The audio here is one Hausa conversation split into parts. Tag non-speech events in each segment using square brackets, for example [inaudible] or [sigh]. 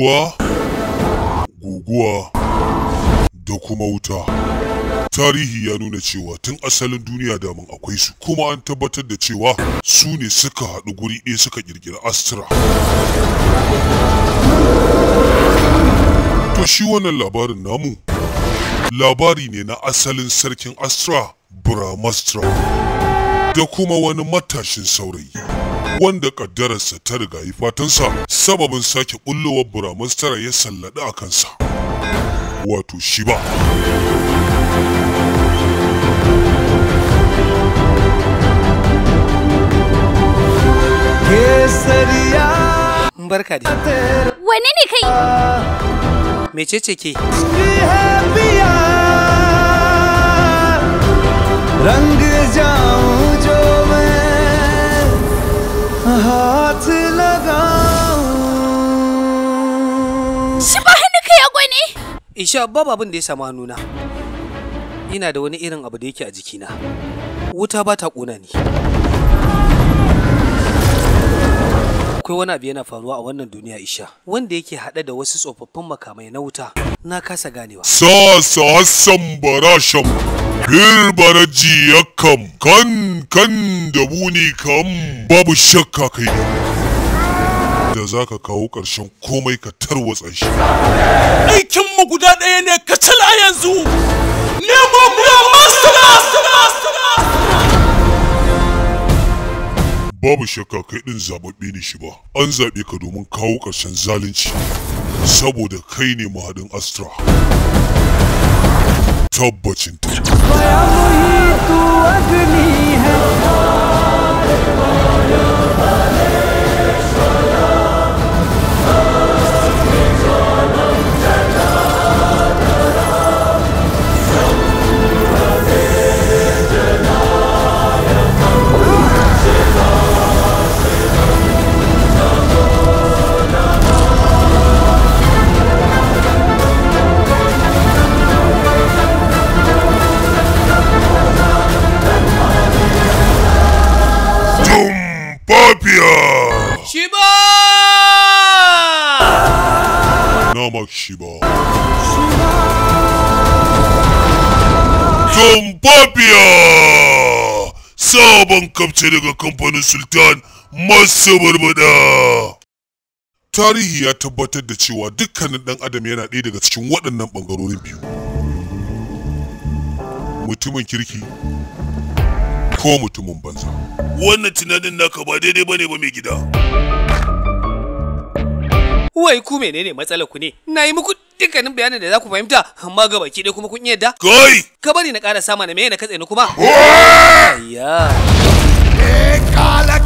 ruwa guguwa da kuma wuta. Tarihi ya nuna cewa tun asalin duniya damun akwai su, kuma an tabbatar da cewa su ne suka haɗu guri ɗaya suka ƙirƙiri Astra. To shi wannan labarin namu, labari ne na asalin sarkin Astra, Bramastra da kuma wani matashin saurayi. wanda kaddararsa ta riga yi fatansa sababin sake bullowar buramastara ya sallada a kansa wato shi ba Barka da. Wani ne kai? Mecece ke? Rang हाथ लगाऊं shi ba gwani isha babu abin da ya samu hannuna ina da wani irin abu da yake a jikina wuta ba ta ƙuna ni akwai wani abu yana faruwa a wannan duniya isha wanda yake haɗe da wasu tsofaffin makamai na wuta na kasa ganewa so sa san bir bana ji yakam kan kan da buni kam babu shakka kai da za ka kawo ƙarshen komai ka tarwatsa shi aikinmu guda ɗaya ne ka a yanzu nemo babu shakka kai din zababbe ne shi ba an zabe ka domin kawo ƙarshen zalunci saboda kai ne mahadin astra सब बचिंत Shiva! Namah Shiba! Tumbabiya! Sabon kamce daga kamfanin Sultan masu barbada. Tarihi ya tabbatar da cewa dukkanin ɗan adam yana ɗaya daga cikin waɗannan ɓangarorin biyu. Mutumin kirki ko mutumin banza wannan tunanin naka ba daidai bane ba mai gida wai ku menene matsalar ku ne na yi muku dukkanin bayanin da za ku fahimta amma ga baki dai kuma kun yadda kai ka bari na ƙara sama na me na katse ni kuma ya e kala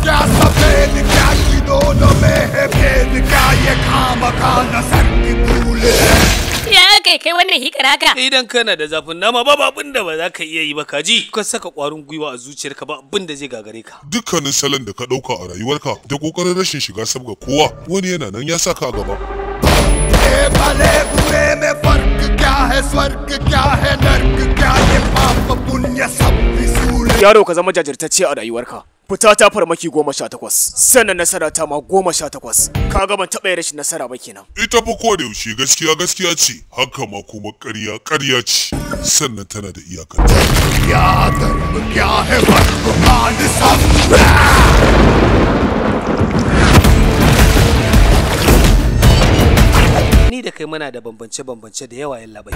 ni ka kya do no me he ni ka ye ma ka na sarki bule. Ya kai kai wannan hikar haka. Idan kana da zafin nama ba da ba za ka iya yi ba kaji. Ka saka kwarin gwiwa a zuciyarka ba abin da zai gagare ka. Dukkanin salon da ka ɗauka a rayuwarka da ƙoƙarin rashin shiga sabga kowa wani yana nan ya saka a gaba. भले eh, ka zama jajirtacce a rayuwarka fita ta farmaki goma sha takwas sannan nasara ta ma goma sha takwas kaga ban taɓa rashin nasara ba kenan ita fa ko da yaushe gaskiya gaskiya ce haka ma kuma ƙarya ƙarya ce sannan tana da iyaka ya ta kya hai barkuman sab ni da kai muna da bambance-bambance da yawa yalla bai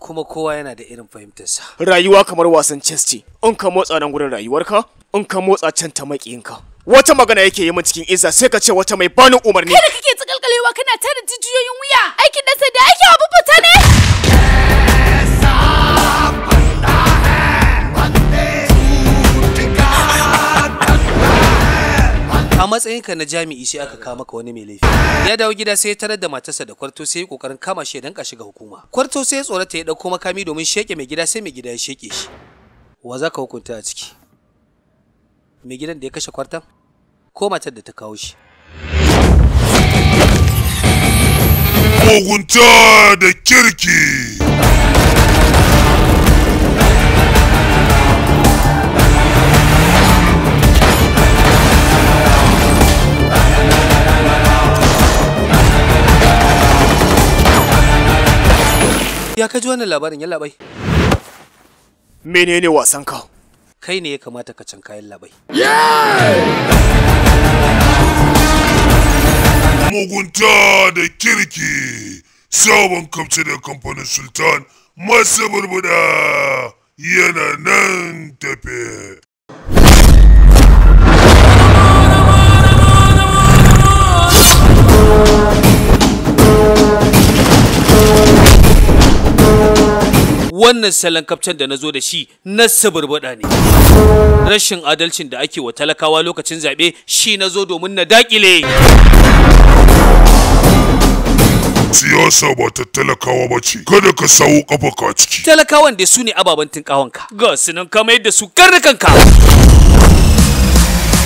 kuma kowa yana da irin fahimtarsa rayuwa kamar wasan chess ce in ka motsa nan gurin rayuwarka in ka motsa can ta ka. wata magana yake yi min cikin iza sai ka ce wata mai bani umarni kada kake tsakalkalewa kana da jijiyoyin wuya aikin da sai da ake abubuta ne a matsayinka na jami'i sai aka kama ka wani mai laifi ya dawo gida sai ya tarar da matarsa da kwarto sai ya kokarin kama shi dan ka shiga hukuma kwarto sai ya tsorata ya dauko makami domin sheke mai gida sai mai gida ya sheke shi wa za ka hukunta a ciki mai gidan da ya kashe kwartan ko matar da ta kawo shi mugunta da kirki ya kaji wannan labarin ya labai menene wasan ka kai ne ya kamata ka can kayan labai. Mugunta da kirki sabon kamce da kamfanin Sultan masu burbuda yana nan tafe. Thank you. wannan salon kafcen da na zo da shi na suburbuɗa ne rashin adalcin da ake wa talakawa lokacin zabe shi na zo domin na daƙile siyasa ba ta talakawa ba ce kada ka sawo ƙafaka ciki talakawan da su ne ababen ƙawanka. ga su nan ka mayar da su karnukanka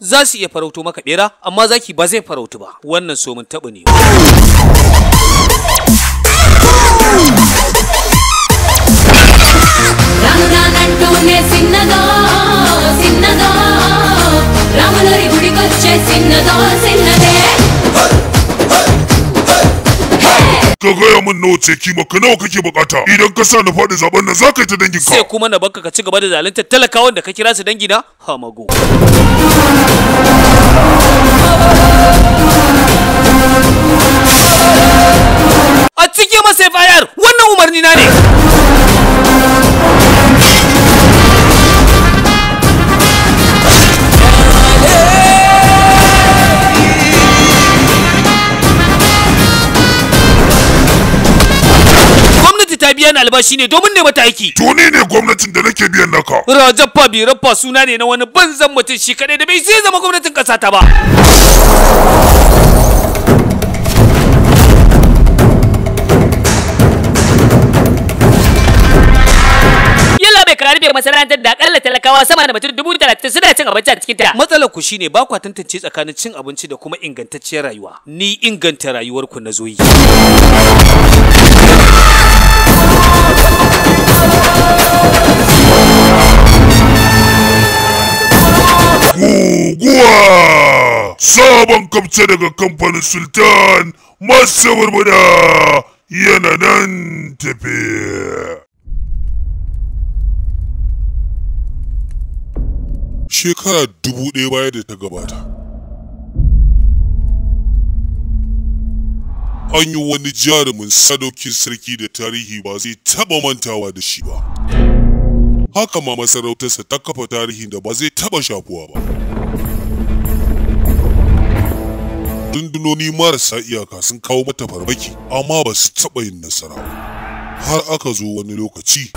za su iya farauto maka bera amma zaki ba zai farautu ba wannan so mun taɓa ne అంటూనే చిన్నదో చిన్నదో రాములరి గుడికొచ్చే చిన్నదో చిన్నదే ka gaya min ce kima ka idan ka sa zaben nan za ka dangin ka sai kuma na banka ka ci gaba da zaluntar talakawan da ka kira su dangi na hamago a cikin masai fayar wannan umarni na ne ta biya albashi ne domin ne mata aiki to ne ne gwamnatin da nake biyan naka rajab fa bi suna ne na wani banzan mutum shi kadai da bai zai zama gwamnatin kasa ta ba ka rufe masana'antar da akalla talakawa sama da mutum dubu talatin suna cin abinci a cikin ta. Matsalar ku shine ba kwa tantance tsakanin cin abinci da kuma ingantacciyar rayuwa. Ni inganta rayuwar ku na zo yi. Guguwa! Sabon kamce daga kamfanin Sultan masu warbada yana nan tafe. Shekara dubu ɗaya baya da ta gabata. an yi wani jarumin sadaukin sarki da tarihi ba zai taɓa mantawa da shi ba. Haka ma masarautarsa ta kafa tarihin da ba zai taɓa shafuwa ba. Dundunoni marasa iyaka sun kawo mata farmaki, amma ba su taɓa yin nasara. Har aka zo wani lokaci.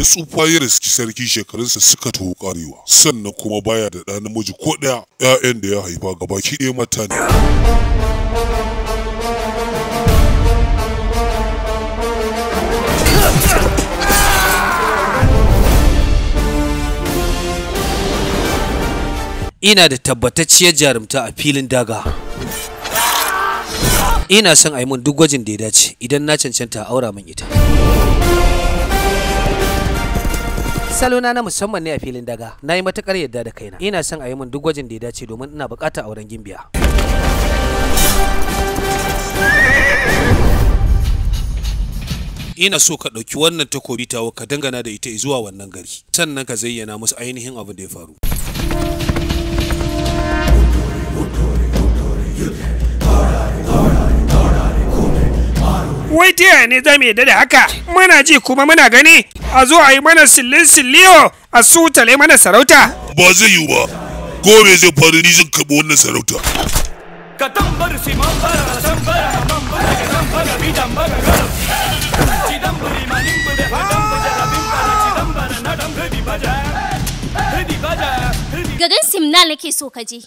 Da tsufa ya riski sarki shekarunsa suka taho karewa, sannan kuma baya da ɗa namiji ko ɗaya 'ya'yan da ya haifa gaba ki ɗaya mata ne. ina da tabbatacciyar jarumta a filin daga ina son a yi min duk gwajin da ya dace idan na cancanta aura min ita salona na musamman ne a filin daga na yi matukar yadda da kaina ina son a yi min duk gwajin da ya dace domin ina bukata auren gimbiya ina so ka ɗauki wannan takobi tawo ka dangana da ita zuwa wannan gari sannan ka zayyana musu ainihin abin da ya faru wai ta yaya ne za mu yadda da haka muna ji kuma muna gani a zo a yi mana sillin silliyo a sutale mana sarauta ba zai yiwu ba ko me zai faru ni zan karɓi wannan sarauta ka tambar si mambara sambara mambara ka tambara bi tambara garo ci tambari mani garin Simnal nake so ka je.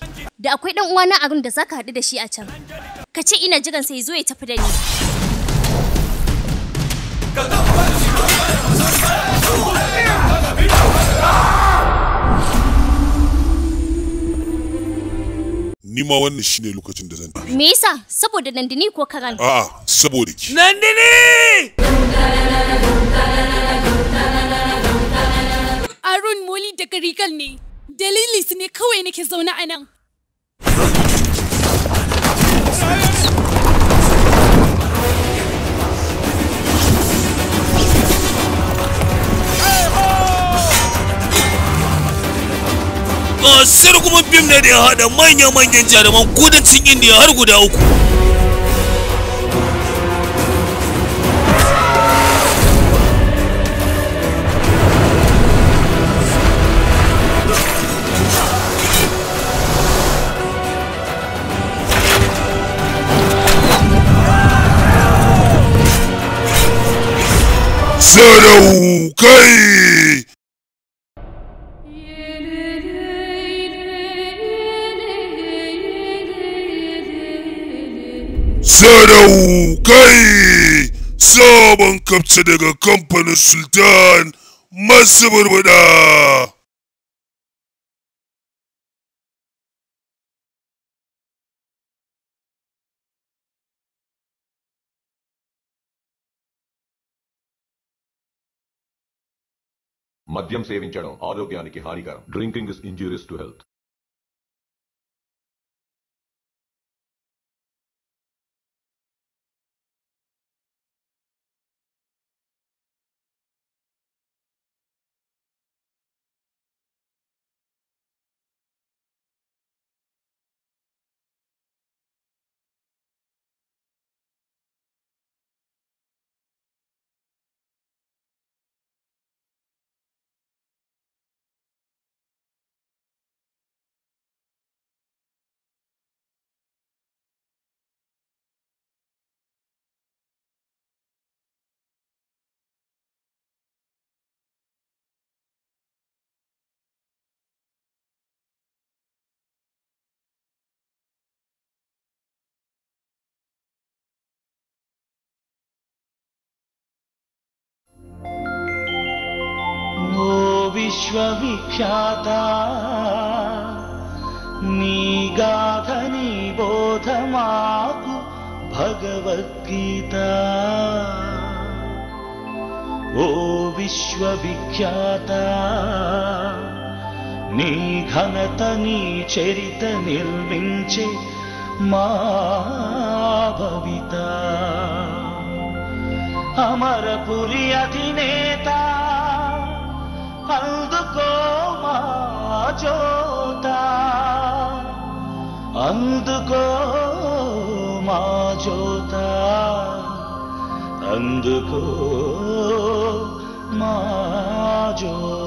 Da akwai dan uwa na a da zaka hadu da shi a can. Ka ce ina jiran sai zo ya tafi da ni. Ni ma wannan shine lokacin da zan tafi. Me yasa? Saboda Nandini ko Karan? A'a, saboda ki. Nandini! Arun Moli daga Rigal ne. dalili su ne kawai nake zaune a nan gasar kuma fim da ya haɗa manya-manyan jaruman kudancin indiya har guda uku sadaukai! Sadaukai! Sabon kafce daga kamfanin Sultan masu burbuda! मध्यम सेवंचन आरोग्याనికి హానికరం drinking is injurious to health विश्वविख्याता निगाधनि बोधमातु भगवद्गीता ओ विश्वविख्याता निघनतनी चरितनिर्मिञ्चे मा भविता अमर अधिनेता అందుకో మా చోట అందుకో మా చోట అందుకో మా జోత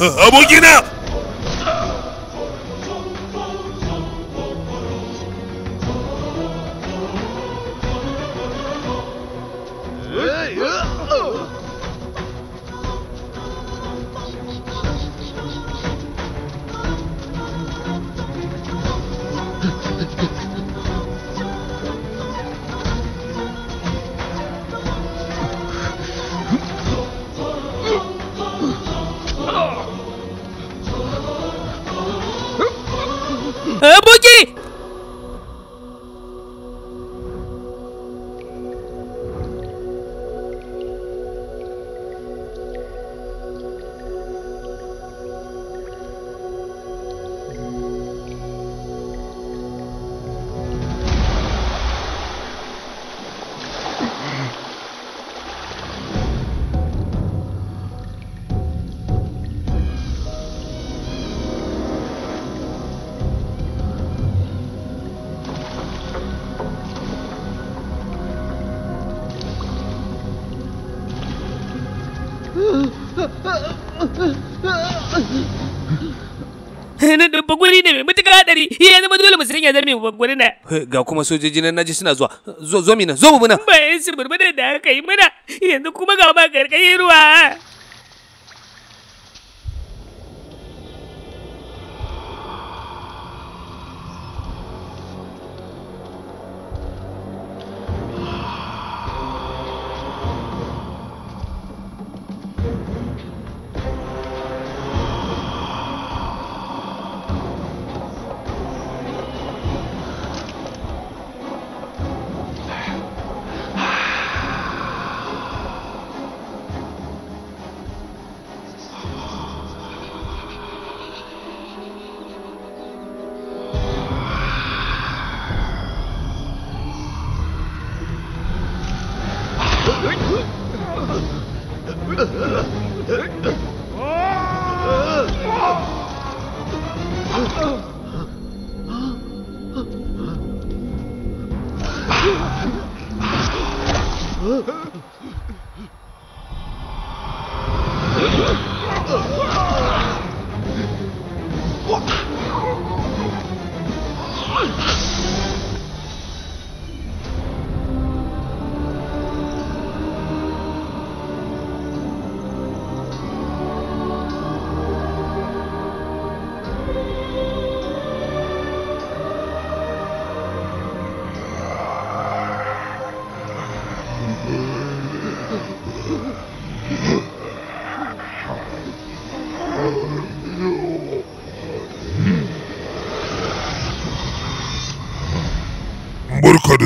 啊，我给你拿。hankali yanzu ba dole musulun ya zarme gurin na ga kuma sojoji na naji suna zuwa zo zo mina zo mu muna bayan da aka yi mana yanzu kuma ga ba karkashin ruwa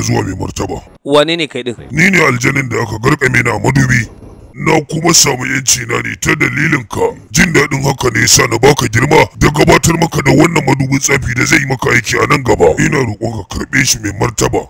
zuwa mai martaba. Wane ne kai din? Ni ne aljanin da aka mina a madubi. Na kuma samu yanci na ne ta dalilin ka. Jin daɗin haka ne sa na baka girma da gabatar maka da wannan madubin tsafi da zai yi maka aiki a nan gaba. Ina roƙon ka karɓe shi mai martaba.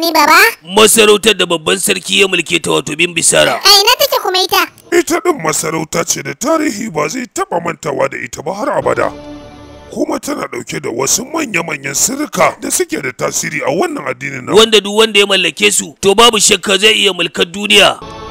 ba ba Masarautar da babban sarki ya mulke ta wato bin bisara. A ina take kuma ita? Ita din masarauta ce da tarihi ba zai taba mantawa da ita ba har abada. Kuma tana ɗauke da wasu manya-manyan sirrika da suke da tasiri a wannan addinin nan. Wanda duk wanda ya mallake su to babu shakka zai iya mulkar duniya.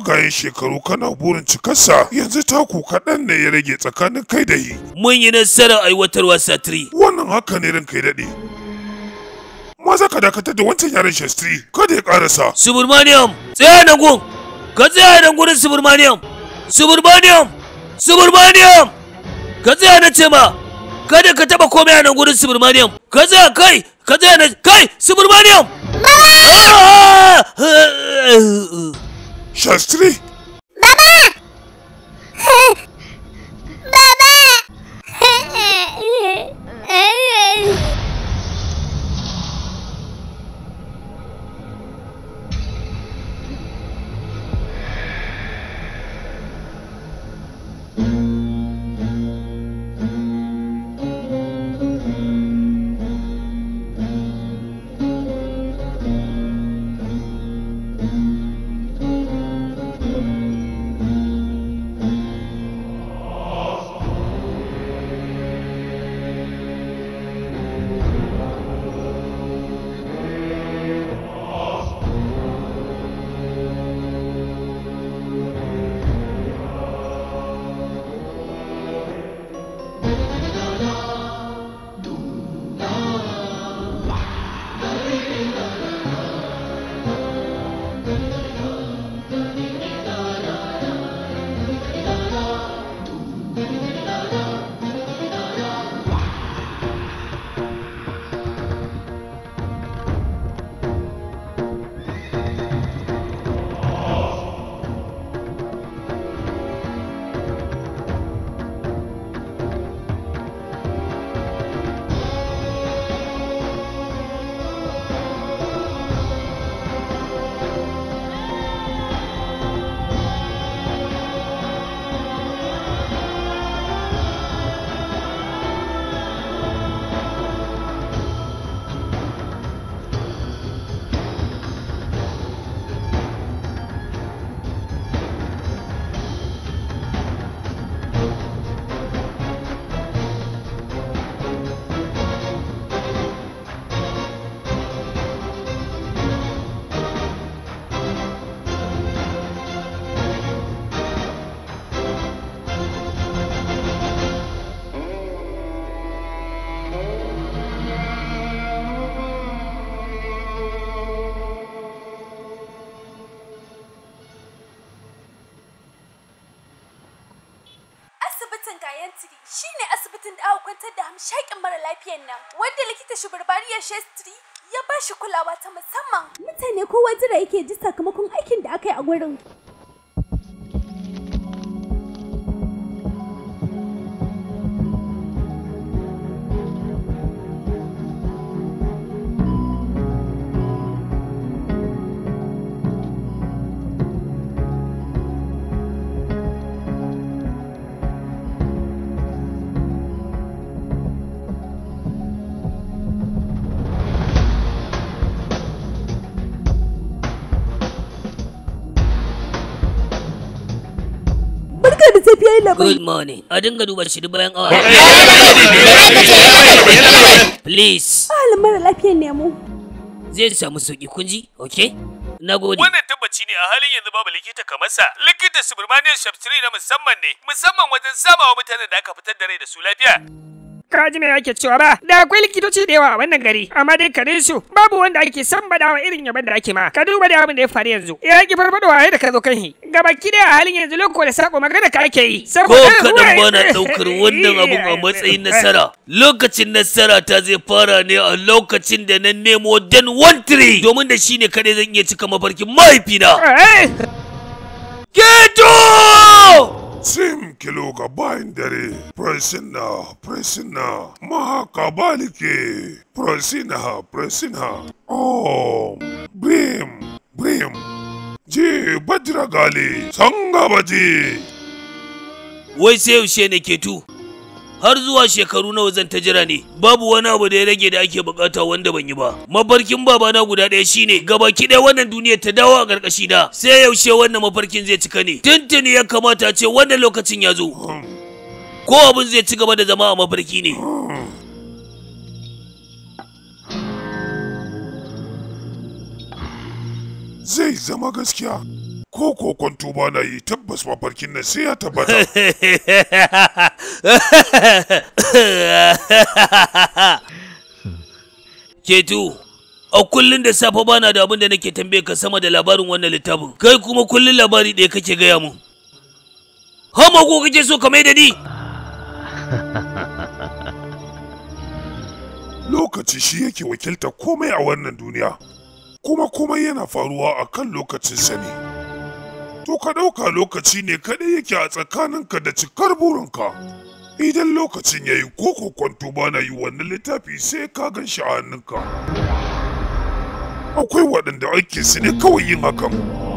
dogayen shekaru kana burin cikarsa yanzu taku kaɗan ne ya rage tsakanin kai da yi. Mun yi nasarar aiwatarwa satiri. Wannan haka ne ranka kai daɗe. za ka dakatar da wancan yaren shastri kada ya ƙarasa. Suburmaniyam tsaya nan gun ka tsaya nan gurin Suburmaniyam Suburmaniyam Suburmaniyam ka tsaya na ce ma kada ka taɓa komai a nan gurin Suburmaniyam ka tsaya kai ka tsaya na kai Suburmaniyam. Şastri! Baba! Baba! shi ya ba shi kulawa ta musamman. Mutane kowa jira yake ji sakamakon aikin da aka yi a gurin. Good morning. A dinga duba shi duk bayan awa. Please. Malamar lafiyar nemo. Zai samu sauki kun ji? Okay? Na gode. Wannan tabbaci ne a halin yanzu babu likita kamar sa. Likita Subramanian Shabtri na musamman ne, musamman wajen samawa mutanen da aka fitar da rai da su lafiya. Kajima yake ake cewa ba da akwai likitoci da yawa a wannan gari amma dai kare su babu wanda ake san badawa irin yaban da ake ma ka duba da abin da ya faru yanzu ya ki farfadowa ya da ka zo kan Gaba gabaki a halin yanzu lokacin da sako magana ka ake yi ko kadan bana ɗaukar wannan [laughs] abun a matsayin nasara lokacin nasara ta zai fara ne a lokacin da na nemo dan one three domin da shine kadai zan iya cika mafarkin mahaifina. Eh! Keto! Sim kilo ga bayan dare, Prasina, Prasina, Presina, presina. Om, Brim, Brim, Je Bajragali, Sangabaji. Wai sai yaushe ne ketu har zuwa shekaru nawa zan ta jira ne babu wani abu da ya rage da ake bukata wanda ban yi ba mafarkin babana guda ɗaya shine gabaki ɗaya wannan duniya ta dawo a ƙarƙashi na sai yaushe wannan mafarkin zai cika ne tuntuni ya kamata ce wannan lokacin ya zo ko abin zai ci gaba da zama a mafarki ne zai zama gaskiya ko kokon tuba na yi tabbas mafarkin nan sai ya tabbata. [laughs] Ketu, a kullum da safe bana da abin da nake tambaye ka sama da labarin wannan littafin, kai kuma kullum labari ɗaya kake gaya mu Hama ko kake so ka mai da ni? [laughs] Lokaci shi yake wakilta komai a wannan duniya, kuma komai yana faruwa a kan lokacinsa ne. to ka ɗauka lokaci ne kaɗai yake a tsakaninka da cikar burinka idan lokacin ya yi ko kwanto ba na yi wannan littafi sai ka gan shi a hannunka akwai waɗanda su ne kawai yin hakan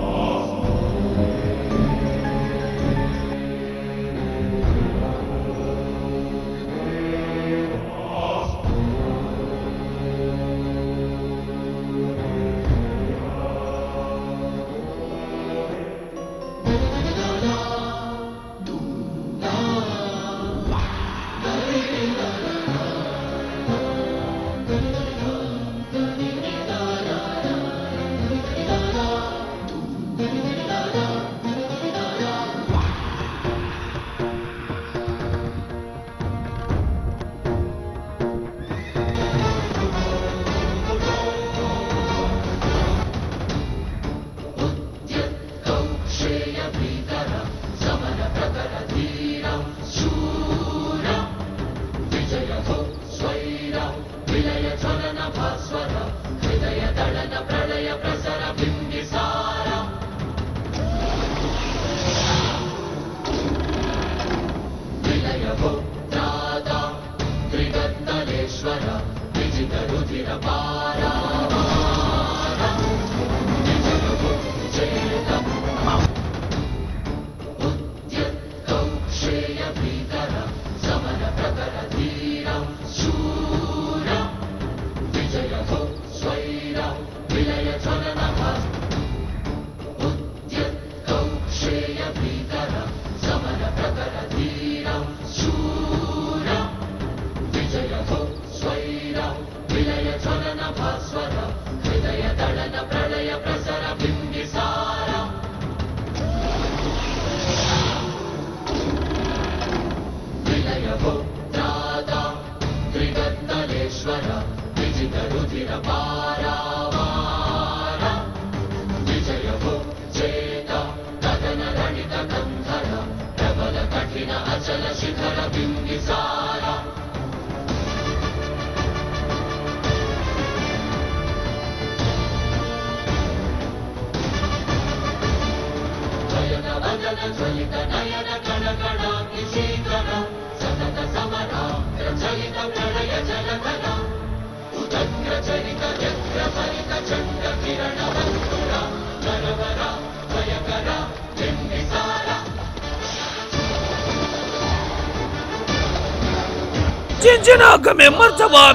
जनाग में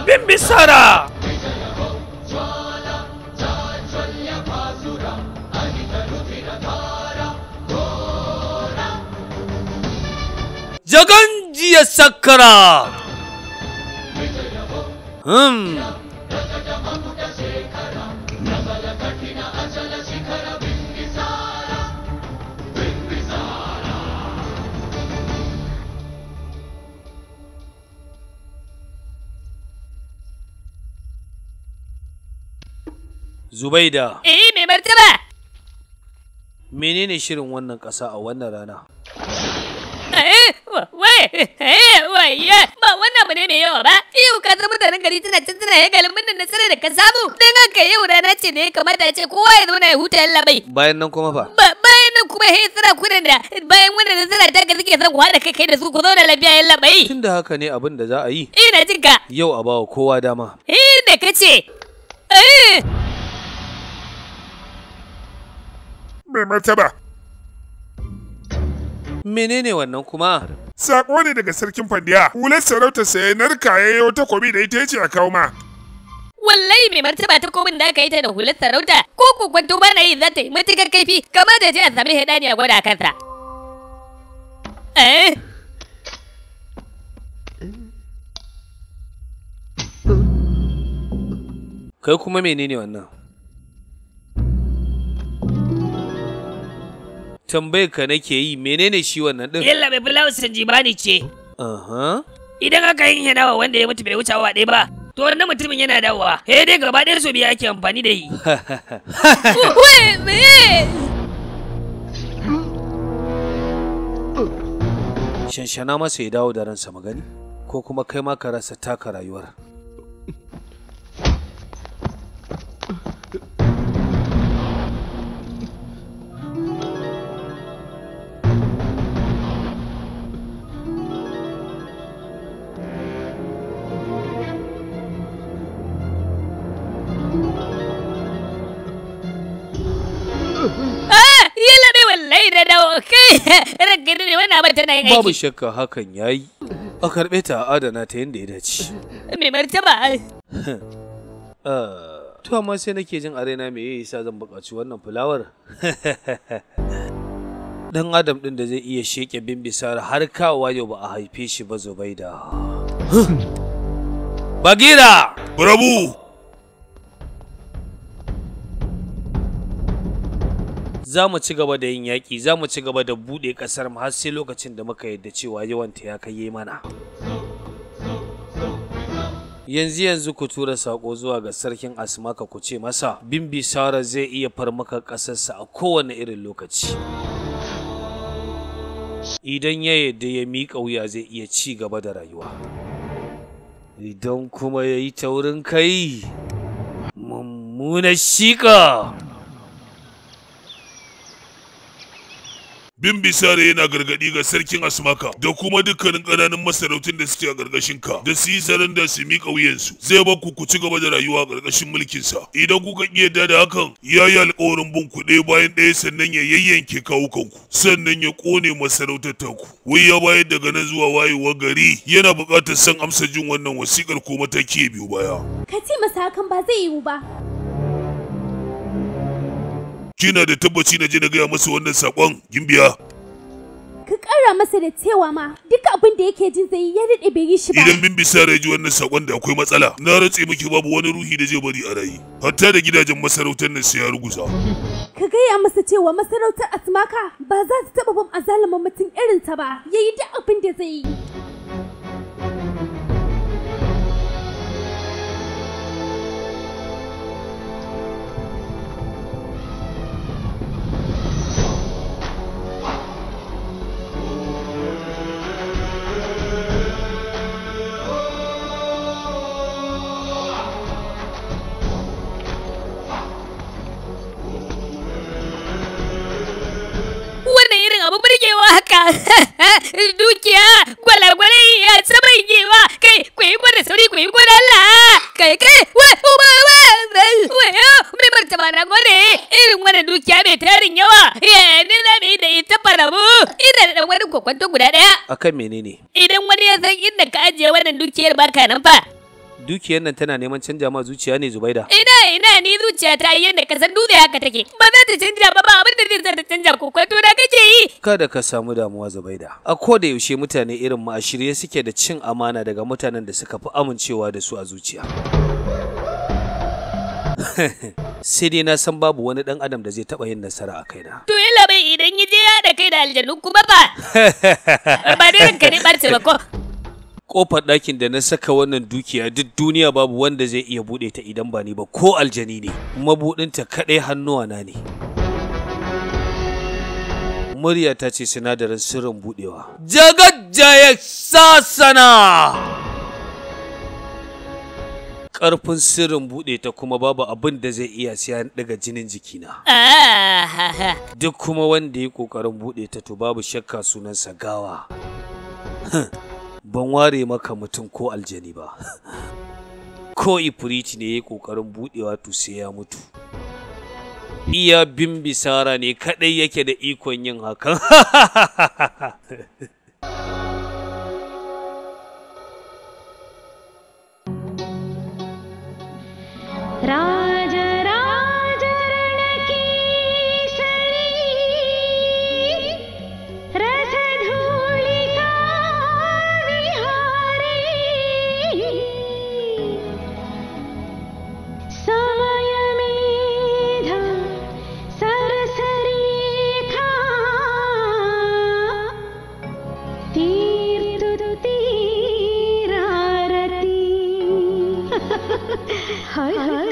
बिंबिसारा जगन जी सकरा हम्म Zubaida. Eh mai martaba. Menene shirin wannan ƙasa a wannan rana? Eh, Waya eh, ba wannan abu ne mai yawa ba. iyo ka zama mutanen gari tana can tana ya galin munnan nasarar da ka samu. Don haka yau rana ce da ya kamata ce kowa ya zauna ya huta yalla bai. Bayan nan kuma fa. Bayan nan kuma he tsira kudin da bayan wannan nasara ta gaske zan kuwa da kai kai da su ku zauna lafiya yalla bai. Tun da haka ne abin da za a yi. Ina jinka. Yau a bawa kowa dama. Eh da kace. Eh. mai martaba. Menene wannan kuma? Sako ne daga sarkin fandiya, hular sarautar sai ya narka ya yi takobi da ita ce a kawo ma. Wallahi mai martaba ta komin da aka yi ta da hular sarauta, ko ku kwanto ba na yi za ta yi matuƙar kaifi, kamar da jiya sami ne a gwada kansa. Eh? Kai kuma menene wannan? tambayar ka nake yi menene shi wannan din yalla bai bulawu sanjibani ce aha idan aka yi yana wa wanda ya mutu bai wuce awa ɗaya ba to wannan mutumin yana dawowa Eh dai gaba ɗaya so biya ake amfani da yi [laughs] shanshana masa ya dawo da ransa magani ko kuma kai ma ka rasa taka rayuwar kai [laughs] ranka ne wannan abin tana aiki babu shakka hakan ya yi. a karɓe ta a adana ta yadda ya dace mai martaba [laughs] ah, to amma sai nake jin a raina me yayi sa zan buƙaci wannan fulawar [laughs] dan adam din da zai iya sheke sara har kawowa yau ba a haife shi ba zubaida bagira burabu za mu ci gaba da yin yaƙi za mu ci gaba da buɗe ƙasar mu har sai lokacin da muka yadda cewa yawanta ya kai mana yanzu yanzu ku tura sako zuwa ga sarkin asmaka ku ce masa bimbi sara zai iya farmaka ƙasarsa a kowane irin lokaci idan ya yadda ya miƙa wuya zai iya ci gaba da rayuwa idan kuma ya yi taurin kai mummunar shika Bin Bisara yana gargaɗi ga sarkin Asmaka da kuma dukkanin ƙananan masarautun da suke a ƙarƙashin ka da su yi zaren da su miƙa wuyansu. Zai ba ku ku ci gaba da rayuwa a ƙarƙashin sa. Idan kuka iya da hakan ya yi alƙawarin bin ku ɗaya bayan ɗaya sannan ya yayyanke kawukanku sannan ya ƙone masarautar ku. Wai ya bayar daga nan zuwa wayewar gari yana buƙatar san amsa jin wannan wasiƙar ko mataki ya biyo baya. Ka ce masa hakan ba zai yiwu ba. kina da tabbaci na je na gaya masa wannan sakon gimbiya ka kara masa da cewa ma duk abin da yake jin zai ya daɗe bai yi shi ba idan bimbi sa ji wannan sakon da akwai matsala na ratse miki babu wani ruhi da zai bari a rayi hatta da gidajen masarautar nan sai ya ruguza ka gaya masa cewa masarautar asmaka ba za ta taɓa bin azalumin mutum irin ta ba yayi duk abin da zai yi cewa haka [laughs] dukiya gwalagwalai ya saman wa kai ku yi gwada sauri ku yi gwada Allah kai kai wa uba wa wayo mai ba na gode irin wani dukiya mai tarin yawa ya ne za mu yi da ita faramu ina da wani kwakwanto guda daya akan menene idan wani ya san inda ka ajiye wannan dukiyar baka nan fa dukiyar nan tana neman canja ma zuciya ne Zubaida. Ina ina ni zuciya ta yi yadda ka san duniya haka take. Ba za ta canja ba ba abin da zai zarta canja ko kai to da kake yi. Kada ka samu damuwa Zubaida. A ko da yaushe mutane irin mu a suke da cin amana daga mutanen da suka fi amincewa da su a zuciya. [laughs] sai dai na san babu wani dan adam da zai taba yin nasara a kaina. To yalla bai idan ya je ya da kai da aljanu kuma ba. [laughs] Ba dai ranka ne ba ko. kofar ɗakin da na saka wannan dukiya duk duniya babu wanda zai iya buɗe ta idan ba ni ba ko aljani ne mabuɗinta kaɗai hannuwa na ne murya ta ce sinadarin sirrin buɗewa jagajjaye sasana ƙarfin sirrin buɗe ta kuma babu abin da zai iya siya daga jinin jikina. Duk kuma wanda ya ƙoƙarin buɗe ta to babu shakka sunansa gawa. ban ware maka mutum ko aljani ba [laughs] ko ifiriti ne ya ƙoƙarin buɗewa to sai ya mutu iya bimbisara ne kaɗai yake da ikon yin hakan Right. [laughs] 嗨嗨。[laughs]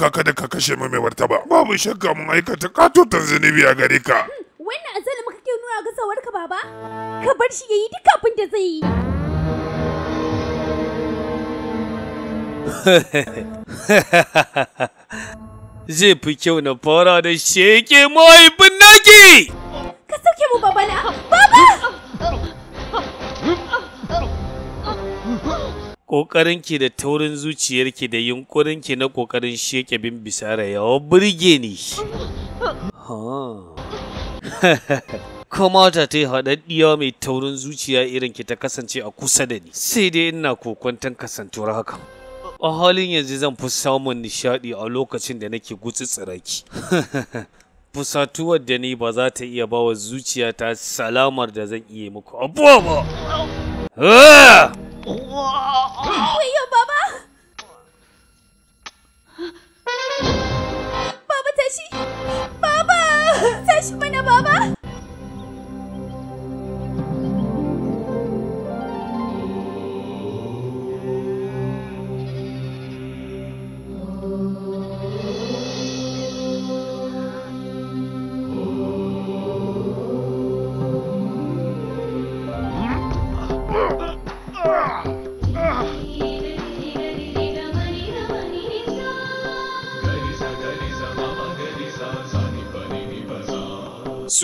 taimaka kada ka kashe mu mai martaba babu shakka mun aikata katotan zunubi a gare ka hmm, wannan azalin muka ke nuna ga sawar ka baba ka bar shi yayi duk abin da zai yi [laughs] zai fi kyau na fara da sheke mahaifin naki ka sauke mu babana ƙoƙarinki da taurin zuciyarki da yunƙurinki na ƙoƙarin sheke bin bisara ya burge ni. [laughs] Kamata ta yi haɗaɗɗiya mai taurin zuciya irin ki ta kasance a kusa da ni, sai dai ina kokwantan kasantuwar haka A halin yanzu zan fi samun nishaɗi a lokacin da nake gutsitsira [laughs] Fusatuwar da ni ba za ta iya bawa zuciyata salamar da zan iya muku abuwa ba. 喂，有爸爸！爸爸在心，爸爸在心，妈妈爸爸。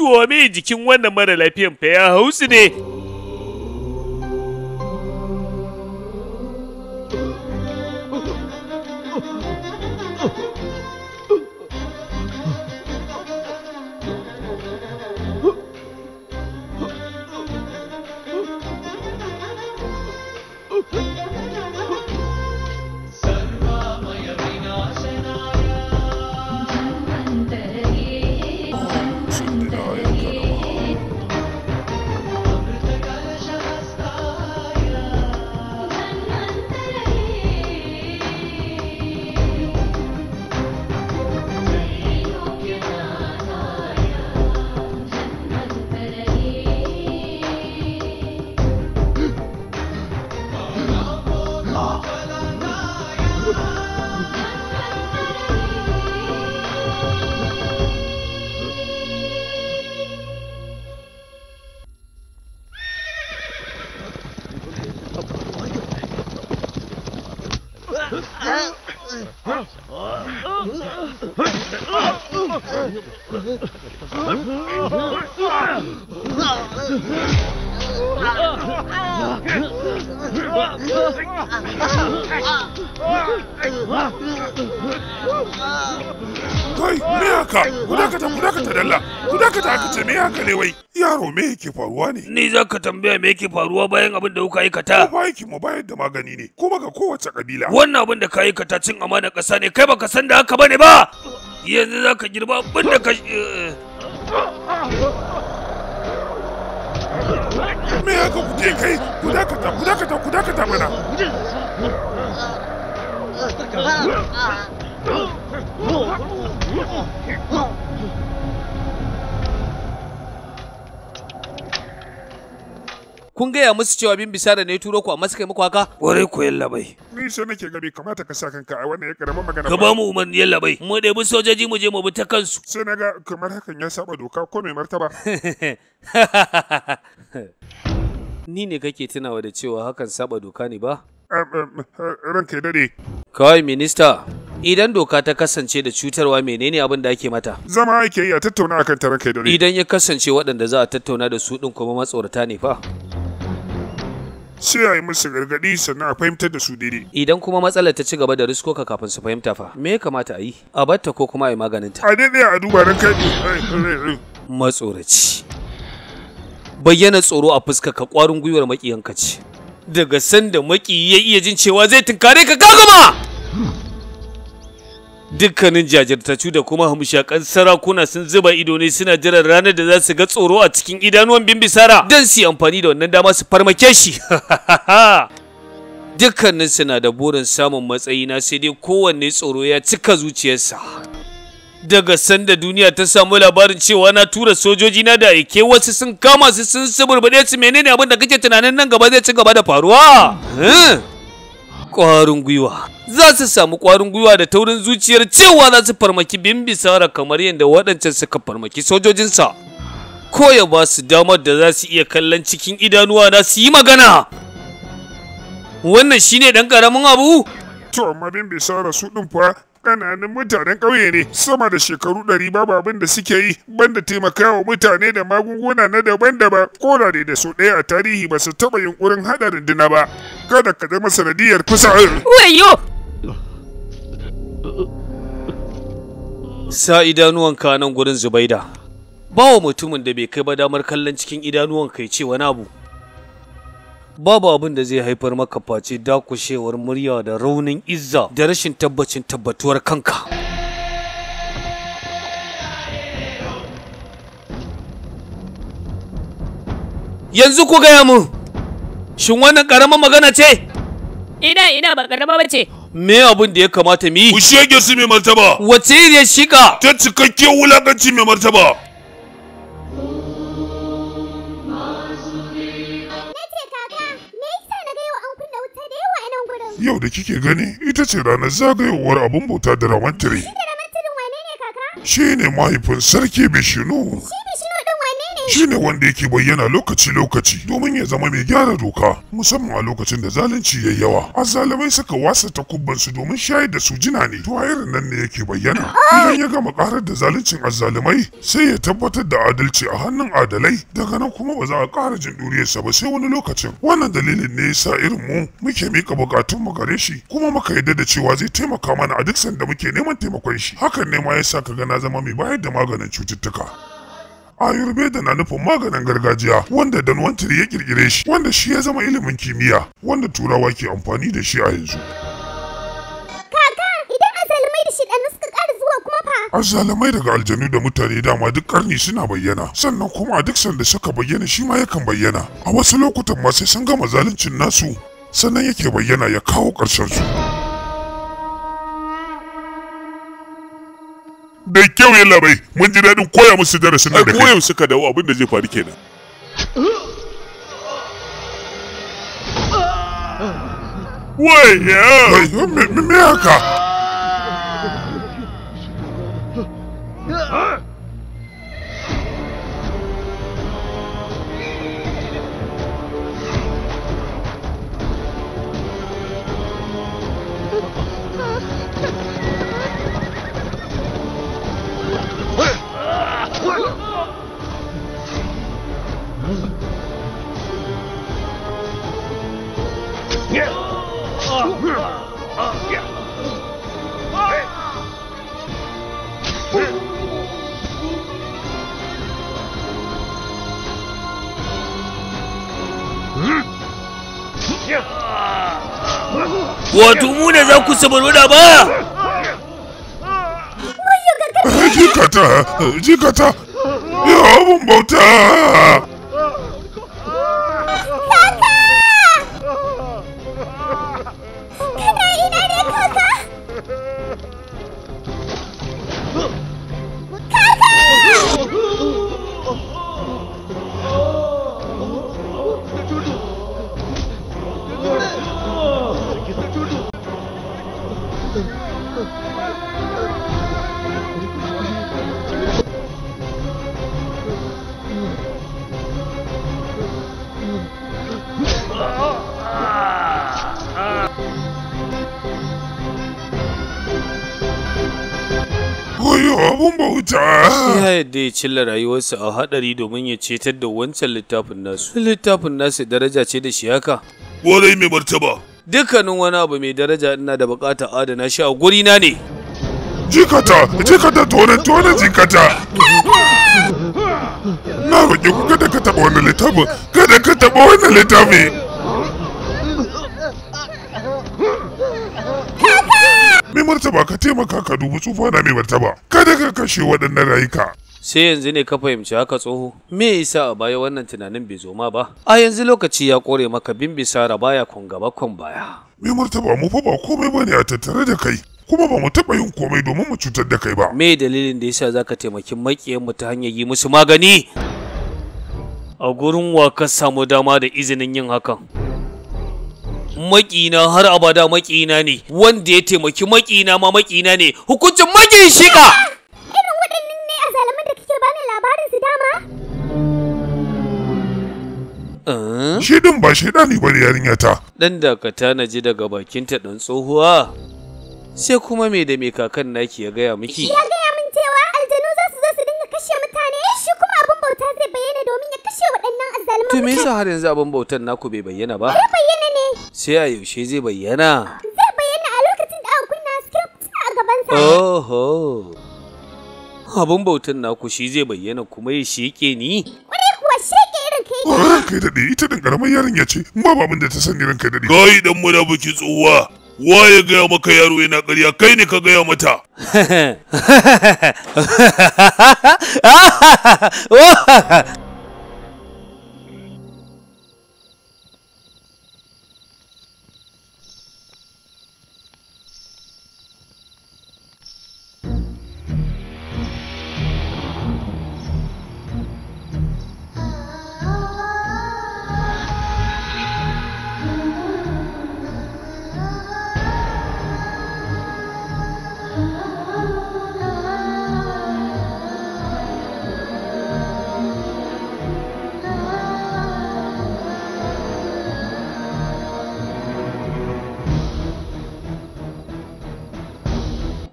mai jikin wannan mara lafiyan fa ya hausu ne. Ni za ka tambaya me yake faruwa bayan abin da kuka aikata? Ko aiki mu bayar da magani ne, kuma ga kowace kabila. Wannan abin da ka aikata cin amana kasa ne, kai baka san da haka bane ba. Yanzu za ka girba abin da ka eh, eh. Me haka ku je kai, ku dakata, ku dakata, ku dakata mana. Oh, kun gaya musu cewa bin bisara ne turo ku amma suka yi muku haka wore ko yalla bai ni sai nake gabe kamata ka sa kanka a wannan ya karama magana ka ba mu umarni yalla bai mu dai bi sojoji mu je mu bi ta kansu sai naga kamar hakan ya saba doka ko mai martaba [laughs] ni ne kake tunawa da cewa hakan saba doka ne ba ranka dade kawai minista idan doka ta kasance da cutarwa menene abin da ake mata zama ake yi a tattauna akan taron kai dare idan ya kasance waɗanda za a tattauna da su din kuma matsorata ne fa sai a yi musu gargaɗi sannan a fahimtar da su daidai. Idan kuma matsalar ta ci gaba da risko ka kafin su fahimta fa, me ya kamata a yi? A batta ko kuma a yi maganin ta? A daidai a duba na kai. Matsoraci. Bayyana tsoro a fuska ka ƙwarin gwiwar maƙiyanka ce. Daga sanda maƙiyi ya iya jin cewa zai tunkare ka ka gama! dukkanin jajirtacu da kuma hamshakan sarakuna sun zuba ido ne suna jiran ranar da za su ga tsoro a cikin idanuwan bimbisara don su yi amfani da wannan dama su farmake shi [laughs] dukkanin suna da burin samun matsayi na sai dai kowanne tsoro ya cika zuciyarsa daga sanda duniya ta samu labarin cewa na tura sojoji na da ake wasu sun kama su sun suburbuɗe su menene abin da kake tunanin nan gaba zai ci gaba da faruwa hmm? ƙwarin gwiwa za su samu ƙwarin gwiwa da taurin zuciyar cewa za su farmaki bimbisara kamar yadda waɗancan suka farmaki sojojinsa ko ya ba su damar da za su iya kallon cikin idanuwa na su yi magana wannan shine ɗan ƙaramin abu to amma bimbisara su ɗin fa ƙananan mutanen ƙauye ne sama da shekaru ɗari babu abin da suke yi banda taimakawa mutane da magunguna na daban-daban ko da da su ɗaya a tarihi ba su taɓa yunƙurin haɗa runduna ba kada ka zama sanadiyar kusa wayo sa idanuwanka nan gurin zubaida ba wa mutumin da bai kai ba damar kallon cikin idanuwan kai ce wani abu babu abin da zai haifar maka face dakushewar murya da raunin izza da rashin tabbacin tabbatuwar kanka yanzu ku gaya mun shin wannan ƙaramar magana ce ina ina ba ƙarama ba ce me abin da ya kamata mu yi ku shege su mai martaba wace ne shika ta cikakken wulakanci mai martaba Yau da kike gani ita ce ranar zagayowar abin bauta da ramantiri. Shi wane ne kaka? Shi ne mahaifin sarki Bishinu. Shi Bishinu shine wanda yake bayyana lokaci-lokaci domin ya zama mai gyara doka musamman a lokacin da zalunci ya yi yawa azzalamai suka wasa su domin shayar da su jina ne to nan ne yake bayyana idan ya gama karar da zaluncin azzalamai sai ya tabbatar da adalci a hannun adalai daga nan kuma ba za a kara jin sa ba sai wani lokacin wannan dalilin ne sa irin mu muke mika bukatun mu gare shi kuma muka yarda da cewa zai taimaka mana a duk sanda muke neman taimakon shi hakan ne ma ya yasa kaga na zama mai bayar da maganin cututtuka Ayurveda na nufin maganin gargajiya wanda Danwantiri ya kirkire shi wanda shi ya zama ilimin kimiyya wanda turawa ke amfani da shi a yanzu. Kaka daga aljanu da mutane dama duk ƙarni suna bayyana sannan kuma a duk sanda suka bayyana shi ma yakan bayyana a wasu lokutan ma sai sun gama zaluncin nasu sannan yake bayyana ya kawo ƙarshen su. da kyau ya labai mun ji daɗin koya musu darasin da kai koyau suka dawo abin da zai faru kenan ya! me haka Wato mu ne za ku sabarwada ba? Jikata, jikata, ya abun bauta! Koyo abun bauta! Ya yadda ya cilla rayuwarsa a haɗari domin ya cetar da wancan littafin nasu. Littafin nasu daraja ce da shi haka. Warai mai martaba. Dukkanin wani abu mai daraja ina da buƙatar adana shi a gurina ne. Jikata, jikata tonan tonan jikata. Na roƙi ku kada ka taɓa wannan littafin, kada ka taɓa wannan littafin. mai martaba ka taimaka ka dubi tsufa na mai martaba kada ka kashe waɗannan rayuka sai yanzu ne ka fahimci haka tsoho me yasa a baya wannan tunanin bai zo ma ba a yanzu lokaci ya kore maka bimbisara baya kun gaba kun baya mai martaba mu fa ba komai bane a tattare da kai kuma ba mu taɓa yin komai domin mu cutar da kai ba me dalilin da yasa zaka taimaki maƙiyanmu mu ta hanyar yi musu magani a gurin wa ka samu dama da izinin yin hakan maƙina har abada maƙina ne wanda ya taimaki maƙina ma maƙina ne hukuncin maƙin shiƙa irin waɗannan ne a zalaman da kake bani labarin su dama eh? shi din ba shi ɗani bane yarinya ta dan dakata na ji daga bakinta dan tsohuwa sai kuma me da me kakan naki ya gaya miki ya gaya min cewa aljanu kashe mutane eh, shi kuma abin bauta zai bayyana domin ya kashe waɗannan azzaluman mutane. To me yasa har yanzu abin bautan naku bai bayyana ba? Zai bayyana ne. Sai a yaushe zai bayyana? Zai bayyana a lokacin da aka kunna script a sa. Oho. Abin bautan naku shi zai bayyana kuma ya sheke ni? Ƙwarai kuwa sheke irin kai. Ƙwarai kai daɗe ita ɗin ƙaramar yarinya ce ba babin da ta san irin kai daɗe. Kai ɗan munafuki tsohuwa. waye gaya maka yaro yana ƙarya kai ne ka gaya mata [laughs]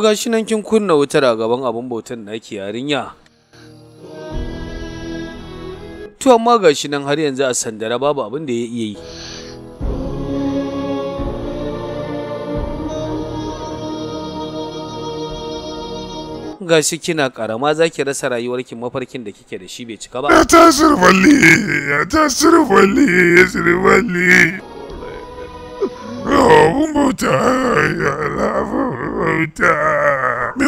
to shi nan kin kunna wutar a gaban abin bautan ake yarinya to amma shi nan har yanzu a sandara babu abin da ya iya yi ga shi kina karama zaki rasa rayuwarki mafarkin da kike da shi bai cika ba ya ta ya ta ya surfalli. Mai bauta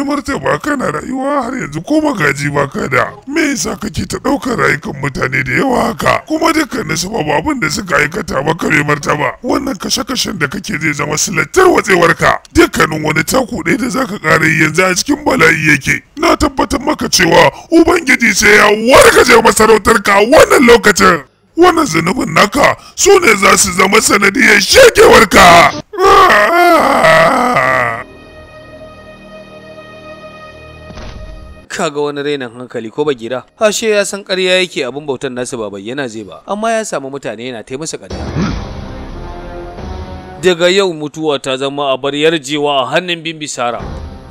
martaba kana rayuwa har yanzu ko magaji ba ka da. Me yasa kake ta ɗaukar rayukan mutane da yawa haka? Kuma dukkanin su babu abin da suka aikata ba kare martaba. Wannan kashe-kashen da kake zai zama silatar watsewarka. Dukkanin wani taku ɗaya da zaka ƙara yanzu a cikin bala'i yake. Na tabbatar maka cewa Ubangiji sai ya warkaje masarautarka a wannan lokacin. wannan zunubin naka su ne za su zama sanadiyar shekewarka kaga wani rainin hankali ko bagira Ashe ya san ƙarya yake abin bautan nasu ba bayyana zai ba amma ya samu mutane yana taimasa ƙarya daga yau mutuwa ta zama a abar yarjewa a hannun bimbisara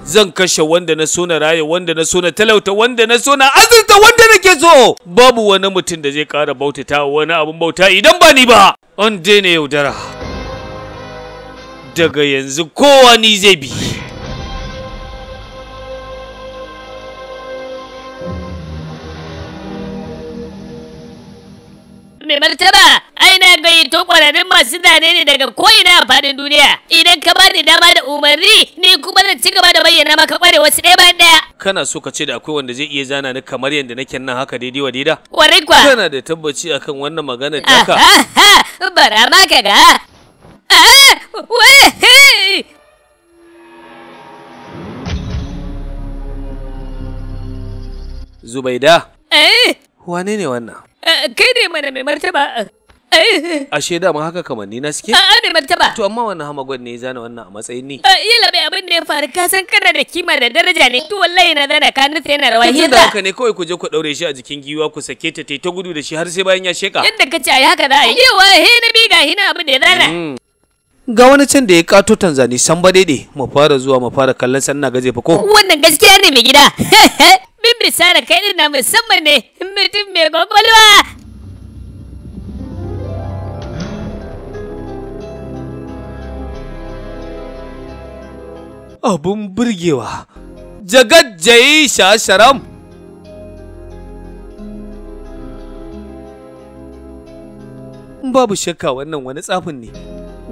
zan kashe wanda na so na raye wanda na so na talauta wanda na so na azurta wanda nake so babu wani mutum da zai kara bautata wani abun bauta idan ba ni ba an daina yaudara daga yanzu kowa ni zai bi mai martaba Aina na to kwararrun masu zane ne daga ko'ina a faɗin duniya idan ka bani dama da umarni ni kuma zan ci gaba da bayyana maka kware wasu ɗaya bayan ɗaya kana so ka ce da akwai wanda zai iya zana ni kamar yadda nake nan haka daidai wa daida kwarai kwa kana da tabbaci akan wannan magana taka bara ma ka ga Zubaida. Eh. Wane ne wannan? Eh, kai ne mana mai martaba. Eh. Ashe da haka kamanni na suke? A'a ah, mai martaba. To amma wannan hamagwan ne ya zana wannan a matsayin ni. A ah, Iya labe abin da ya faru ka san kana da kima da daraja ne. To wallahi na zana ka nufa yana rawa yi Da haka ne kawai ku je ku daure shi a jikin giwa ku sake ta ta gudu da shi har sai bayan ya sheka. Yadda ka ce ai haka za a yi. Yawa he na bi ga hina abin da ya zana. Mm. Ga wani can da ya kato Tanzani san ba daidai mu fara zuwa mu fara kallon sannan gaje fa ko. Wannan gaskiya ne mai gida. Bibi [laughs] bisara kai ne na musamman ne mutum mai kwakwalwa. abun burgewa jagajjayi shasharam babu shakka wannan wani tsafin ne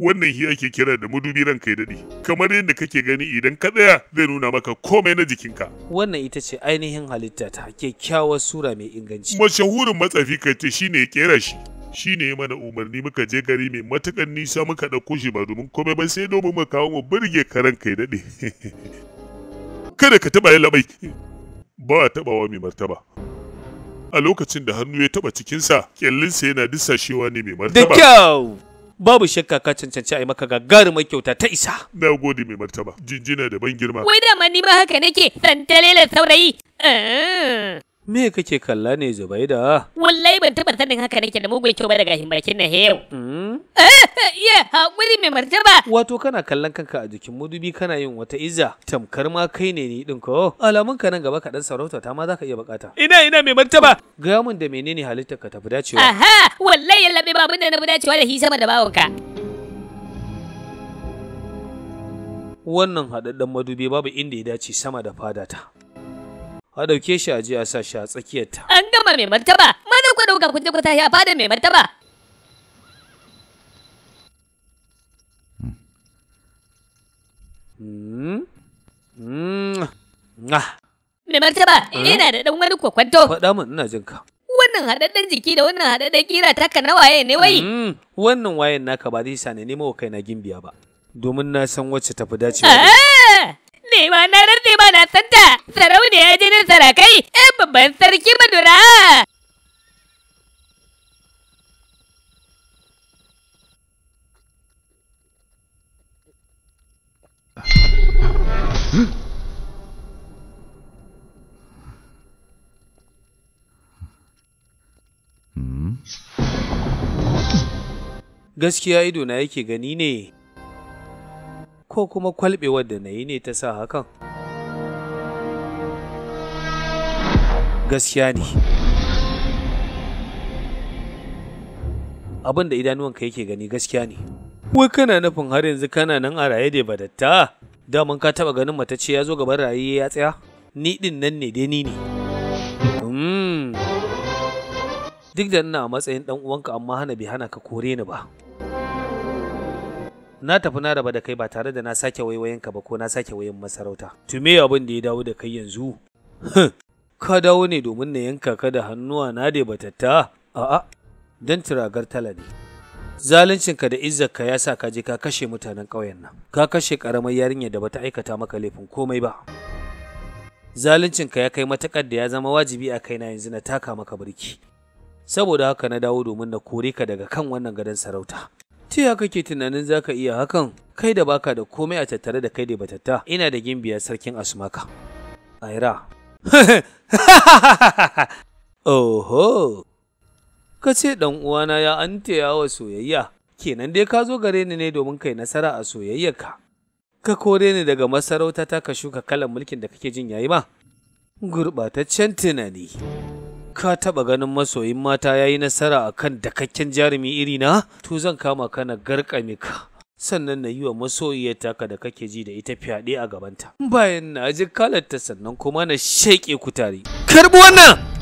wannan hiya ake kira da madubi ranka ya dadi kamar yadda kake gani idan ka tsaya zai nuna maka komai na jikinka wannan ita ce ainihin halitta ta kyakkyawar sura mai inganci mashahurin matsafi kai ce shine ya kera shi shi ne ya mana umarni muka je gari mai matukan nisa muka ɗauko shi ba domin komai ba sai domin mu kawo mu burge karen kai daɗe [laughs] kada ka taɓa labai ba a wa mai martaba a lokacin da hannu ya taɓa cikinsa kyallinsa yana dissashewa ne mai martaba da kyau babu shakka ka cancanci a yi maka gagarumar kyauta ta isa na gode mai martaba jinjina da ban girma wai da ma ma haka nake da saurayi eh. Me kake kalla ne Zubaida? Wallahi ban taɓa sanin haka nake da mugun kyau ba daga bakin na yau. Mm. Eh, iya, haƙuri mai martaba. Wato kana kallon kanka a jikin mudubi kana yin wata izza. Tamkar ma kai ne ni ɗin ko? Alamun ka nan gaba ka dan sarauta ta ma za ka iya buƙata. Ina ina mai martaba. Gaya min da menene halittar ka tafi dacewa. Aha, wallahi ya labe abin da na fi dacewa da hi sama da ka. Wannan haɗaɗɗen madubi babu inda ya dace sama da fadata. a ɗauke shi a je a sa shi a tsakiyar ta. An gama mai martaba, maza ku ɗauka ku je ku tashi a fada mai martaba. Hmm. Hmm. Mai martaba, hmm? ina da ɗan wani kwakwanto. Faɗa min ina jin ka. Wannan haɗaɗɗen jiki da wannan haɗaɗɗen ƙira taka na waye ne wai? Wannan wayen naka ba zai sa ne nemo wa kaina gimbiya ba, domin na san wacce tafi dacewa. ne ma na rantse ma na santa sarauniya jinin sarakai yan babban sarki madura Gaskiya ido na yake gani ne ko kuma kwalbewar da na yi ne ta sa hakan gaskiya ne abin da idanuwanka yake gani gaskiya ne wai kana nufin har yanzu kana nan a raye da badatta daman ka taba ganin mata ce ya zo gaban raye ya tsaya ni din nan ne dai ni ne hmm. duk da ina a matsayin dan uwanka amma hana bai hana ka kore ni ba na tafi na raba da kai ba tare da na sake waiwayen ka ba ko na sake wayan masarauta to me abin da ya dawo da kai yanzu ka dawo ne domin na yanka ka da hannuwa na da batatta a'a don turagar tala ne zaluncinka da izzarka ya sa ka je ka kashe mutanen ƙauyen nan ka kashe ƙaramar yarinyar da bata aikata maka laifin komai ba ka ya kai matakar da ya zama wajibi a kaina yanzu na taka maka birki saboda haka na dawo domin na kore ka daga kan wannan gadon sarauta Tiya kake tunanin zaka iya hakan? Kai da baka da komai a tattare da kai da batatta. Ina da gimbiya sarkin Asumaka. Aira. [laughs] Oho. Ka ce dan uwana ya antaya wa soyayya. Kenan dai ka zo gare ni ne domin kai nasara a soyayyarka. Ka kore ni daga masarauta ta ka shuka kalan mulkin da kake jin yayi ma. Gurɓataccen tunani. ka taɓa ganin masoyin mata ya yi nasara a kan dakakken jarumi iri na to zan kama ka na garkame ka sannan na yi wa masoyiyarta ka da kake ji da ita fyaɗe a gabanta bayan na ji kalarta sannan kuma na sheƙe kutare karɓi wannan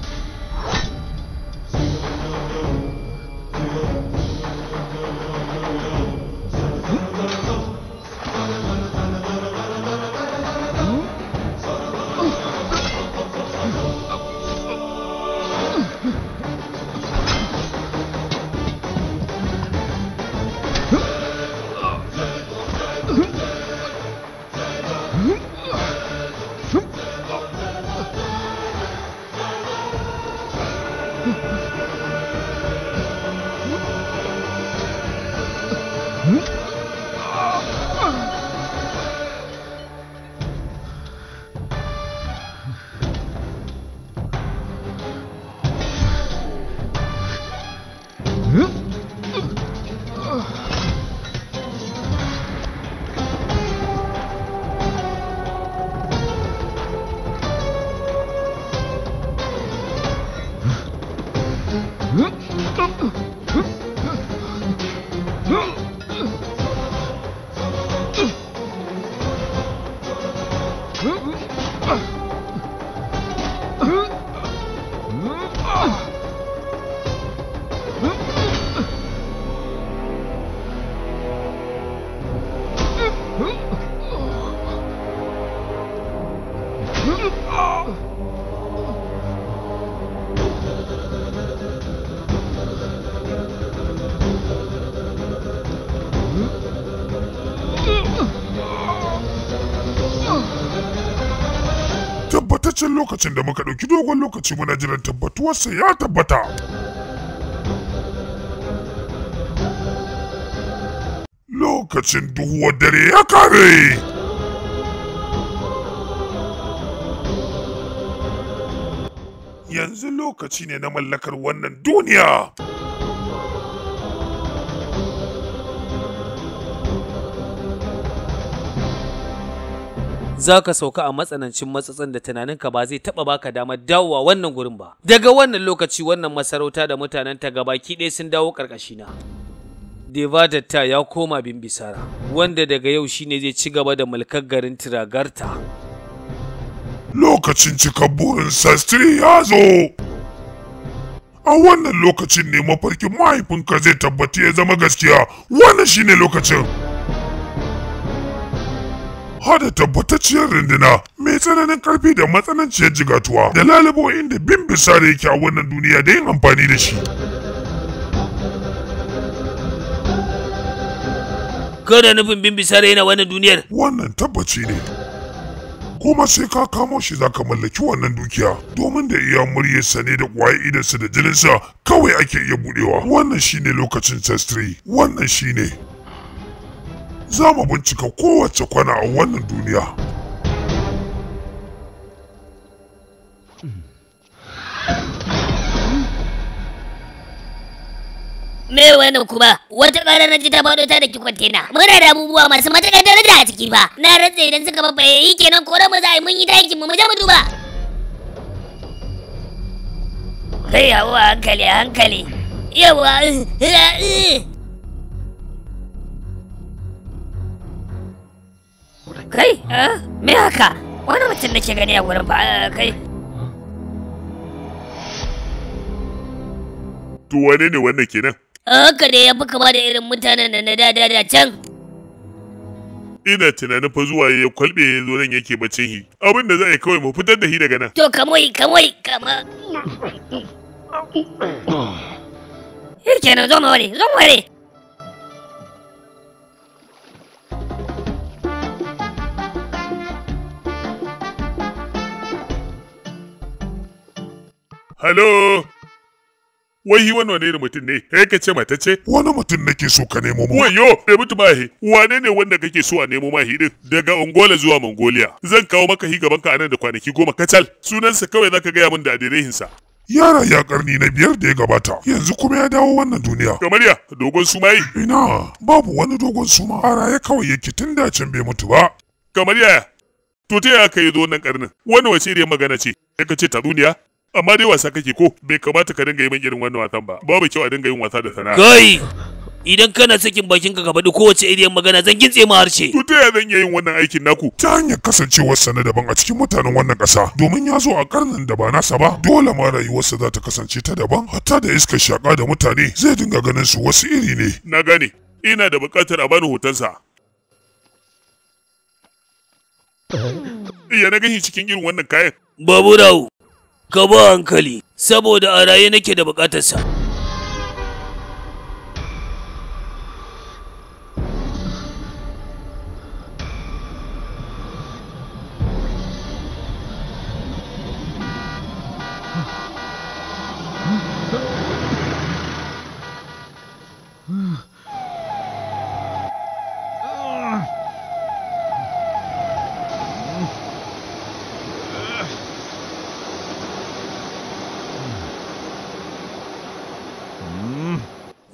lokacin da muka ɗauki dogon lokaci muna jiran tabbatuwarsa ya tabbata. Lokacin duhuwar dare ya kare! Yanzu lokaci ne na mallakar wannan duniya! za ka sauka a matsanancin matsatsin da tunaninka ba zai taɓa baka damar dawowa wannan gurin ba. Daga wannan lokaci wannan masarauta da mutanen ta gabaki ɗaya sun dawo ƙarƙashina. Ta ya koma Bimbisara, wanda daga yau shine zai ci gaba da mulkar garin Tiragarta. Lokacin cikar burin sastri ya zo! A wannan lokacin ne mafarkin mahaifinka zai tabbata ya zama gaskiya, wannan shine lokacin. hada tabbatacciyar rundina mai tsananin karfi da matsananciyar jigatuwa da lalabo'in da bin yake a wannan duniya da yin amfani da shi. Kada nufin bin yana wannan duniyar? Wannan tabbaci ne. Kuma sai ka kamo shi za ka mallaki wannan dukiya domin da iya muryarsa ne da kwaye idansa da jininsa kawai ake iya buɗewa. Wannan shine lokacin test wannan shine. za mu bincika kowace kwana a wannan duniya. Me wannan kuma wata ƙara na ta faɗo ta daki kwantena. Muna da abubuwa masu matuƙar daraja a ciki ba. Na rantsa idan suka babbaye yi kenan ko mu za a yi mun yi takin mu mu je mu duba. Kai yawo hankali hankali. Yawa. Eh, eh, eh. Kai, ah, me haka? Wani mutum nake gani a wurin ba ah, kai. To wane ne wannan kenan? Ah, haka ne ya fi kama da irin mutanen da na dada da can. Ina tunanin fa zuwa ya kwalbe ya zo nan yake bacin hi. Abin da za a yi kawai mu fitar da hi daga nan. To kamoi kamoi kama. [laughs] Shi kenan zo mu ware zo mu ware. Halo? Wai wannan wani irin mutum ne? Kai ka ce mata ce? Wani mutum nake so ka nemo mu. Wayo, da mutu mahi. Wane ne wanda kake so a nemo mahi din? Daga Angola zuwa Mongolia. Zan kawo maka hi gaban ka anan da kwanaki goma kacal. Sunansa kawai zaka gaya min da sa. Yara ya karni na biyar da ya gabata, yanzu kuma ya dawo wannan duniya. Kamar ya, dogon suma yi? Ina, babu wani dogon suma. A raye kawai yake tun da can bai mutu ba. Kamar yaya? To ta yaya ka yi zo nan karnin? Wani wace iriyar magana ce? Ka ce ta duniya? amma dai wasa kake ko bai kamata ka dinga yi min irin wannan wasan ba babu kyau a dinga yin wasa da sana'a kai idan kana sakin bakin ka faɗi kowace iriyan magana zan gintse ma harshe. To ta zan iya yin wannan aikin naku? Ta hanyar kasancewar sana na daban a cikin mutanen wannan ƙasa domin ya zo a karnin da ba nasa ba dole ma rayuwarsa za ta kasance ta daban hatta da iskar shaka da mutane zai dinga ganin su wasu iri ne. Na gane ina da buƙatar a bani hotonsa. Ya na gani cikin irin wannan kayan. Babu dawo ka ba hankali saboda a raye nake da bukatarsa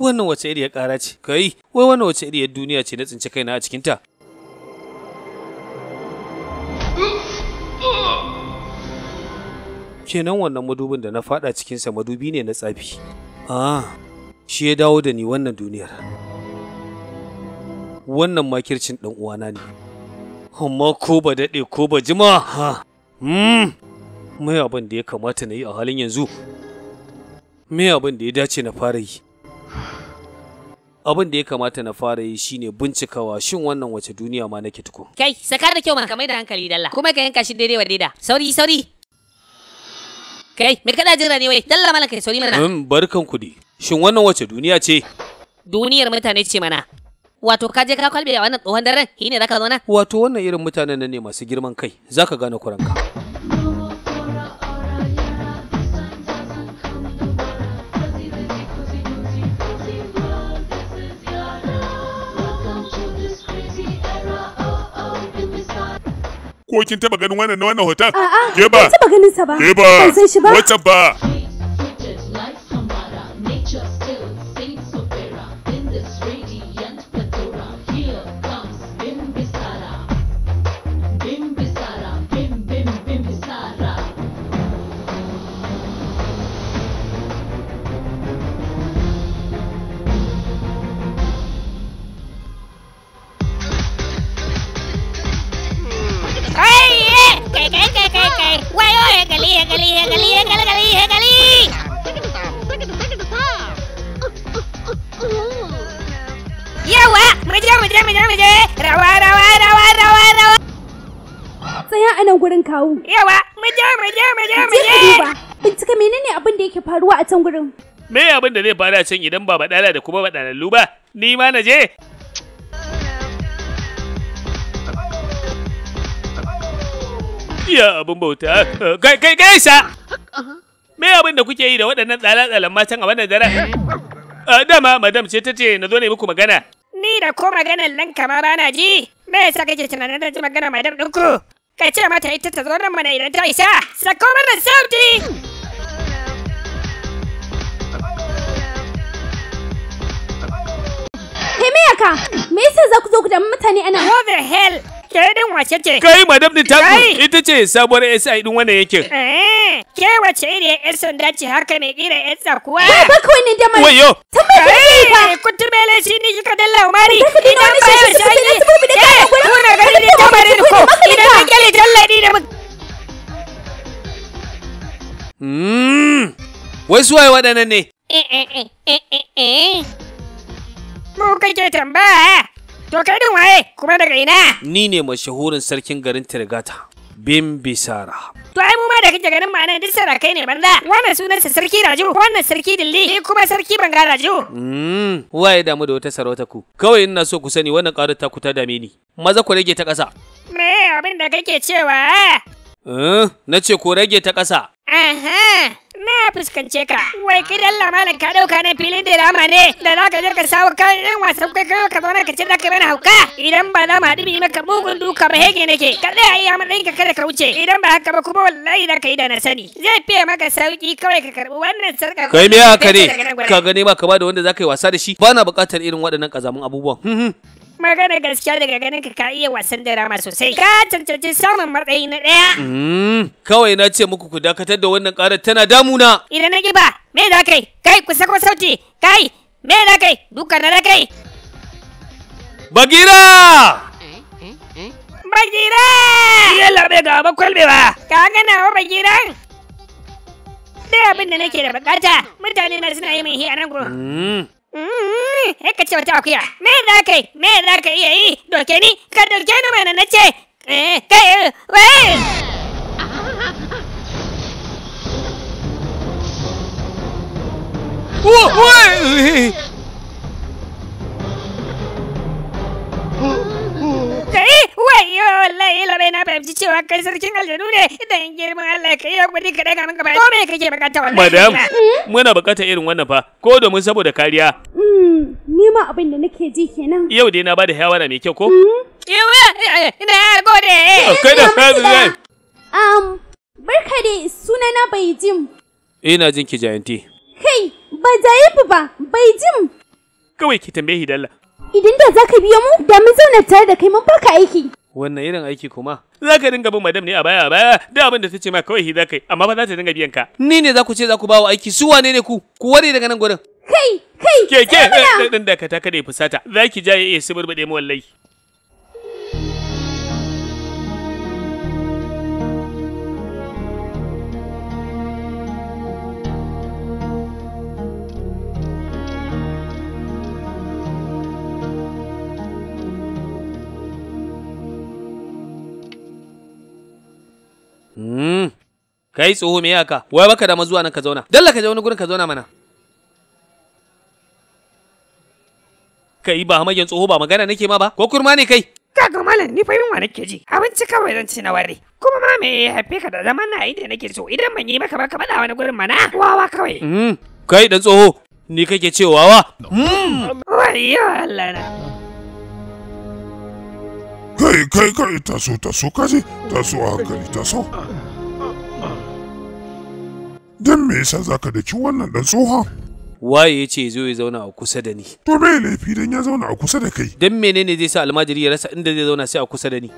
wannan wace iriyar ƙara ce kai wai wannan wace iriyar duniya ce na tsinci kaina a cikinta kenan wannan madubin da na fada cikinsa madubi ne na tsafi ah shi ya dawo da ni wannan duniyar wannan makircin uwa uwana ne amma ko ba daɗe ko ba jima ha mai hmm, abin da ya kamata na yi a halin yanzu me abin da ya dace na fara yi abin da ya kamata na fara yi shine bincikawa shin wannan wace duniya ma nake tuku kai sakar da kyau ma kamar da hankali dalla kuma ka yanka shi daidai wa daida sauri sauri kai me kana jira ne wai dalla malaka kai sauri mana mm barkan ku dai shin wannan wace duniya ce duniyar mutane ce mana wato ka je ka kwalbe a wannan tsohon daren shine zaka zo na wato wannan irin mutanen nan ne masu girman kai zaka gane kuranka ko kin taba ganin wannan na wannan hoton? A'a, ban taba ganin sa ba. Ke ba. Ban san shi ba. Wacce ba. kai kai kai kai kai wayo ya gali ya gali ya gali ya gali gali ya gali yawa muje muje muje muje rawa rawa rawa rawa rawa tsaya a nan gurin kawo yawa muje muje muje muje bincika menene abin da yake faruwa a can gurin me abin da zai faru a can idan ba badala da kuma ba badalallu ba ni ma na je Ya abin bauta. Kai kai gaisa. Me abin da kuke yi da waɗannan tsala-tsalan matan a wannan daren? Dama madam ce ta ce na zo ne muku magana. Ni da ko maganar nan kamar rana ji. Me yasa kake tunanin da ji magana madam ɗinku? Ka ce mata ita ta zo nan mana idan ta isa. Sako mana sauti. Himiyaka, me yasa za ku zo ku damu mutane ana? What hell? Ke din wace ce? Kai madam ni taku ita ce sabuwar SI din wannan yankin. Eh, ke wace ne yar sanda ce haka mai kira yar tsakuwa? Ba ba ko ne da mai. Wayo. Kai ku tumbele shi ni kika dalla Umari. Eh, Idan ba ya shi ai. Eh, kuna gani ne tabarin ko. Idan ka kele dalla ni da hmm Wai waye waɗannan ne? Eh eh eh eh eh. eh. Mu kake tambaya? To kai din waye kuma daga ina? Ni ne mashahurin sarkin garin Tirgata. Bimbi Sara. To ai mu ma da kake ganin ma'ana duk kai ne banza. Wannan sa sarki Raju, wannan sarki Dilli, ni kuma sarki Banga Raju. Mm, waye damu da wata sarauta ku? Kawai ina so ku sani wannan ƙarar ta ku ta dame ni. Maza ku rage ta ƙasa. Me abin da kake cewa? Eh, na ce ku rage ta ƙasa. Aha. na fuskance ka wai kai dalla malam ka dauka na filin da rama ne da za ka je ka sawo kan yan wasan kai ka zauna ka ce ka bana hauka idan ba za mu haɗu maka mugun duka ba hege nake ka tsaya iya matsayin ka kada ka wuce idan ba haka ba kuma wallahi da ka yi da na sani zai fiye maka sauki kawai ka karbi wannan sarka kai me haka ne ka gane ma ka da wanda za ka yi wasa da shi ba na buƙatar irin waɗannan kazamun abubuwan magana gaskiya daga ganin ka ka iya wasan drama sosai ka cancanci samun matsayi na ɗaya kawai na ce muku ku dakatar da wannan ƙarar tana damuna idan na ba me da kai kai ku sako sauti kai me da kai duka na da kai bagira bagira iya bai ga ba kwalbewa ka gana wa bagiran sai abin da nake da bukata mutane na suna yi mai nan gurin e kachotokio merake merake yei dokeni kadokeno mana nache ke we Whoa, whoa! kai wayo wallahi labai na fahimci cewa kai sarkin aljanu ne idan girman Allah kai ya gudi ka daga gaba ko me kake bukata wallahi madam muna bukata irin wannan fa ko domin saboda kariya mm, ni ma abin da nake ji kenan yau dai na bada hawara mai kyau ko mm. yawa ina eh, eh, eh, gode kai da fazilai um barka suna na Baijim ina jin ki jayanti kai ba zaifu ba Baijim kawai ki tambaye hidalla Idan da zaka ka biya mu, da mu zauna tare da kai mun baka aiki. Wannan irin aiki kuma? zaka dinga bin madam ne a baya a baya, da abin da ta ce ma kawai za ka yi, amma ba za ta dinga biyan ka. Ni ne za ku ce za ku bawa aiki, su wane ne ku? Ku ware daga nan gurin. Kai, kai, ke, ke, da ka kada ya fusata, za ki ja ya iya eh, suburbuɗe mu wallahi. Hmm. kai tsoho me yaka wai baka da mazuwa nan ka zauna dalla ka je wani gurin ka zauna mana kai ba hamagen tsoho ba magana nake ma ba ko kurma ne kai kaga malam ni fahimwa nake ji abinci kawai zan ci na ware kuma ma me ya haife ka da zaman na inda nake so idan ban yi maka ba ka bada wani gurin mana wawa kawai hmm. kai dan tsoho ni kake cewa wa hmm. wayyo Allah na kai kai kai taso taso kaje, taso a hankali taso dan me yasa zaka daki wannan dan tsohon waye ya ce zo ya zauna a kusa da ni to me laifi dan ya zauna a kusa da kai dan menene zai sa almajiri ya rasa inda zai zauna sai a kusa da ni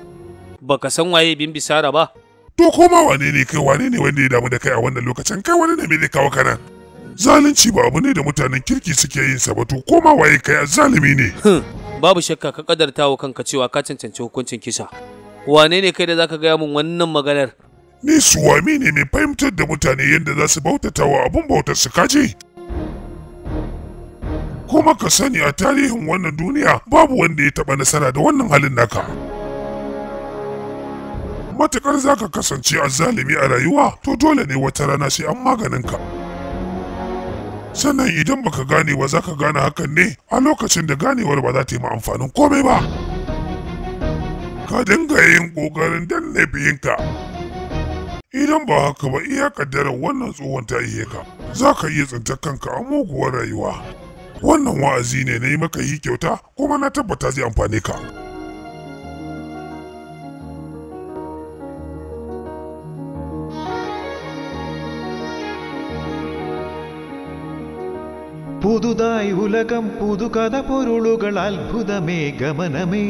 baka san waye bin bisara ba to koma wane ne kai wane ne wanda ya damu da kai a wannan lokacin kai wani ne me zai kawo kana zalunci ba abu ne da mutanen kirki suke yin sa ba to koma waye kai zalimi ne babu shakka ka kadarta wa kanka cewa ka cancanci hukuncin kisa wane ne kai da zaka gaya min wannan maganar ni suwami ne mai fahimtar da mutane yadda za su bautata wa abun bautar su kaji kuma ka sani a tarihin wannan duniya babu wanda ya taɓa nasara da wannan halin naka matukar zaka ka kasance azzalimi a rayuwa to dole ne wata rana sai an maganin ka sannan idan baka gane ba za ka gane hakan ne a lokacin da ganewar ba za ta yi ma amfanin komai ba ka dinga yin ƙoƙarin danne biyinka idan ba haka ba iya kaddarar wannan tsohon ta ihe ka za ka iya tsinta kanka a muguwar rayuwa wannan wa'azi ne na yi maka yi kyauta kuma na tabbata zai amfane ka. പുതുതായി ഉലകം കഥ പൊരുളുകൾ അത്ഭുതമേ ഗമനമേ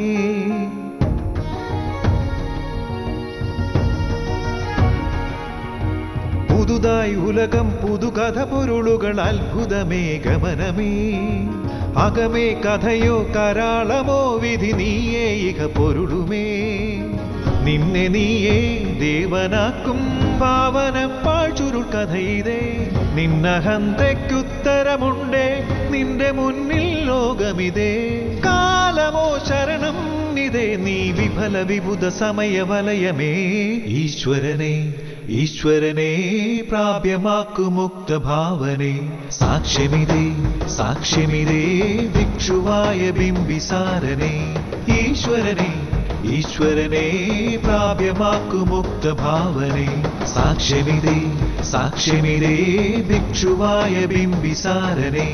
പുതുതായി ഉലകം കഥ പൊരുളുകൾ അത്ഭുതമേ ഗമനമേ അകമേ കഥയോ കരാളമോ വിധി നീയേ ഇക പൊരുളുമേ നിന്നെ നീയേ ദേവനാക്കും പാവന പാഴ്ചുരുൾ കഥ നിന്നഹന്തയ്ക്കുത്തരമുണ്ടേ നിന്റെ മുന്നിൽ ലോകമിതേ കാലമോ ശരണം ഇതേ നീ വിഫല വിഭുത സമയവലയമേ ഈശ്വരനെ ഈശ്വരനെ പ്രാപ്യമാക്കു ഭാവനെ സാക്ഷ്യമിതേ സാക്ഷ്യമിതേ ഭിക്ഷുവായ ബിംബിസാരനെ ഈശ്വരനെ ಈಶ್ವರನೇ ಪ್ರಾಪ್ಯಮಾಕು ಮುಕ್ತ ಭಾವನೆ ಸಾಕ್ಷ್ಯಮಿದೆ ಸಾಕ್ಷ್ಯಮಿದೆ ಭಿಕ್ಷುವಾಯ ಬಿಂಬಿಸಾರನೆ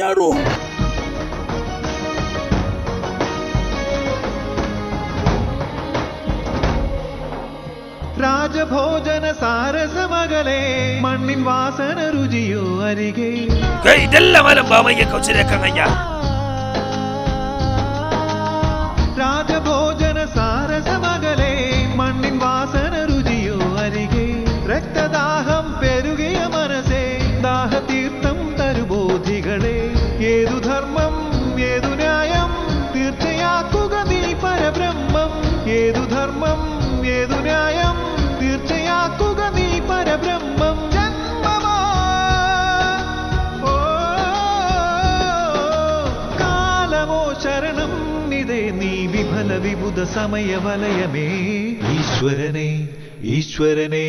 yaro ರಾಜ ಭೋಜನ ಸಾರಸ ಮಗಲೇ ಮಣ್ಣಿನ ವಾಸನ ರುಜಿಯು ಅರಿಗೆ ಇದೆಲ್ಲ ಮಲ ಬಾವಯ್ಯ ಕೌಚರ್ಯಕ್ಕಂಗಯ್ಯ ರಾಜ ಭೋಜನ ಸಾರಸ ಮಗಲೇ యుగ సమయ వలయమే ఈశ్వరనే ఈశ్వరనే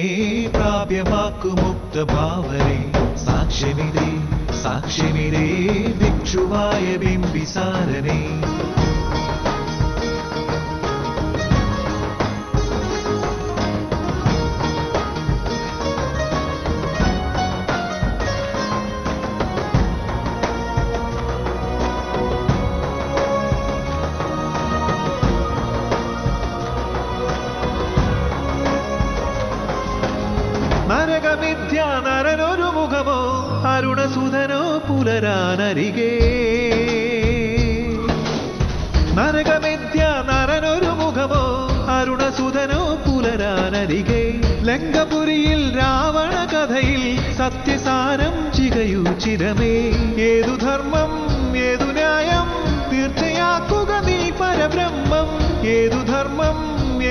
ప్రాప్యమాకు ముక్త భావనే సాక్షిమిదే సాక్షిమిదే భిక్షువాయ బింబిసారనే തുടരാനരികേ നരകമിഥ്യ നരനൊരു മുഖമോ അരുണസുധനോ പുലരാനരികെ ലങ്കപുരിയിൽ രാവണ കഥയിൽ സത്യസാരം ചികയു ചിരമേ ഏതു ധർമ്മം ഏതു ന്യായം തീർച്ചയാക്കുക നീ പരബ്രഹ്മം ഏതു ധർമ്മം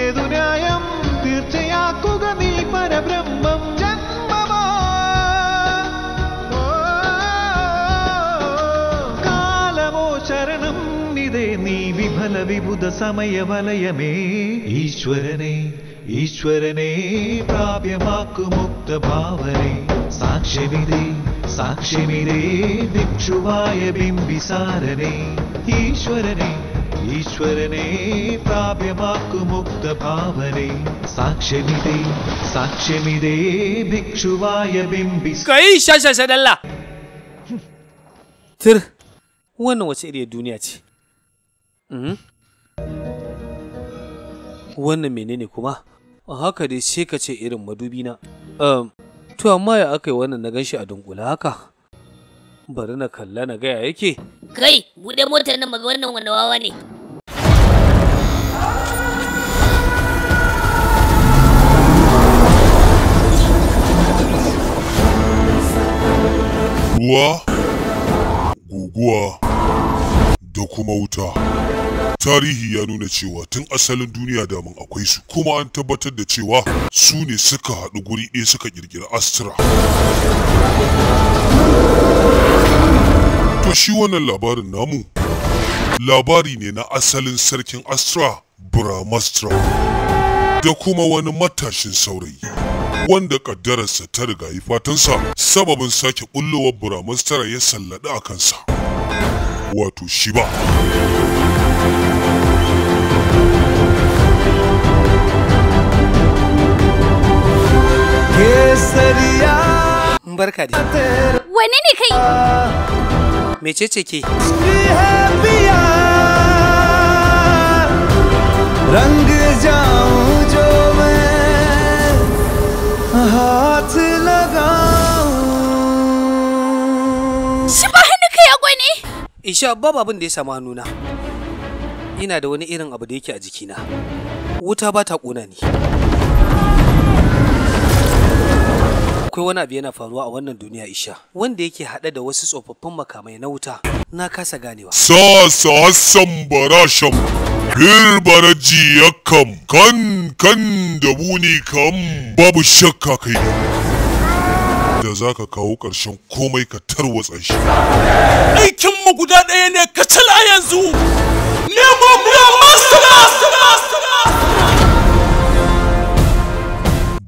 ഏതു ന്യായം തീർച്ചയാക്കുക നീ പരബ്രഹ്മം சரணம் இதே நீ விபல விபுத சமய வலயமே ஈஸ்வரனே ஈஸ்வரனே பிராபியமாக்கு முக்த பாவனே சாட்சியமிதே சாட்சியமிதே பிக்ஷுவாய பிம்பிசாரனே ஈஸ்வரனே ஈஸ்வரனே பிராபியமாக்கு முக்த பாவனே சாட்சியமிதே சாட்சியமிதே பிக்ஷுவாய பிம்பி கை சச சடல்லா திரு wannan wace iriyar duniya ce mhm. wannan menene kuma haka dai sai ka ce irin madubi na to amma ya aka yi wannan na ganshi a dunkula haka bari na kalla na gaya yake kai bude motar nan maga wannan wani wawa ne What? guguwa da kuma wuta tarihi ya nuna cewa tun asalin duniya damun akwai su kuma an tabbatar da cewa su ne suka haɗu guri ɗaya suka ƙirƙiri astra to shi wannan labarin namu labari ne na asalin sarkin astra bramastra da kuma wani matashin saurayi wanda kaddararsa ta riga yi fatansa sababin sake bullowar buramastara ya sallada a kansa wato shi ba Barka da wani ne kai? Mecece ke? रंग जाऊं हाथ लगाऊं shi ba isha babu abin da ya samu hannuna ina da wani irin abu da yake a jikina wuta ba ta ƙona ni akwai wani abu yana faruwa a wannan duniya isha wanda yake haɗe da wasu tsofaffin makamai na wuta na kasa ganewa sa sa Hassan barashan birbara ya kam kan kan da buni kam babu shakka kai da za ka kawo ƙarshen komai ka tarwatsa shi aikinmu guda ɗaya ne ka cila yanzu nemo guda masu masu masu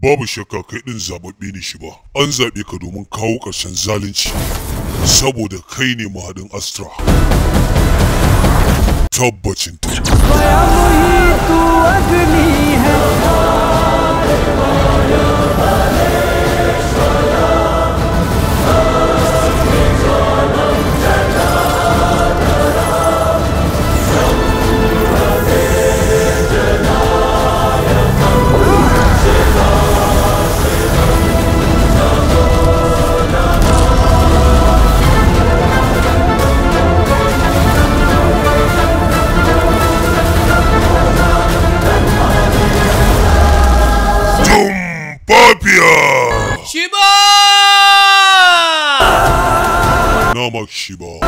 babu shakka kai din zababbe ne shi ba an zabe ka domin kawo ƙarshen zalunci saboda kai ne mahadin astra tabbacin ta Shiba! Namak Shiba.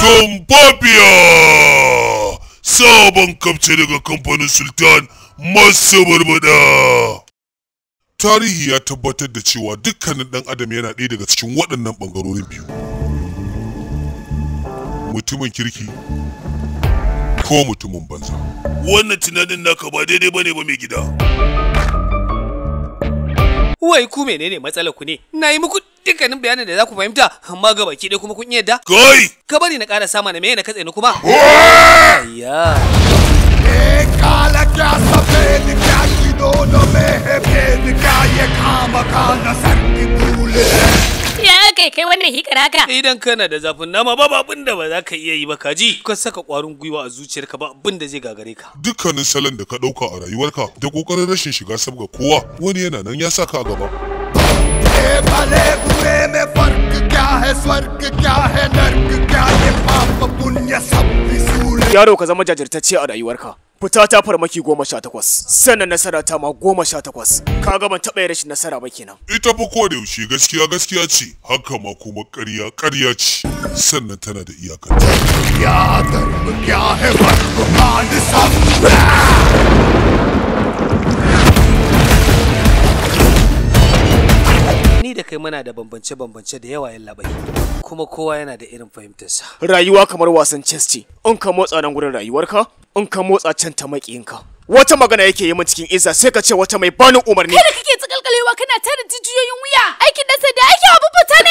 Tumfafiya! Sabon kafce daga kamfanin Sultan masu barbada. Tarihi ya tabbatar da cewa dukkanin ɗan adam yana ɗaya daga cikin waɗannan ɓangarorin biyu. Mutumin kirki ko mutumin banza wannan tunanin naka ba daidai bane ba mai gida wai ku menene matsalar ku ne na yi muku dukkanin bayanin da za ku fahimta amma ga baki dai kuma kun yadda kai ka bari na ƙara sama na me na katse ni kuma ya e kala kya safed kya ki ye kake [laughs] kai wannan hikar haka idan kana da zafin nama ba abin da ba za ka iya yi ba kaji ka saka kwarin gwiwa a zuciyarka ba abin da zai gagare ka dukkanin salon da ka ɗauka a rayuwarka da kokarin rashin shiga sabga kowa wani yana nan ya saka a gaba भले eh, ka zama jajirtacce a rayuwarka fita ta farmaki goma sha takwas sannan nasara ta ma goma sha takwas ga ban taɓa rashin nasara ba kenan ita fa ko da yaushe gaskiya gaskiya ce haka ma kuma ƙarya ƙarya ce sannan tana da iyaka ya ta ya hewa ma ni ni da kai muna da bambance-bambance da yawa yalla bai kuma kowa yana da irin fahimtarsa rayuwa kamar wasan chess ce in ka motsa nan gurin rayuwarka in ka motsa can ta ka. wata magana yake yi min cikin Isa sai ka ce wata mai banin umarni kada kake wa kana tare jijiyoyin wuya aikin da sai da ake fita ne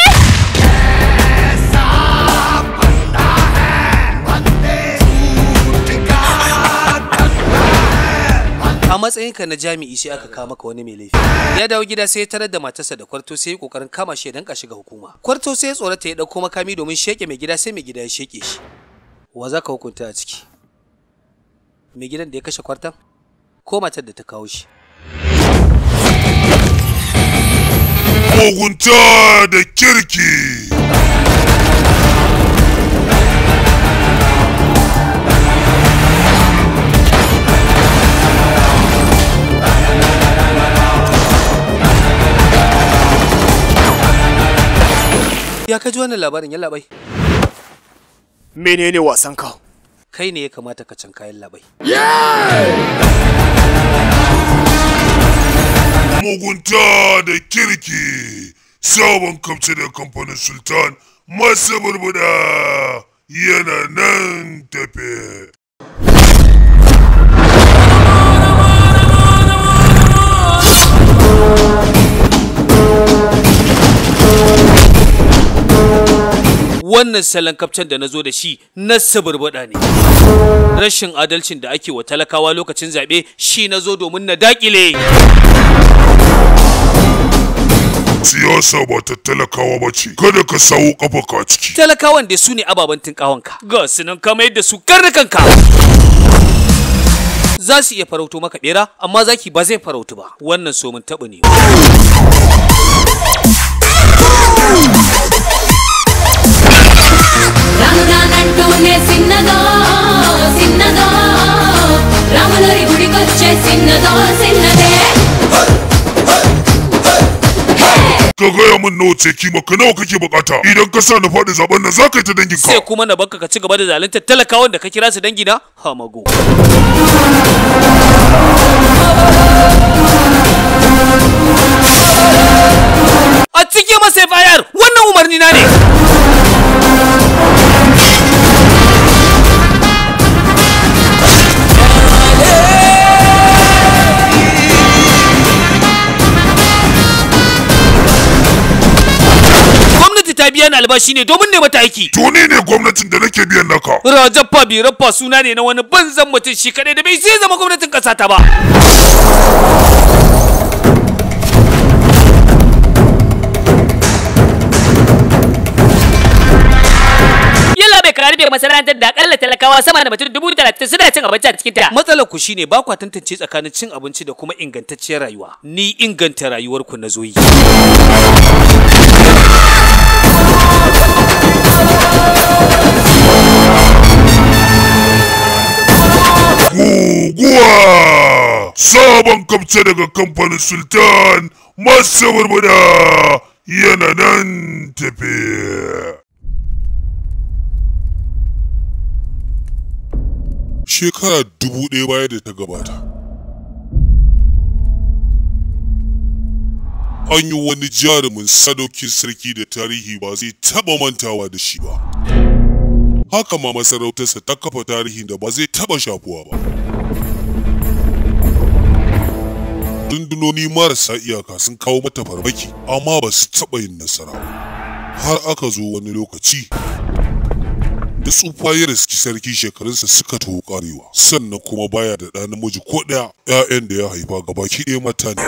a matsayinka na jami'i sai aka kama ka wani mai laifi ya dawo gida sai ya tarar da matarsa da kwarto sai ya kokarin kama shi dan ka shiga hukuma kwarto sai ya tsorata ya dauko makami domin sheke mai gida sai mai gida ya sheke shi wa za ka hukunta a ciki mai gidan da ya kashe kwartan ko matar da ta kawo shi mugunta da kirki ya kaji wannan labarin ya labai menene wasan ka kai ne ya kamata ka can kayan labai. Mugunta da kirki sabon kamce da kamfanin Sultan masu burbuda yana nan tafe. wannan salon kafcen da na zo da shi na suburbuɗa ne rashin adalcin da ake wa talakawa lokacin zaɓe shi na zo domin na daƙile siyasa ba ta talakawa ba ce kada ka sawo ka ciki talakawan da su ne ababen ƙawanka. ga su nan ka mayar da su karnukanka za su iya farauto maka ɓera, amma zaki ba zai farautu ba wannan so mun taɓa ne రానురానంటూనే ka gaya min nawa ce kima ka nawa kake bukata idan ka sa na faɗi zaben nan za ka yi ta dangin ka sai kuma na baka ka ci gaba da zalunta talakawan da ka kira su dangi na hamago a cike masa fayar wannan umarni na ne ta biyan albashi ne domin ne mata aiki. To ne ne gwamnatin da nake biyan naka. Rajab Fabi suna ne na wani banzan mutum shi kaɗai da bai zai zama gwamnatin ƙasa ta ba. aka rufe masana'antar da akalla talakawa sama da mutum dubu talatin suna cin abinci a cikinta. Matsalar ku shine ba kwa tantance tsakanin cin abinci da kuma ingantacciyar rayuwa. Ni inganta rayuwarku na zoyi. Guguwa! Sabon kamce daga kamfanin Sultan masu warwada yana nan tafiya. shekara dubu ɗaya baya da ta gabata an yi wani jarumin sadaukin sarki da tarihi ba zai taɓa mantawa da shi ba haka ma masarautarsa ta kafa tarihin da ba zai taɓa shafuwa ba Dundunoni marasa iyaka sun kawo mata farmaki amma ba su taɓa yin nasara har aka zo wani lokaci da tsufa ya riski sarki shekarunsa suka taho karewa sannan kuma baya da ɗan namiji ko ɗaya ƴaƴan da ya haifa ki ɗaya mata ne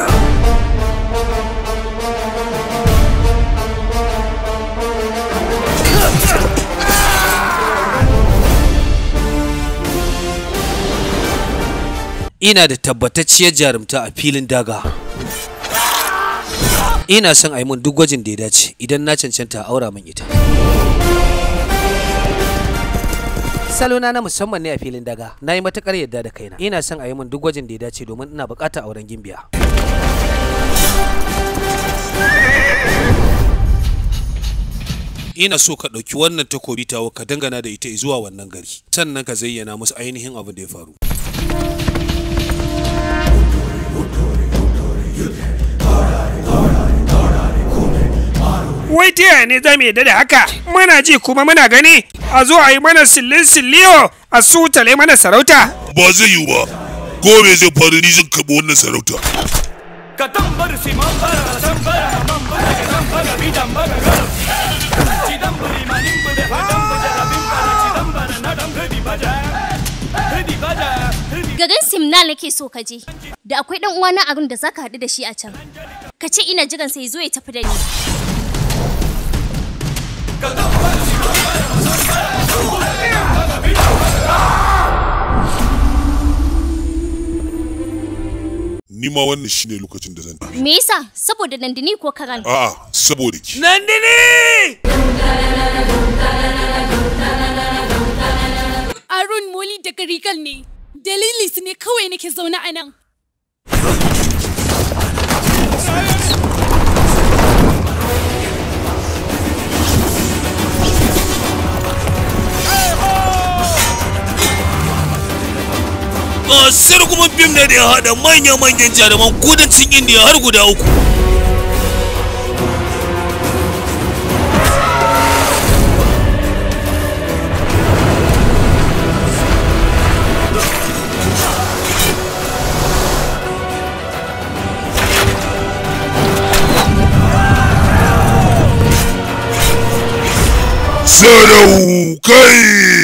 ina da tabbatacciyar jarumta a filin daga ina son a yi min duk gwajin da ya dace idan na cancanta aura mun ita salona na musamman ne a filin daga na yi matukar yadda da kaina ina son a yi min duk gwajin da ya dace domin ina bukata auren gimbiya ina so ka ɗauki wannan takobi tawo ka dangana da ita zuwa wannan gari sannan ka zayyana musu ainihin abin da ya faru wai ta ne za mu yadda da haka muna ji kuma muna gani a zo a yi mana sillin silliyo a sutale mana sarauta ba zai yiwu ba ko me zai faru ni zan wannan sarauta ka tambar si ka bi ci ka ci na dan baja baja simna nake so ka je da akwai dan uwana a da zaka haɗu da shi a can ka ce ina jiran sai zo ya tafi da ni ni ma wannan shine lokacin da zan tafi. Me yasa? Saboda Nandini ko Karan? A'a, saboda ki. Nandini! Arun Moli da Karikal ne. Dalili ne kawai nake zaune a nan. gasar kuma fim da ya haɗa manya-manyan jaruman kudancin indiya har guda uku Sarau kai!